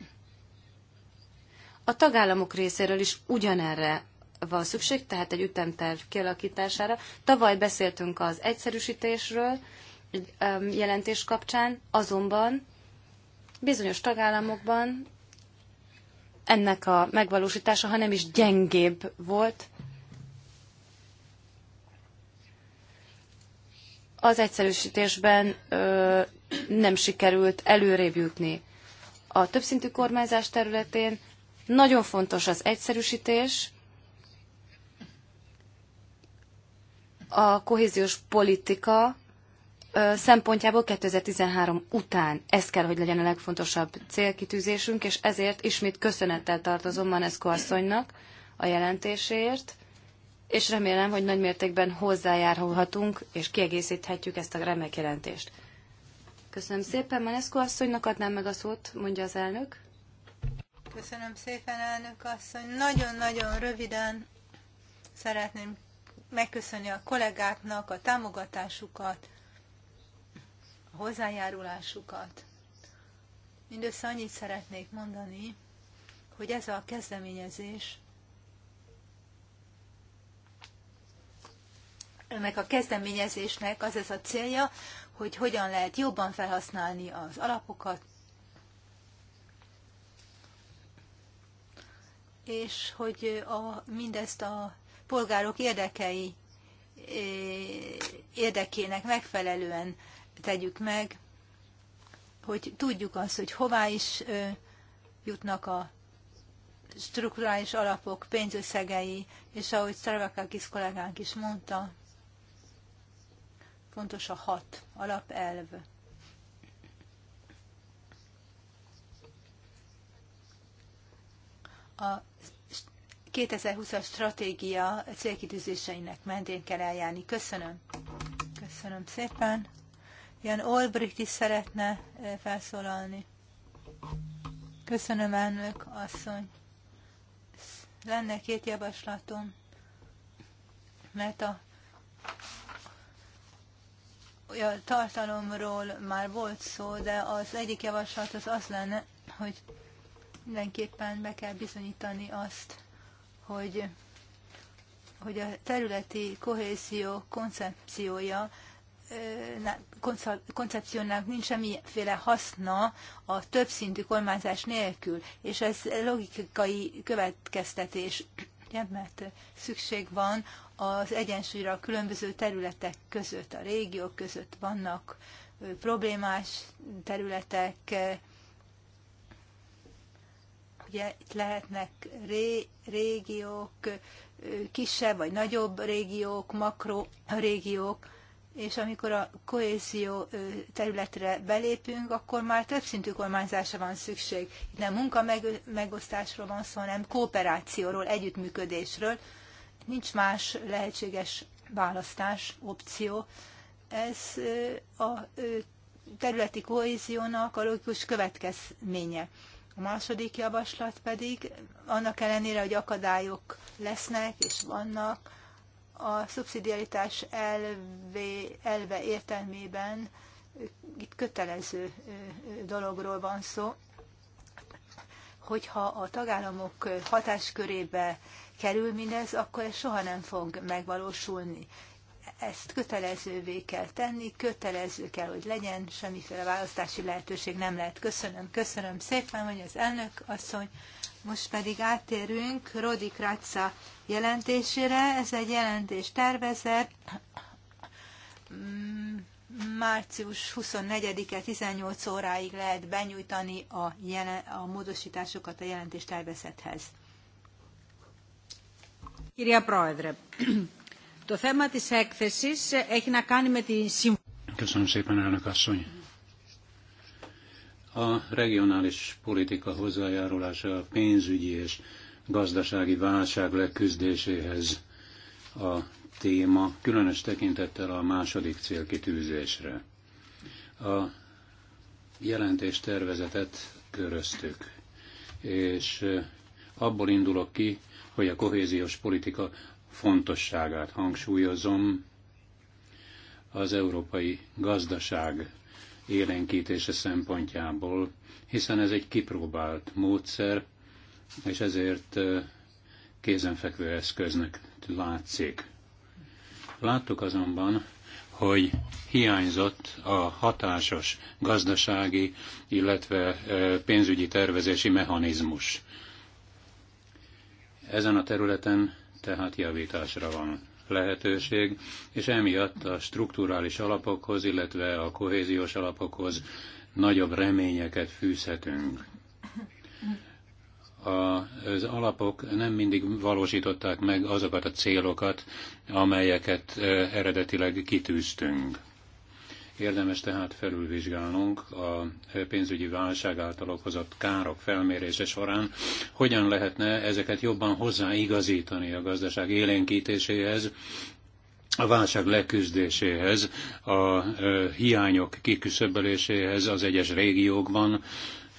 a tagállamok részéről is ugyanerre van szükség, tehát egy ütemterv kialakítására. Tavaly beszéltünk az egyszerűsítésről jelentés kapcsán, azonban bizonyos tagállamokban ennek a megvalósítása, ha nem is gyengébb volt, az egyszerűsítésben ö, nem sikerült előrébb jutni. A többszintű kormányzás területén nagyon fontos az egyszerűsítés, a kohéziós politika ö, szempontjából 2013 után ez kell, hogy legyen a legfontosabb célkitűzésünk, és ezért ismét köszönettel tartozom Manesko asszonynak a jelentéséért és remélem, hogy nagy mértékben hozzájárulhatunk, és kiegészíthetjük ezt a remek jelentést. Köszönöm szépen, Manesko asszonynak adnám meg a szót, mondja az elnök. Köszönöm szépen, elnök asszony. Nagyon-nagyon röviden szeretném megköszönni a kollégáknak a támogatásukat, a hozzájárulásukat. Mindössze annyit szeretnék mondani, hogy ez a kezdeményezés ennek a kezdeményezésnek az ez a célja, hogy hogyan lehet jobban felhasználni az alapokat, és hogy a, mindezt a polgárok érdekei érdekének megfelelően tegyük meg, hogy tudjuk azt, hogy hová is jutnak a strukturális alapok pénzösszegei, és ahogy Szervakakis kollégánk is mondta, Fontos a hat alapelv. A 2020-as stratégia célkitűzéseinek mentén kell eljárni. Köszönöm. Köszönöm szépen. Jan Olbricht is szeretne eh, felszólalni. Köszönöm, elnök asszony. Lenne két javaslatom, mert a a tartalomról már volt szó, de az egyik javaslat az az lenne, hogy mindenképpen be kell bizonyítani azt, hogy, hogy a területi kohézió koncepciója koncepciónak nincs semmiféle haszna a többszintű kormányzás nélkül, és ez logikai következtetés véleményem, mert szükség van az egyensúlyra a különböző területek között, a régiók között vannak problémás területek, ugye itt lehetnek ré, régiók, kisebb vagy nagyobb régiók, makro régiók, és amikor a kohézió területre belépünk, akkor már többszintű kormányzásra van szükség. Itt nem munka megosztásról van szó, hanem kooperációról, együttműködésről. Nincs más lehetséges választás, opció. Ez a területi kohéziónak a logikus következménye. A második javaslat pedig, annak ellenére, hogy akadályok lesznek és vannak, a szubszidiaritás elve elve értelmében itt kötelező dologról van szó, hogyha a tagállamok hatáskörébe kerül mindez, akkor ez soha nem fog megvalósulni. Ezt kötelezővé kell tenni, kötelező kell, hogy legyen, semmiféle választási lehetőség nem lehet. Köszönöm, köszönöm szépen, hogy az elnök asszony. Most pedig átérünk Rodi Kratza jelentésére. Ez egy jelentés tervezett. Mm, március 24-e 18 óráig lehet benyújtani a, jelen, a módosításokat a jelentés tervezethez. Κυρία Proedre, to θέμα tis ekthesis egy na κάνει με τη Köszönöm szépen, elnök asszony. A regionális politika hozzájárulása a pénzügyi és gazdasági válság leküzdéséhez a téma, különös tekintettel a második célkitűzésre. A jelentés tervezetet köröztük, és abból indulok ki, hogy a kohéziós politika fontosságát hangsúlyozom, az európai gazdaság élénkítése szempontjából, hiszen ez egy kipróbált módszer, és ezért kézenfekvő eszköznek látszik. Láttuk azonban, hogy hiányzott a hatásos gazdasági, illetve pénzügyi tervezési mechanizmus. Ezen a területen tehát javításra van lehetőség, és emiatt a strukturális alapokhoz, illetve a kohéziós alapokhoz nagyobb reményeket fűzhetünk az alapok nem mindig valósították meg azokat a célokat, amelyeket eredetileg kitűztünk. Érdemes tehát felülvizsgálnunk a pénzügyi válság által okozott károk felmérése során, hogyan lehetne ezeket jobban hozzáigazítani a gazdaság élénkítéséhez, a válság leküzdéséhez, a hiányok kiküszöböléséhez az egyes régiókban,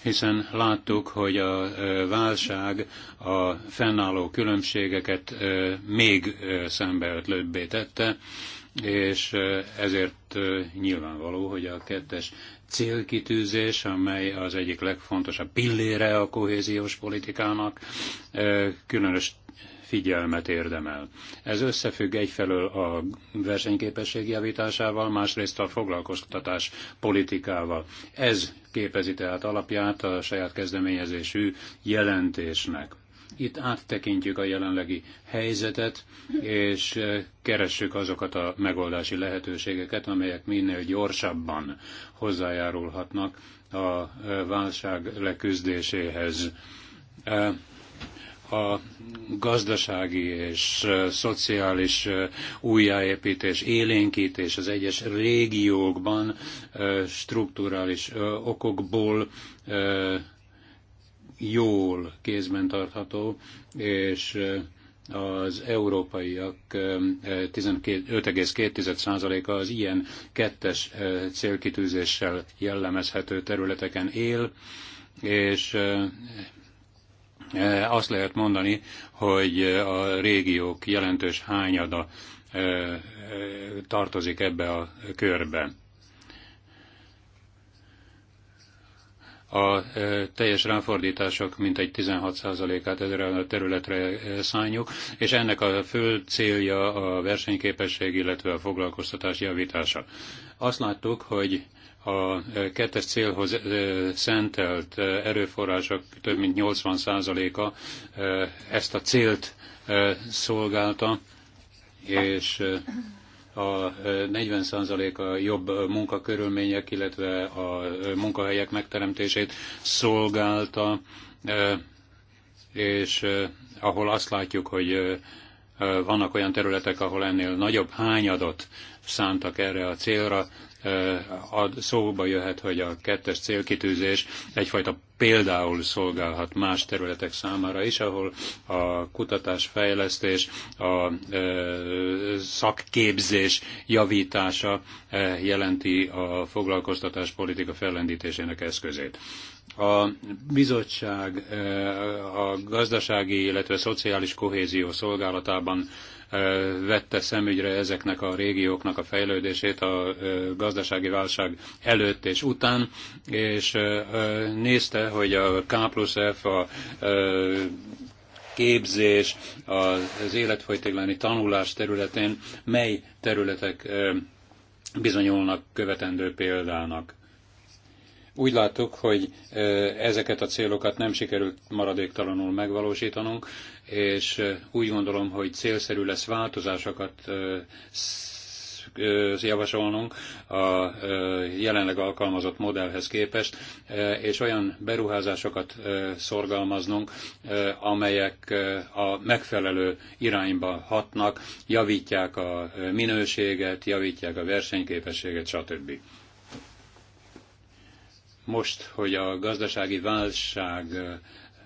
hiszen láttuk, hogy a válság a fennálló különbségeket még szembeötlőbbé tette, és ezért nyilvánvaló, hogy a kettes célkitűzés, amely az egyik legfontosabb pillére a kohéziós politikának, különös figyelmet érdemel. Ez összefügg egyfelől a versenyképesség javításával, másrészt a foglalkoztatás politikával. Ez képezi tehát alapját a saját kezdeményezésű jelentésnek. Itt áttekintjük a jelenlegi helyzetet, és keressük azokat a megoldási lehetőségeket, amelyek minél gyorsabban hozzájárulhatnak a válság leküzdéséhez a gazdasági és szociális újjáépítés, élénkítés az egyes régiókban strukturális okokból jól kézben tartható, és az európaiak 5,2%-a az ilyen kettes célkitűzéssel jellemezhető területeken él, és Eh, azt lehet mondani, hogy eh, a régiók jelentős hányada eh, tartozik ebbe a körbe. a teljes ráfordítások mintegy 16%-át ezre a területre szálljuk, és ennek a fő célja a versenyképesség, illetve a foglalkoztatás javítása. Azt láttuk, hogy a e, kettes célhoz e, szentelt e, erőforrások több mint 80%-a ezt a célt szolgálta, és a 40%-a jobb munkakörülmények, illetve a munkahelyek megteremtését szolgálta, és ahol azt látjuk, hogy vannak olyan területek, ahol ennél nagyobb hányadot szántak erre a célra, ad, szóba jöhet, hogy a kettes célkitűzés egyfajta például szolgálhat más területek számára is, ahol a kutatás, fejlesztés, a szakképzés javítása jelenti a foglalkoztatás politika fellendítésének eszközét. A bizottság a gazdasági, illetve a szociális kohézió szolgálatában vette szemügyre ezeknek a régióknak a fejlődését a gazdasági válság előtt és után, és nézte, hogy a K plusz F, a képzés, az életfolytéglani tanulás területén mely területek bizonyulnak követendő példának. Úgy láttuk, hogy ezeket a célokat nem sikerült maradéktalanul megvalósítanunk, és úgy gondolom, hogy célszerű lesz változásokat javasolnunk a jelenleg alkalmazott modellhez képest, és olyan beruházásokat szorgalmaznunk, amelyek a megfelelő irányba hatnak, javítják a minőséget, javítják a versenyképességet, stb. Most, hogy a gazdasági válság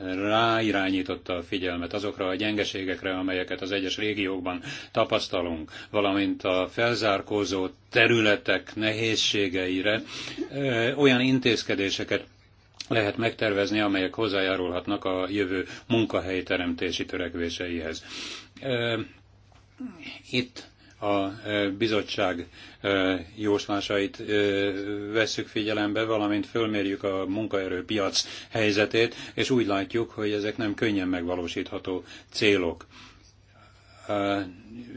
ráirányította a figyelmet azokra a gyengeségekre, amelyeket az egyes régiókban tapasztalunk, valamint a felzárkózó területek nehézségeire olyan intézkedéseket lehet megtervezni, amelyek hozzájárulhatnak a jövő munkahelyteremtési törekvéseihez. Itt a e, bizottság e, jóslásait e, vesszük figyelembe, valamint fölmérjük a munkaerőpiac helyzetét, és úgy látjuk, hogy ezek nem könnyen megvalósítható célok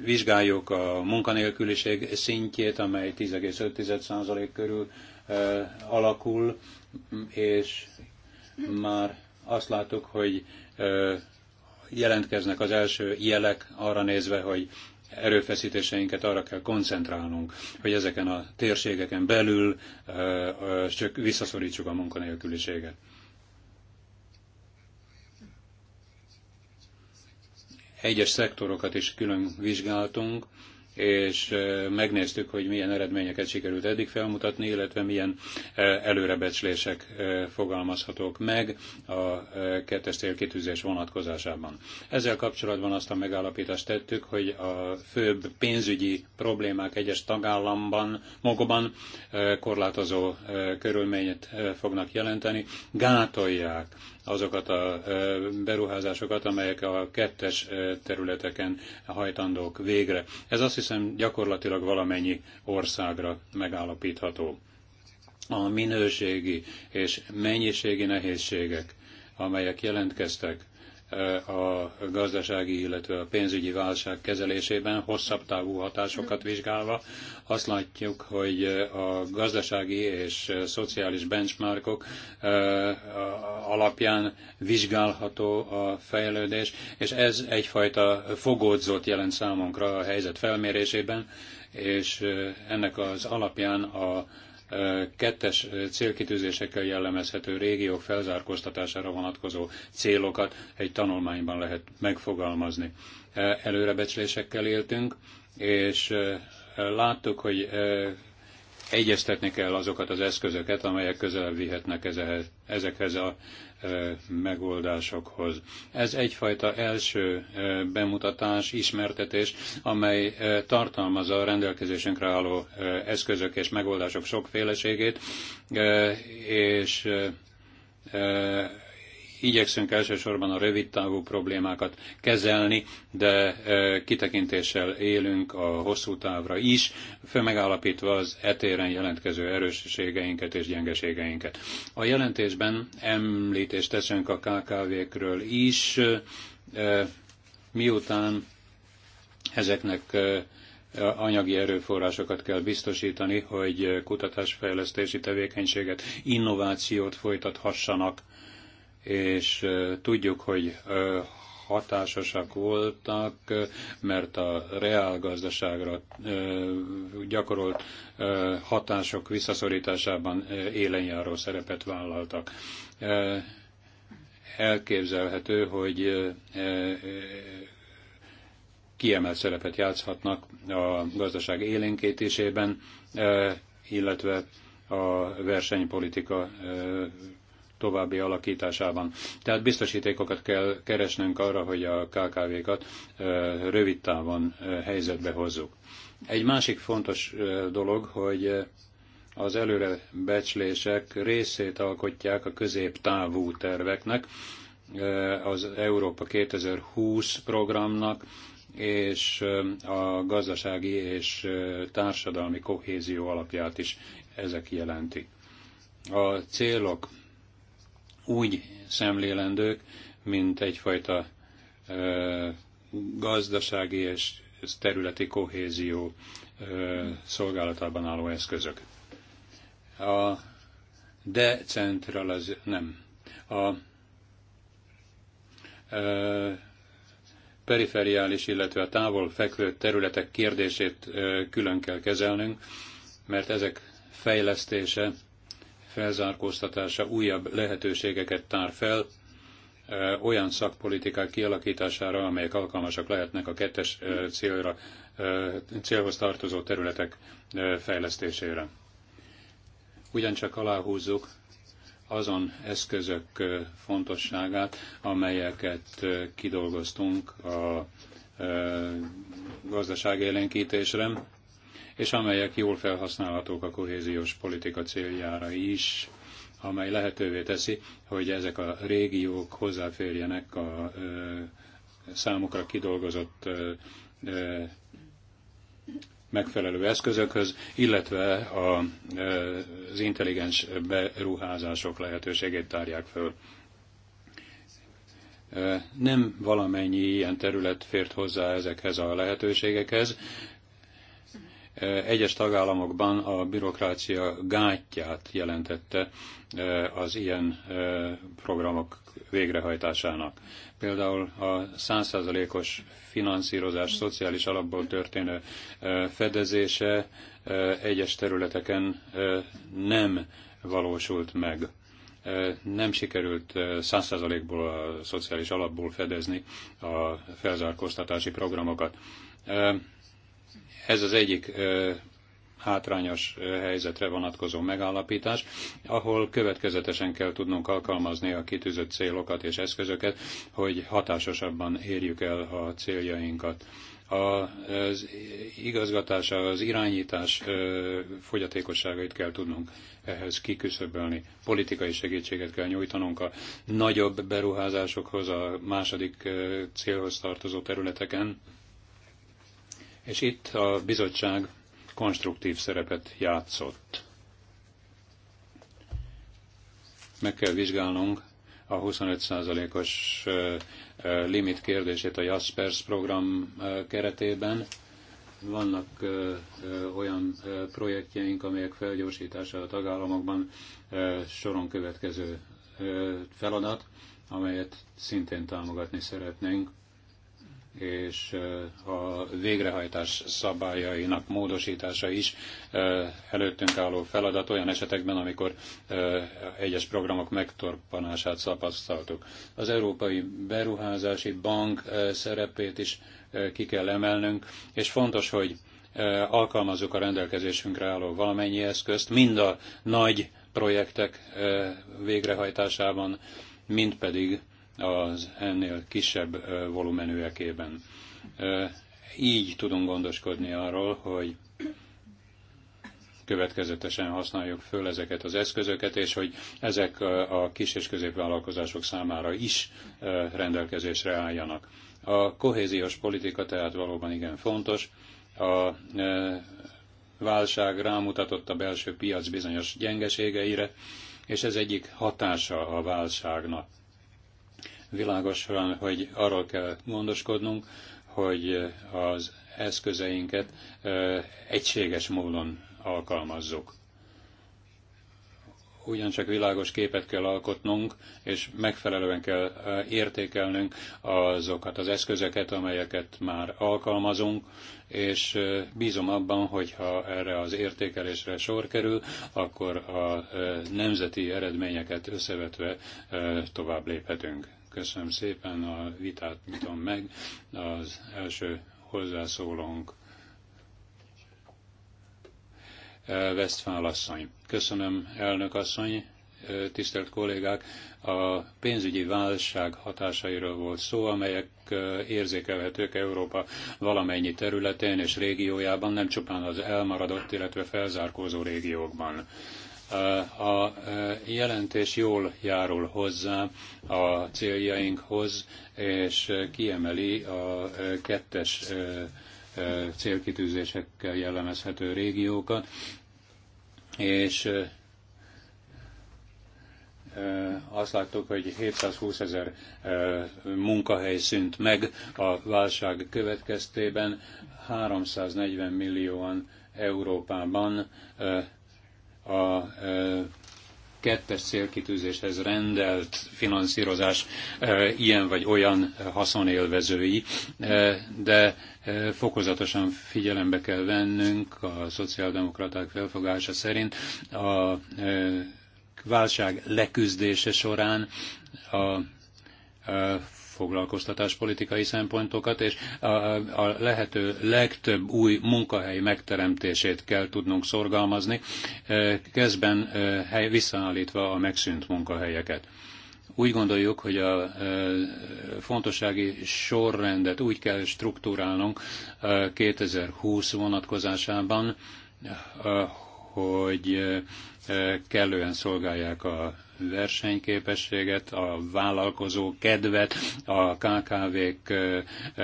vizsgáljuk a munkanélküliség szintjét, amely 10,5% körül alakul, és már azt láttuk, hogy jelentkeznek az első jelek arra nézve, hogy erőfeszítéseinket arra kell koncentrálnunk, hogy ezeken a térségeken belül csak visszaszorítsuk a munkanélküliséget. Egyes szektorokat is külön vizsgáltunk, és megnéztük, hogy milyen eredményeket sikerült eddig felmutatni, illetve milyen előrebecslések fogalmazhatók meg a kettes célkitűzés vonatkozásában. Ezzel kapcsolatban azt a megállapítást tettük, hogy a főbb pénzügyi problémák egyes tagállamban, magokban korlátozó körülményt fognak jelenteni, gátolják azokat a beruházásokat, amelyek a kettes területeken hajtandók végre. Ez azt hiszem gyakorlatilag valamennyi országra megállapítható. A minőségi és mennyiségi nehézségek, amelyek jelentkeztek a gazdasági, illetve a pénzügyi válság kezelésében, hosszabb távú hatásokat vizsgálva. Azt látjuk, hogy a gazdasági és szociális benchmarkok alapján vizsgálható a fejlődés, és ez egyfajta fogódzót jelent számunkra a helyzet felmérésében, és ennek az alapján a kettes célkitűzésekkel jellemezhető régiók felzárkóztatására vonatkozó célokat egy tanulmányban lehet megfogalmazni. Előrebecslésekkel éltünk, és láttuk, hogy egyeztetni kell azokat az eszközöket, amelyek közel vihetnek ezekhez a megoldásokhoz. Ez egyfajta első bemutatás, ismertetés, amely tartalmazza a rendelkezésünkre álló eszközök és megoldások sokféleségét, és Igyekszünk elsősorban a rövid távú problémákat kezelni, de e, kitekintéssel élünk a hosszú távra is, főmegállapítva az etéren jelentkező erősségeinket és gyengeségeinket. A jelentésben említést teszünk a KKV-kről is, e, miután ezeknek e, anyagi erőforrásokat kell biztosítani, hogy kutatásfejlesztési tevékenységet, innovációt folytathassanak és tudjuk, hogy hatásosak voltak, mert a reálgazdaságra gyakorolt hatások visszaszorításában élenjáró szerepet vállaltak. Elképzelhető, hogy kiemelt szerepet játszhatnak a gazdaság élénkítésében, illetve a versenypolitika további alakításában. Tehát biztosítékokat kell keresnünk arra, hogy a KKV-kat rövid távon helyzetbe hozzuk. Egy másik fontos dolog, hogy az előre becslések részét alkotják a középtávú terveknek, az Európa 2020 programnak, és a gazdasági és társadalmi kohézió alapját is ezek jelentik. A célok úgy szemlélendők, mint egyfajta gazdasági és területi kohézió szolgálatában álló eszközök. A decentraliz... nem. A perifériális illetve a távol fekvő területek kérdését külön kell kezelnünk, mert ezek fejlesztése felzárkóztatása újabb lehetőségeket tár fel olyan szakpolitikák kialakítására, amelyek alkalmasak lehetnek a kettes célra, célhoz tartozó területek fejlesztésére. Ugyancsak aláhúzzuk azon eszközök fontosságát, amelyeket kidolgoztunk a gazdaságélénkítésre, és amelyek jól felhasználhatók a kohéziós politika céljára is, amely lehetővé teszi, hogy ezek a régiók hozzáférjenek a ö, számukra kidolgozott ö, ö, megfelelő eszközökhöz, illetve a, az intelligens beruházások lehetőségét tárják föl. Nem valamennyi ilyen terület fért hozzá ezekhez a lehetőségekhez, egyes tagállamokban a bürokrácia gátját jelentette eh, az ilyen eh, programok végrehajtásának. Például a 100%-os finanszírozás szociális alapból történő eh, fedezése egyes területeken nem valósult meg nem sikerült 100%-ból a szociális alapból fedezni a felzárkóztatási programokat. Ez az egyik hátrányos helyzetre vonatkozó megállapítás, ahol következetesen kell tudnunk alkalmazni a kitűzött célokat és eszközöket, hogy hatásosabban érjük el a céljainkat. Az igazgatása, az irányítás fogyatékosságait kell tudnunk ehhez kiküszöbölni. Politikai segítséget kell nyújtanunk a nagyobb beruházásokhoz, a második célhoz tartozó területeken, és itt a bizottság konstruktív szerepet játszott. Meg kell vizsgálnunk a 25%-os limit kérdését a Jaspers program keretében. Vannak olyan projektjeink, amelyek felgyorsítása a tagállamokban soron következő feladat, amelyet szintén támogatni szeretnénk és a végrehajtás szabályainak módosítása is előttünk álló feladat olyan esetekben, amikor egyes programok megtorpanását tapasztaltuk. Az Európai Beruházási Bank szerepét is ki kell emelnünk, és fontos, hogy alkalmazzuk a rendelkezésünkre álló valamennyi eszközt, mind a nagy projektek végrehajtásában, mind pedig az ennél kisebb volumenűekében. Így tudunk gondoskodni arról, hogy következetesen használjuk föl ezeket az eszközöket, és hogy ezek a kis és középvállalkozások számára is rendelkezésre álljanak. A kohéziós politika tehát valóban igen fontos. A válság rámutatott a belső piac bizonyos gyengeségeire, és ez egyik hatása a válságnak világosan, hogy arról kell gondoskodnunk, hogy az eszközeinket egységes módon alkalmazzuk. Ugyancsak világos képet kell alkotnunk, és megfelelően kell értékelnünk azokat az eszközöket, amelyeket már alkalmazunk, és bízom abban, hogyha erre az értékelésre sor kerül, akkor a nemzeti eredményeket összevetve tovább léphetünk. Köszönöm szépen a vitát, nyitom meg. Az első hozzászólónk eh, Westfál asszony. Köszönöm, elnök asszony, eh, tisztelt kollégák. A pénzügyi válság hatásairól volt szó, amelyek eh, érzékelhetők Európa valamennyi területén és régiójában, nem csupán az elmaradott, illetve felzárkózó régiókban a jelentés jól járul hozzá a céljainkhoz, és kiemeli a e, kettes e, e, célkitűzésekkel jellemezhető régiókat, és azt láttuk, hogy 720 ezer munkahely szűnt meg a válság következtében, 340 millióan Európában a e, kettes célkitűzéshez rendelt finanszírozás e, ilyen vagy olyan haszonélvezői, e, de fokozatosan figyelembe kell vennünk a szociáldemokraták felfogása szerint a válság leküzdése során a foglalkoztatáspolitikai szempontokat, és a, a lehető legtöbb új munkahely megteremtését kell tudnunk szorgalmazni, e, közben e, hely, visszaállítva a megszűnt munkahelyeket úgy gondoljuk, hogy a e, fontossági sorrendet úgy kell struktúrálnunk 2020 vonatkozásában, hogy kellően szolgálják a versenyképességet, a vállalkozó kedvet, a KKV-k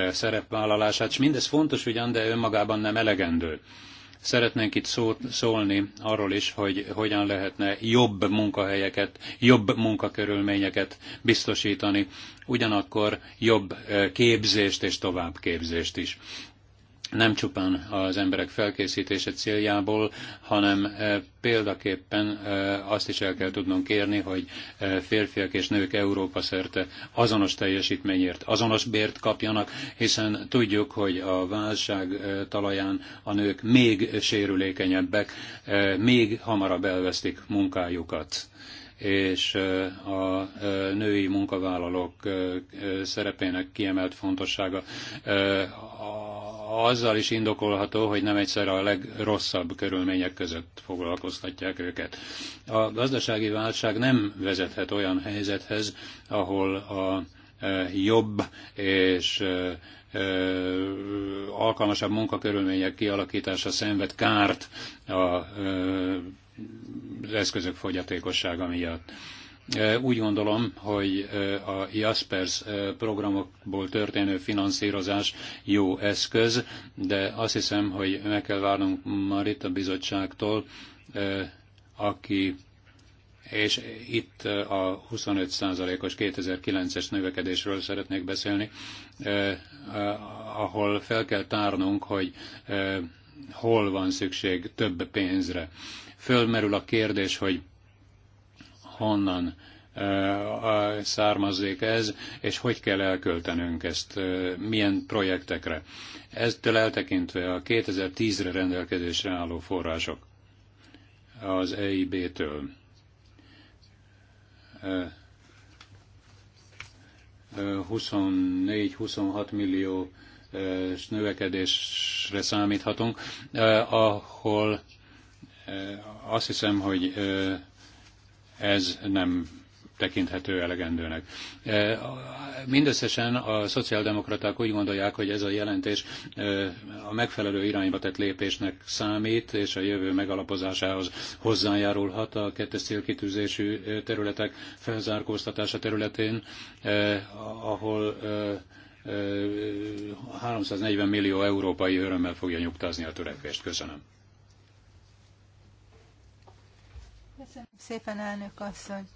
szerepvállalását, és mindez fontos ugyan, de önmagában nem elegendő. Szeretnénk itt szó, szólni arról is, hogy hogyan lehetne jobb munkahelyeket, jobb munkakörülményeket biztosítani, ugyanakkor jobb képzést és továbbképzést is nem csupán az emberek felkészítése céljából, hanem eh, példaképpen eh, azt is el kell tudnunk kérni, hogy eh, férfiak és nők Európa szerte azonos teljesítményért, azonos bért kapjanak, hiszen tudjuk, hogy a válság talaján a nők még sérülékenyebbek, még hamarabb elvesztik munkájukat és a női munkavállalók szerepének kiemelt fontossága azzal is indokolható, hogy nem egyszer a legrosszabb körülmények között foglalkoztatják őket. A gazdasági válság nem vezethet olyan helyzethez, ahol a e, jobb és e, e, alkalmasabb munkakörülmények kialakítása szenved kárt az eszközök fogyatékossága miatt úgy gondolom, hogy a Jaspers programokból történő finanszírozás jó eszköz, de azt hiszem, hogy meg kell várnunk már itt a bizottságtól, aki és itt a 25%-os 2009-es növekedésről szeretnék beszélni, ahol fel kell tárnunk, hogy hol van szükség több pénzre. Fölmerül a kérdés, hogy honnan származik ez, és hogy kell elköltenünk ezt, milyen projektekre. Eztől eltekintve a 2010-re rendelkezésre álló források az EIB-től e, 24-26 millió növekedésre számíthatunk, ahol azt hiszem, hogy ez nem tekinthető elegendőnek. E, mindösszesen a szociáldemokraták úgy gondolják, hogy ez a jelentés e, a megfelelő irányba tett lépésnek számít, és a jövő megalapozásához hozzájárulhat a kettes célkitűzésű e, területek felzárkóztatása területén, ahol 340 millió európai örömmel fogja nyugtázni a törekvést. Köszönöm. Köszönöm szépen, elnök asszony.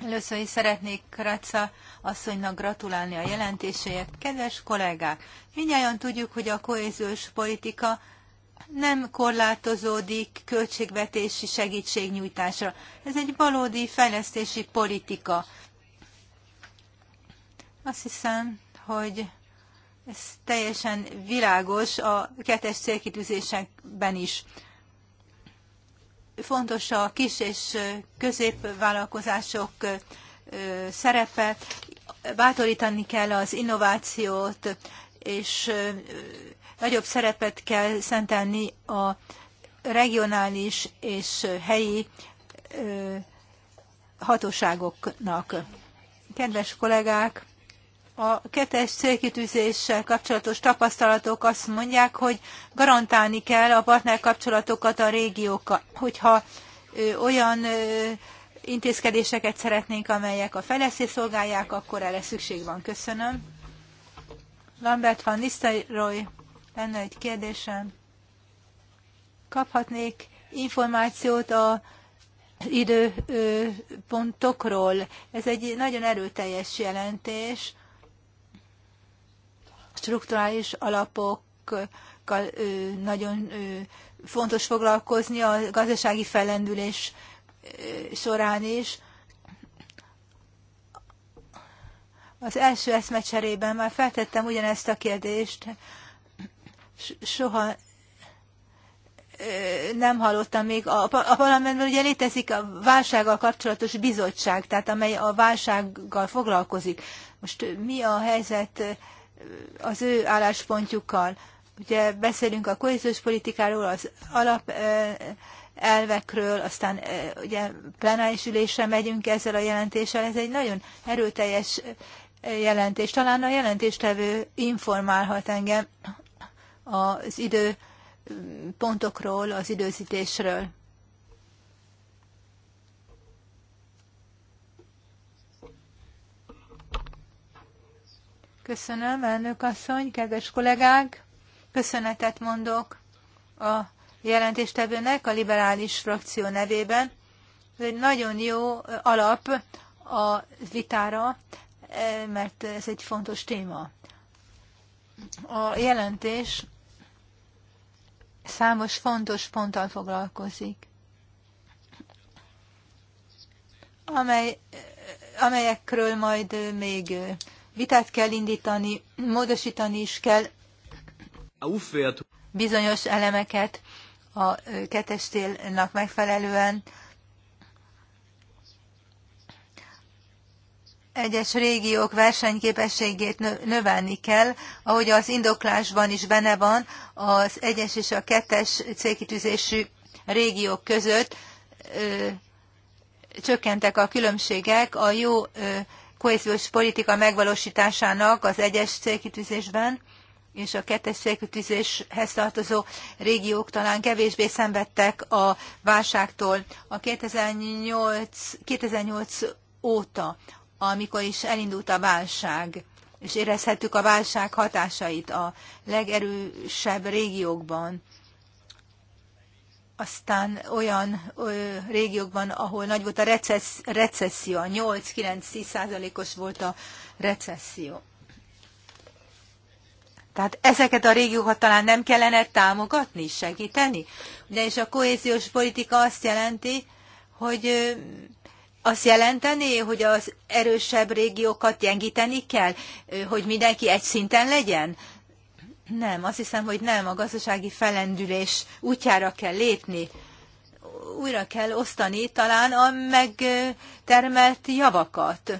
Először is szeretnék Kraca asszonynak gratulálni a jelentéséért. Kedves kollégák, mindjárt tudjuk, hogy a kohéziós politika nem korlátozódik költségvetési segítségnyújtásra. Ez egy valódi fejlesztési politika. Azt hiszem, hogy ez teljesen világos a kettes célkitűzésekben is fontos a kis és középvállalkozások szerepe, bátorítani kell az innovációt, és nagyobb szerepet kell szentelni a regionális és helyi hatóságoknak. Kedves kollégák, a kettes célkitűzéssel kapcsolatos tapasztalatok azt mondják, hogy garantálni kell a partnerkapcsolatokat a régiókkal, hogyha olyan intézkedéseket szeretnénk, amelyek a fejlesztés szolgálják, akkor erre szükség van. Köszönöm. Lambert van Nisztelrooy, lenne egy kérdésem. Kaphatnék információt a időpontokról. Ez egy nagyon erőteljes jelentés strukturális alapokkal nagyon fontos foglalkozni a gazdasági fellendülés során is. Az első eszmecserében már feltettem ugyanezt a kérdést, soha nem hallottam még. A parlamentben ugye létezik a válsággal kapcsolatos bizottság, tehát amely a válsággal foglalkozik. Most mi a helyzet az ő álláspontjukkal. Ugye beszélünk a kohéziós politikáról, az alap elvekről, aztán ugye plenáris ülésre megyünk ezzel a jelentéssel. Ez egy nagyon erőteljes jelentés. Talán a jelentéstevő informálhat engem az idő pontokról, az időzítésről. Köszönöm, elnök asszony, kedves kollégák! Köszönetet mondok a jelentéstevőnek a liberális frakció nevében. Ez egy nagyon jó alap a vitára, eh, mert ez egy fontos téma. A jelentés számos fontos ponttal foglalkozik, amely, amelyekről majd még vitát kell indítani, módosítani is kell bizonyos elemeket a kettes megfelelően. Egyes régiók versenyképességét növelni kell, ahogy az indoklásban is benne van az egyes és a kettes célkitűzésű régiók között ö, csökkentek a különbségek, a jó ö, kohéziós politika megvalósításának az egyes célkitűzésben és a kettes célkitűzéshez tartozó régiók talán kevésbé szenvedtek a válságtól. A 2008, 2008 óta, amikor is elindult a válság, és érezhettük a válság hatásait a legerősebb régiókban aztán olyan ö, régiókban, ahol nagy volt a recessz, recesszió, 8-9-10 százalékos volt a recesszió. Tehát ezeket a régiókat talán nem kellene támogatni, segíteni. De és a kohéziós politika azt jelenti, hogy ö, azt jelenteni, hogy az erősebb régiókat gyengíteni kell, ö, hogy mindenki egy szinten legyen. Ö, nem, azt hiszem, hogy nem. A gazdasági felendülés útjára kell lépni. Újra kell osztani talán a megtermelt javakat.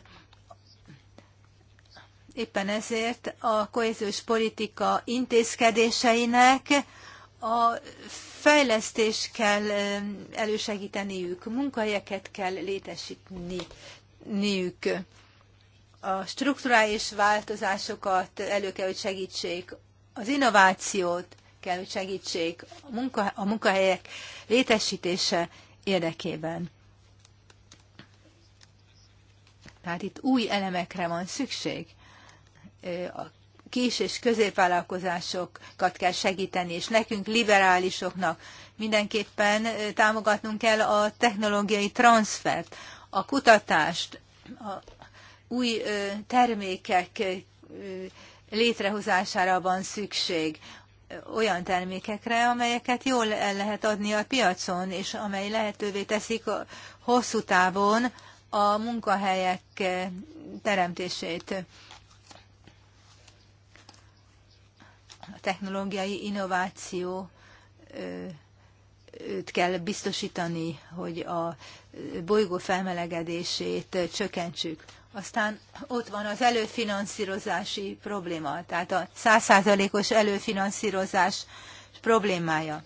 Éppen ezért a kohéziós politika intézkedéseinek a fejlesztés kell elősegíteniük, munkahelyeket kell létesíteniük, a strukturális változásokat elő kell, hogy segítsék, az innovációt kell, hogy segítsék a, munka, a munkahelyek létesítése érdekében. Tehát itt új elemekre van szükség. A kis és középvállalkozásokat kell segíteni, és nekünk liberálisoknak mindenképpen támogatnunk kell a technológiai transfert, a kutatást, a új termékek létrehozására van szükség olyan termékekre, amelyeket jól el lehet adni a piacon, és amely lehetővé teszik a hosszú távon a munkahelyek teremtését. A technológiai innováció őt kell biztosítani, hogy a bolygó felmelegedését csökkentsük. Aztán ott van az előfinanszírozási probléma, tehát a százszázalékos előfinanszírozás problémája.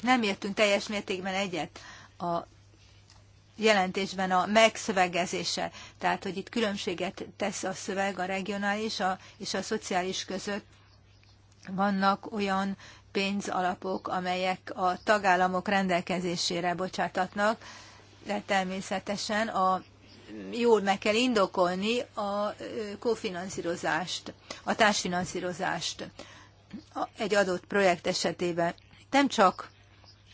Nem értünk teljes mértékben egyet a jelentésben a megszövegezése, tehát hogy itt különbséget tesz a szöveg a regionális a, és a szociális között. Vannak olyan pénzalapok, amelyek a tagállamok rendelkezésére bocsátatnak, de természetesen a jól meg kell indokolni a kofinanszírozást, a társfinanszírozást egy adott projekt esetében. Nem csak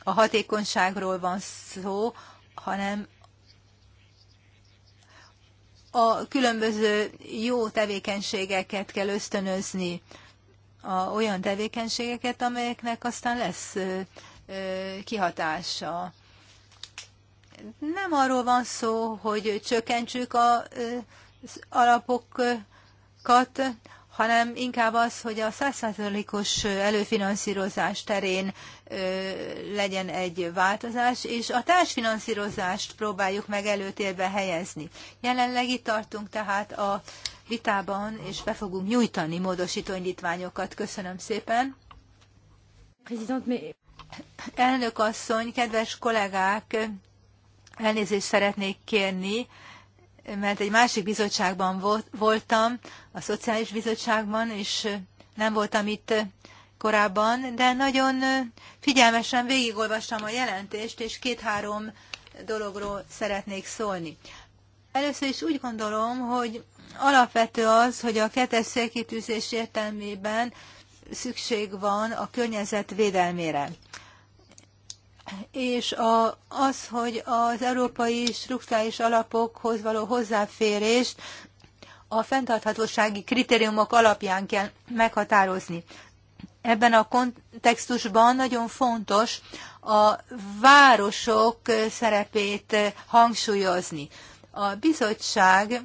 a hatékonyságról van szó, hanem a különböző jó tevékenységeket kell ösztönözni, a, olyan tevékenységeket, amelyeknek aztán lesz kihatása nem arról van szó, hogy csökkentsük az alapokat, hanem inkább az, hogy a 100%-os előfinanszírozás terén legyen egy változás, és a társfinanszírozást próbáljuk meg előtérbe helyezni. Jelenleg itt tartunk tehát a vitában, és be fogunk nyújtani módosító indítványokat. Köszönöm szépen. Elnök asszony, kedves kollégák, elnézést szeretnék kérni, mert egy másik bizottságban voltam, a Szociális Bizottságban, és nem voltam itt korábban, de nagyon figyelmesen végigolvastam a jelentést, és két-három dologról szeretnék szólni. Először is úgy gondolom, hogy alapvető az, hogy a kettes szélkitűzés értelmében szükség van a környezet védelmére és a, az, hogy az európai struktúrális alapokhoz való hozzáférést a fenntarthatósági kritériumok alapján kell meghatározni. Ebben a kontextusban nagyon fontos a városok szerepét hangsúlyozni. A bizottság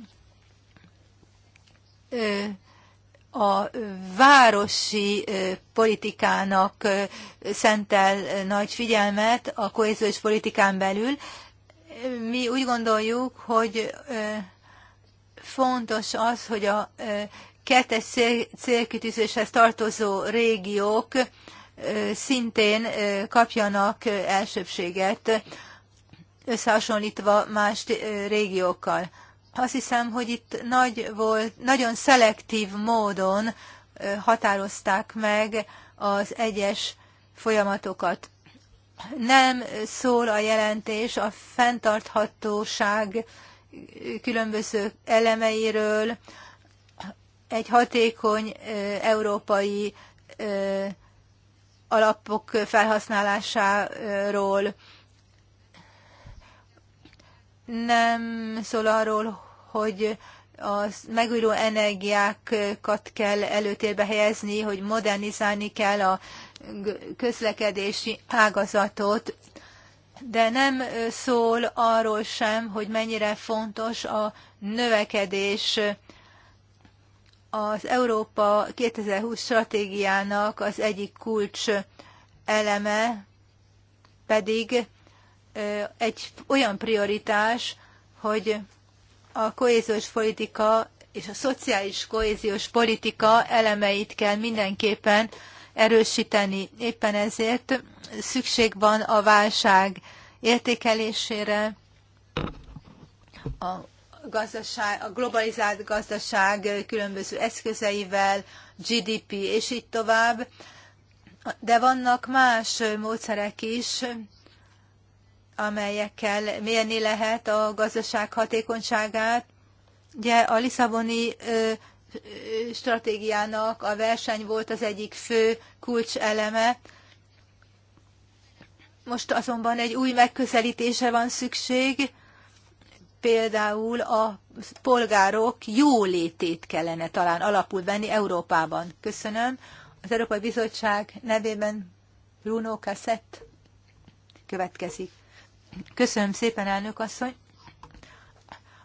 a városi politikának szentel nagy figyelmet a kohéziós politikán belül. Mi úgy gondoljuk, hogy fontos az, hogy a kettes célkitűzéshez tartozó régiók szintén kapjanak elsőbséget összehasonlítva más régiókkal. Azt hiszem, hogy itt nagy volt, nagyon szelektív módon határozták meg az egyes folyamatokat. Nem szól a jelentés a fenntarthatóság különböző elemeiről, egy hatékony európai alapok felhasználásáról, nem szól arról, hogy a megújuló energiákat kell előtérbe helyezni, hogy modernizálni kell a közlekedési ágazatot, de nem szól arról sem, hogy mennyire fontos a növekedés az Európa 2020 stratégiának az egyik kulcs eleme pedig egy olyan prioritás, hogy a kohéziós politika és a szociális kohéziós politika elemeit kell mindenképpen erősíteni. Éppen ezért szükség van a válság értékelésére, a, gazdaság, a globalizált gazdaság különböző eszközeivel, GDP és így tovább. De vannak más módszerek is, amelyekkel mérni lehet a gazdaság hatékonyságát. Ugye a Lisszaboni stratégiának a verseny volt az egyik fő kulcseleme. Most azonban egy új megközelítésre van szükség, például a polgárok jólétét kellene talán alapul venni Európában. Köszönöm. Az Európai Bizottság nevében Bruno Cassett következik. Köszönöm szépen, elnök asszony.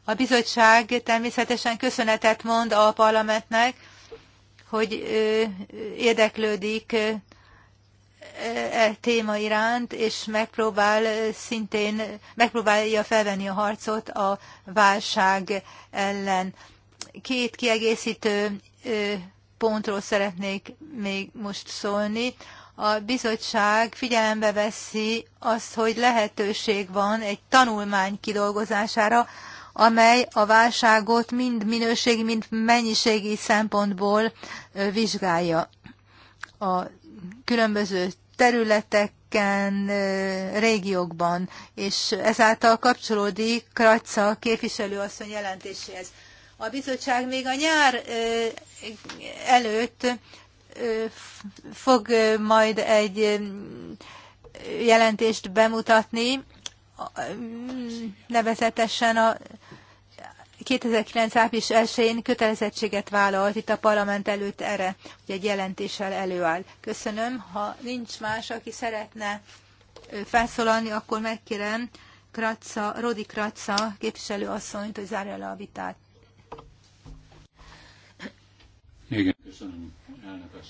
A bizottság természetesen köszönetet mond a parlamentnek, hogy érdeklődik e téma iránt, és megpróbál szintén, megpróbálja felvenni a harcot a válság ellen. Két kiegészítő pontról szeretnék még most szólni a bizottság figyelembe veszi azt, hogy lehetőség van egy tanulmány kidolgozására, amely a válságot mind minőségi, mind mennyiségi szempontból vizsgálja. A különböző területeken, régiókban, és ezáltal kapcsolódik Kratza képviselőasszony jelentéséhez. A bizottság még a nyár előtt fog majd egy jelentést bemutatni, nevezetesen a 2009. április elsőjén kötelezettséget vállalt itt a parlament előtt erre, hogy egy jelentéssel előáll. Köszönöm. Ha nincs más, aki szeretne felszólalni, akkor megkérem Kratza, Rodi Kratza képviselőasszonyt, hogy zárja le a vitát köszönöm, elnök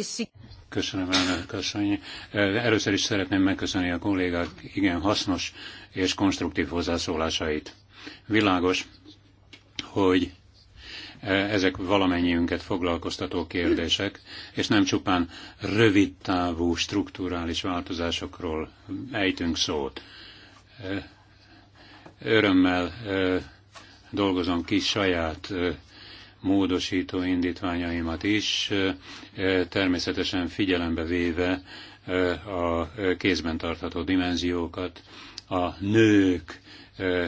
asszony. Köszönöm, Először is szeretném megköszönni a kollégák igen hasznos és konstruktív hozzászólásait. Világos, hogy e, ezek valamennyiünket foglalkoztató kérdések, és nem csupán rövidtávú strukturális változásokról ejtünk szót. E, örömmel e, dolgozom ki saját módosító indítványaimat is, természetesen figyelembe véve a kézben tartható dimenziókat, a nők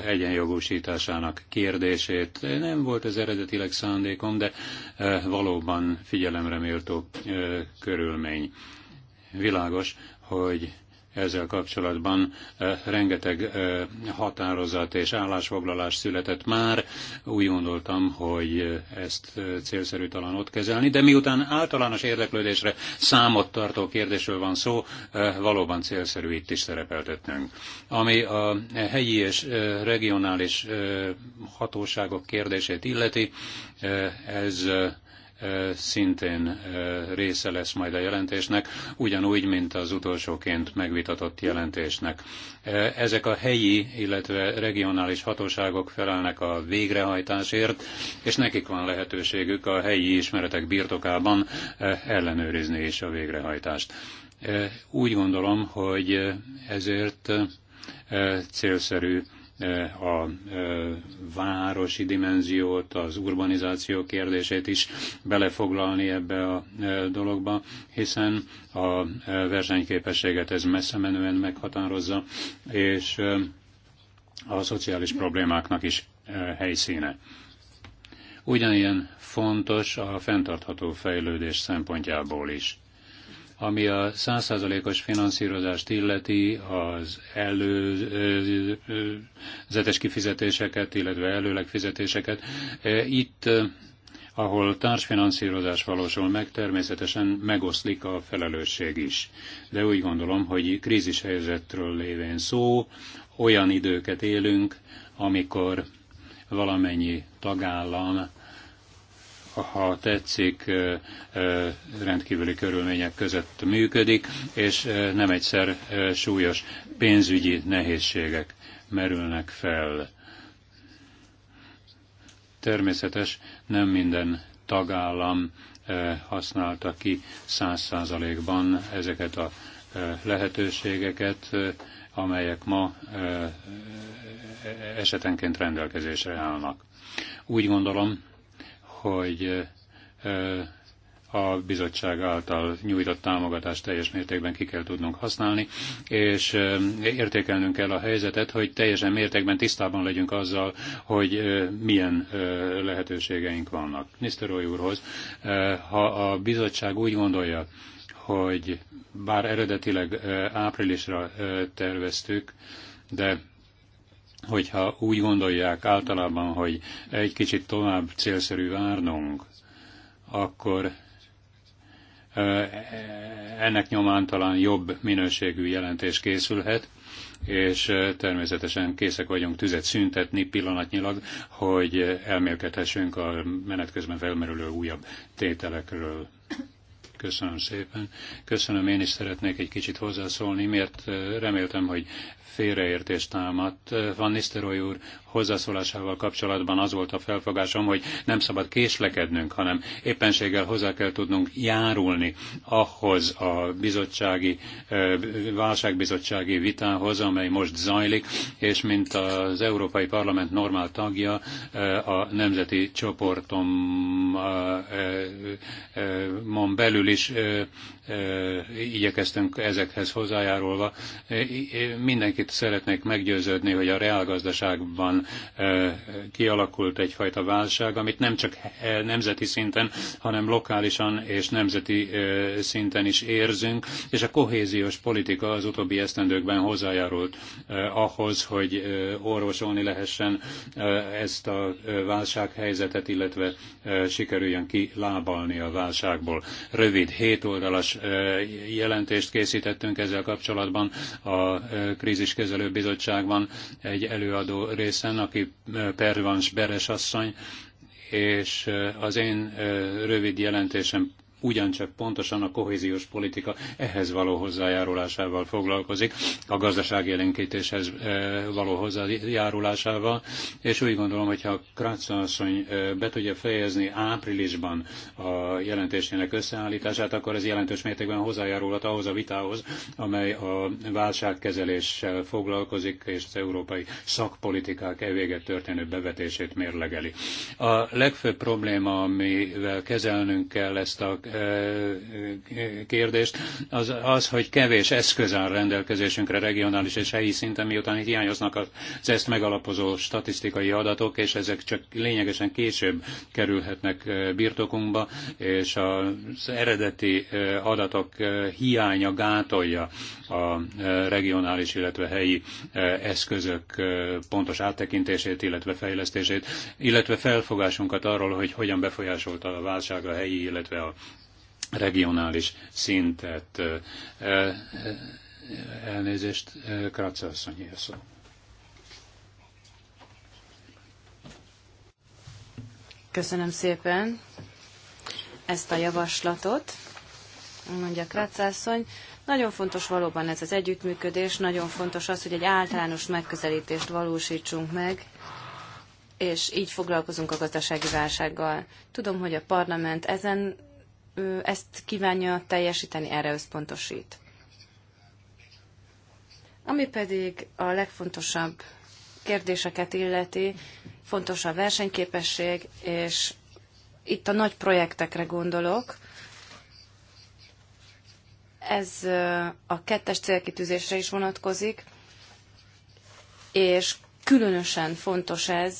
egyenjogúsításának kérdését. Nem volt ez eredetileg szándékom, de valóban figyelemre méltó körülmény. Világos, hogy ezzel kapcsolatban rengeteg határozat és állásfoglalás született már. Úgy gondoltam, hogy ezt célszerű talán ott kezelni, de miután általános érdeklődésre számot tartó kérdésről van szó, valóban célszerű itt is szerepeltetnünk. Ami a helyi és regionális hatóságok kérdését illeti, ez szintén része lesz majd a jelentésnek, ugyanúgy, mint az utolsóként megvitatott jelentésnek. Ezek a helyi, illetve regionális hatóságok felelnek a végrehajtásért, és nekik van lehetőségük a helyi ismeretek birtokában ellenőrizni is a végrehajtást. Úgy gondolom, hogy ezért célszerű a e, városi dimenziót, az urbanizáció kérdését is belefoglalni ebbe a e, dologba, hiszen a e, versenyképességet ez messze menően meghatározza, és a szociális problémáknak is helyszíne. Ugyanilyen fontos a fenntartható fejlődés szempontjából is. Ami a százszázalékos finanszírozást illeti, az előzetes kifizetéseket, illetve előleg fizetéseket, itt ahol társfinanszírozás valósul meg, természetesen megoszlik a felelősség is. De úgy gondolom, hogy krízis helyzetről lévén szó, olyan időket élünk, amikor valamennyi tagállam ha tetszik, rendkívüli körülmények között működik, és nem egyszer súlyos pénzügyi nehézségek merülnek fel. Természetes, nem minden tagállam használta ki száz százalékban ezeket a lehetőségeket, amelyek ma e, e, esetenként rendelkezésre állnak. Úgy gondolom, hogy a bizottság által nyújtott támogatást teljes mértékben ki kell tudnunk használni, és értékelnünk kell a helyzetet, hogy teljesen mértékben tisztában legyünk azzal, hogy milyen lehetőségeink vannak. Nisztelrooy úrhoz, ha a bizottság úgy gondolja, hogy bár eredetileg áprilisra terveztük, de hogyha úgy gondolják általában, hogy egy kicsit tovább célszerű várnunk, akkor ennek nyomán talán jobb minőségű jelentés készülhet, és természetesen készek vagyunk tüzet szüntetni pillanatnyilag, hogy elmélkedhessünk a menet közben felmerülő újabb tételekről. Köszönöm szépen. Köszönöm, én is szeretnék egy kicsit hozzászólni, mert reméltem, hogy félreértés támadt. Van Nisztelrooy úr hozzászólásával kapcsolatban az volt a felfogásom, hogy nem szabad késlekednünk, hanem éppenséggel hozzá kell tudnunk járulni ahhoz a bizottsági, válságbizottsági vitához, amely most zajlik, és mint az Európai Parlament normál tagja, a nemzeti csoportomon belül is igyekeztünk ezekhez hozzájárulva mindenki akik szeretnék meggyőződni, hogy a reálgazdaságban kialakult egyfajta válság, amit nem csak nemzeti szinten, hanem lokálisan és nemzeti szinten is érzünk, és a kohéziós politika az utóbbi esztendőkben hozzájárult ahhoz, hogy orvosolni lehessen ezt a válsághelyzetet, illetve sikerüljön kilábalni a válságból. Rövid, hétoldalas jelentést készítettünk ezzel kapcsolatban a krízis kezelő bizottságban egy előadó részen, aki Pervans Beres asszony, és az én rövid jelentésem ugyancsak pontosan a kohéziós politika ehhez való hozzájárulásával foglalkozik, a gazdaságélénkítéshez eh, való hozzájárulásával, és úgy gondolom, hogyha a Krácsa asszony eh, be tudja fejezni áprilisban a jelentésének összeállítását, akkor ez jelentős mértékben hozzájárulhat ahhoz a vitához, amely a válságkezeléssel foglalkozik, és az európai szakpolitikák evéget történő bevetését mérlegeli. A legfőbb probléma, amivel kezelnünk kell ezt a kérdést, az, az, hogy kevés eszköz áll rendelkezésünkre regionális és helyi szinten, miután itt hiányoznak az ezt megalapozó statisztikai adatok, és ezek csak lényegesen később kerülhetnek birtokunkba, és az eredeti adatok hiánya gátolja a regionális, illetve helyi eszközök pontos áttekintését, illetve fejlesztését, illetve felfogásunkat arról, hogy hogyan befolyásolta a válság a helyi, illetve a regionális szintet. Elnézést, Krácsa asszony, szó. Köszönöm szépen ezt a javaslatot, mondja Krácászony. Nagyon fontos valóban ez az együttműködés, nagyon fontos az, hogy egy általános megközelítést valósítsunk meg, és így foglalkozunk a gazdasági válsággal. Tudom, hogy a parlament ezen ő ezt kívánja teljesíteni, erre összpontosít. Ami pedig a legfontosabb kérdéseket illeti, fontos a versenyképesség, és itt a nagy projektekre gondolok. Ez a kettes célkitűzésre is vonatkozik, és különösen fontos ez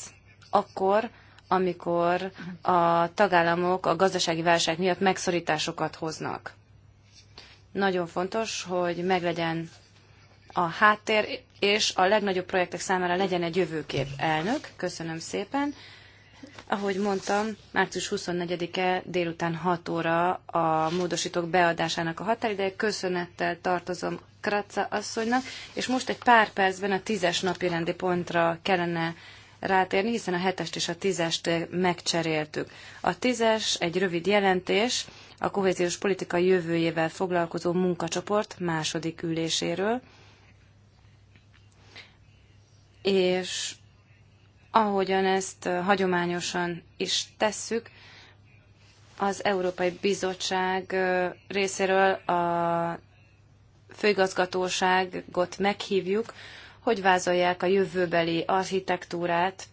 akkor, amikor a tagállamok a gazdasági válság miatt megszorításokat hoznak. Nagyon fontos, hogy meglegyen a háttér, és a legnagyobb projektek számára legyen egy jövőkép. Elnök, köszönöm szépen. Ahogy mondtam, március 24-e délután 6 óra a módosítók beadásának a határideje. Köszönettel tartozom Kratza asszonynak, és most egy pár percben a tízes napi rendi pontra kellene rátérni, hiszen a hetest és a tízest megcseréltük. A tízes egy rövid jelentés a kohéziós politika jövőjével foglalkozó munkacsoport második üléséről, és ahogyan ezt hagyományosan is tesszük, az Európai Bizottság részéről a főigazgatóságot meghívjuk, hogy vázolják a jövőbeli architektúrát,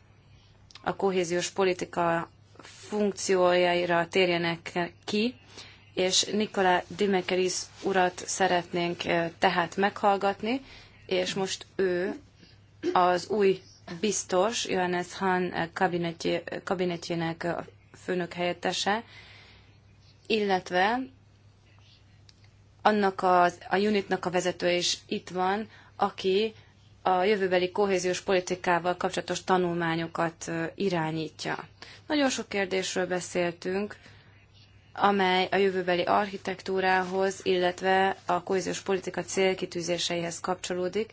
a kohéziós politika funkciójaira térjenek ki, és Nikola Dimekeris urat szeretnénk tehát meghallgatni, és most ő az új biztos, Johannes Hahn kabinetje, kabinetjének főnök helyettese, illetve annak az, a unitnak a vezető is itt van, aki a jövőbeli kohéziós politikával kapcsolatos tanulmányokat irányítja. Nagyon sok kérdésről beszéltünk, amely a jövőbeli architektúrához, illetve a kohéziós politika célkitűzéseihez kapcsolódik,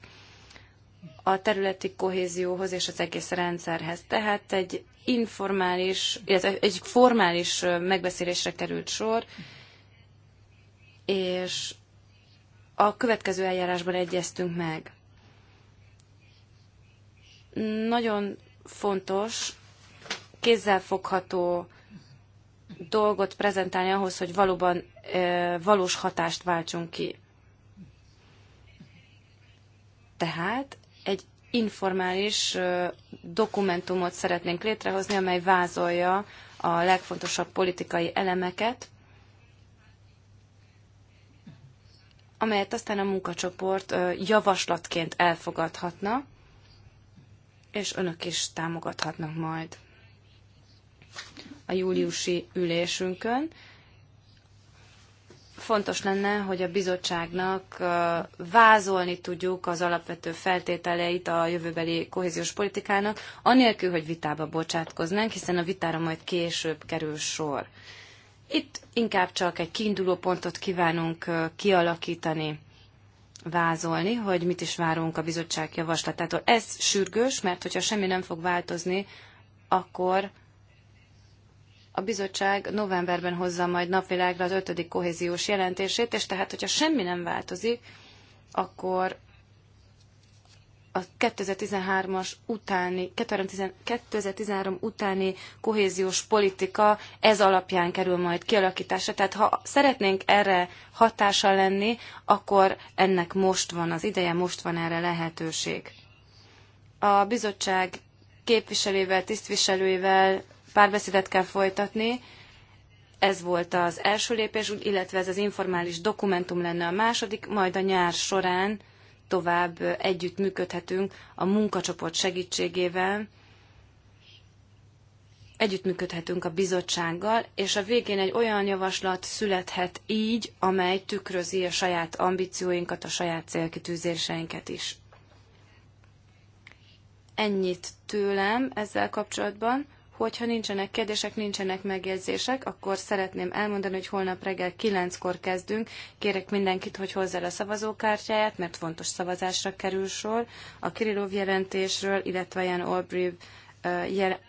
a területi kohézióhoz és az egész rendszerhez. Tehát egy informális, illetve egy formális megbeszélésre került sor, és a következő eljárásban egyeztünk meg. Nagyon fontos kézzelfogható dolgot prezentálni ahhoz, hogy valóban valós hatást váltsunk ki. Tehát egy informális dokumentumot szeretnénk létrehozni, amely vázolja a legfontosabb politikai elemeket, amelyet aztán a munkacsoport javaslatként elfogadhatna, és önök is támogathatnak majd a júliusi ülésünkön. Fontos lenne, hogy a bizottságnak vázolni tudjuk az alapvető feltételeit a jövőbeli kohéziós politikának, anélkül, hogy vitába bocsátkoznánk, hiszen a vitára majd később kerül sor. Itt inkább csak egy kiinduló pontot kívánunk kialakítani vázolni, hogy mit is várunk a bizottság javaslatától. Ez sürgős, mert hogyha semmi nem fog változni, akkor a bizottság novemberben hozza majd napvilágra az ötödik kohéziós jelentését, és tehát, hogyha semmi nem változik, akkor a 2013-as utáni, 2013 utáni kohéziós politika ez alapján kerül majd kialakításra. Tehát ha szeretnénk erre hatása lenni, akkor ennek most van az ideje, most van erre lehetőség. A bizottság képviselővel, tisztviselőivel párbeszédet kell folytatni, ez volt az első lépés, illetve ez az informális dokumentum lenne a második, majd a nyár során tovább együtt működhetünk a munkacsoport segítségével, együttműködhetünk a bizottsággal, és a végén egy olyan javaslat születhet így, amely tükrözi a saját ambícióinkat, a saját célkitűzéseinket is. Ennyit tőlem ezzel kapcsolatban. Hogyha nincsenek kérdések, nincsenek megjegyzések, akkor szeretném elmondani, hogy holnap reggel 9-kor kezdünk. Kérek mindenkit, hogy hozzá a szavazókártyáját, mert fontos szavazásra kerül sor. A Kirillov jelentésről, illetve Jan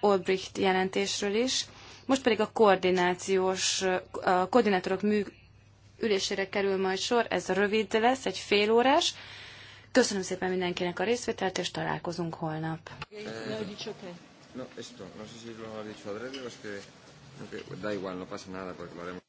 Olbricht, jelentésről is. Most pedig a koordinációs, a koordinátorok mű, ülésére kerül majd sor, ez rövid lesz, egy fél órás. Köszönöm szépen mindenkinek a részvételt, és találkozunk holnap. No, esto, no sé si lo ha dicho Adrede o es que... Okay, da igual, no pasa nada porque lo haremos.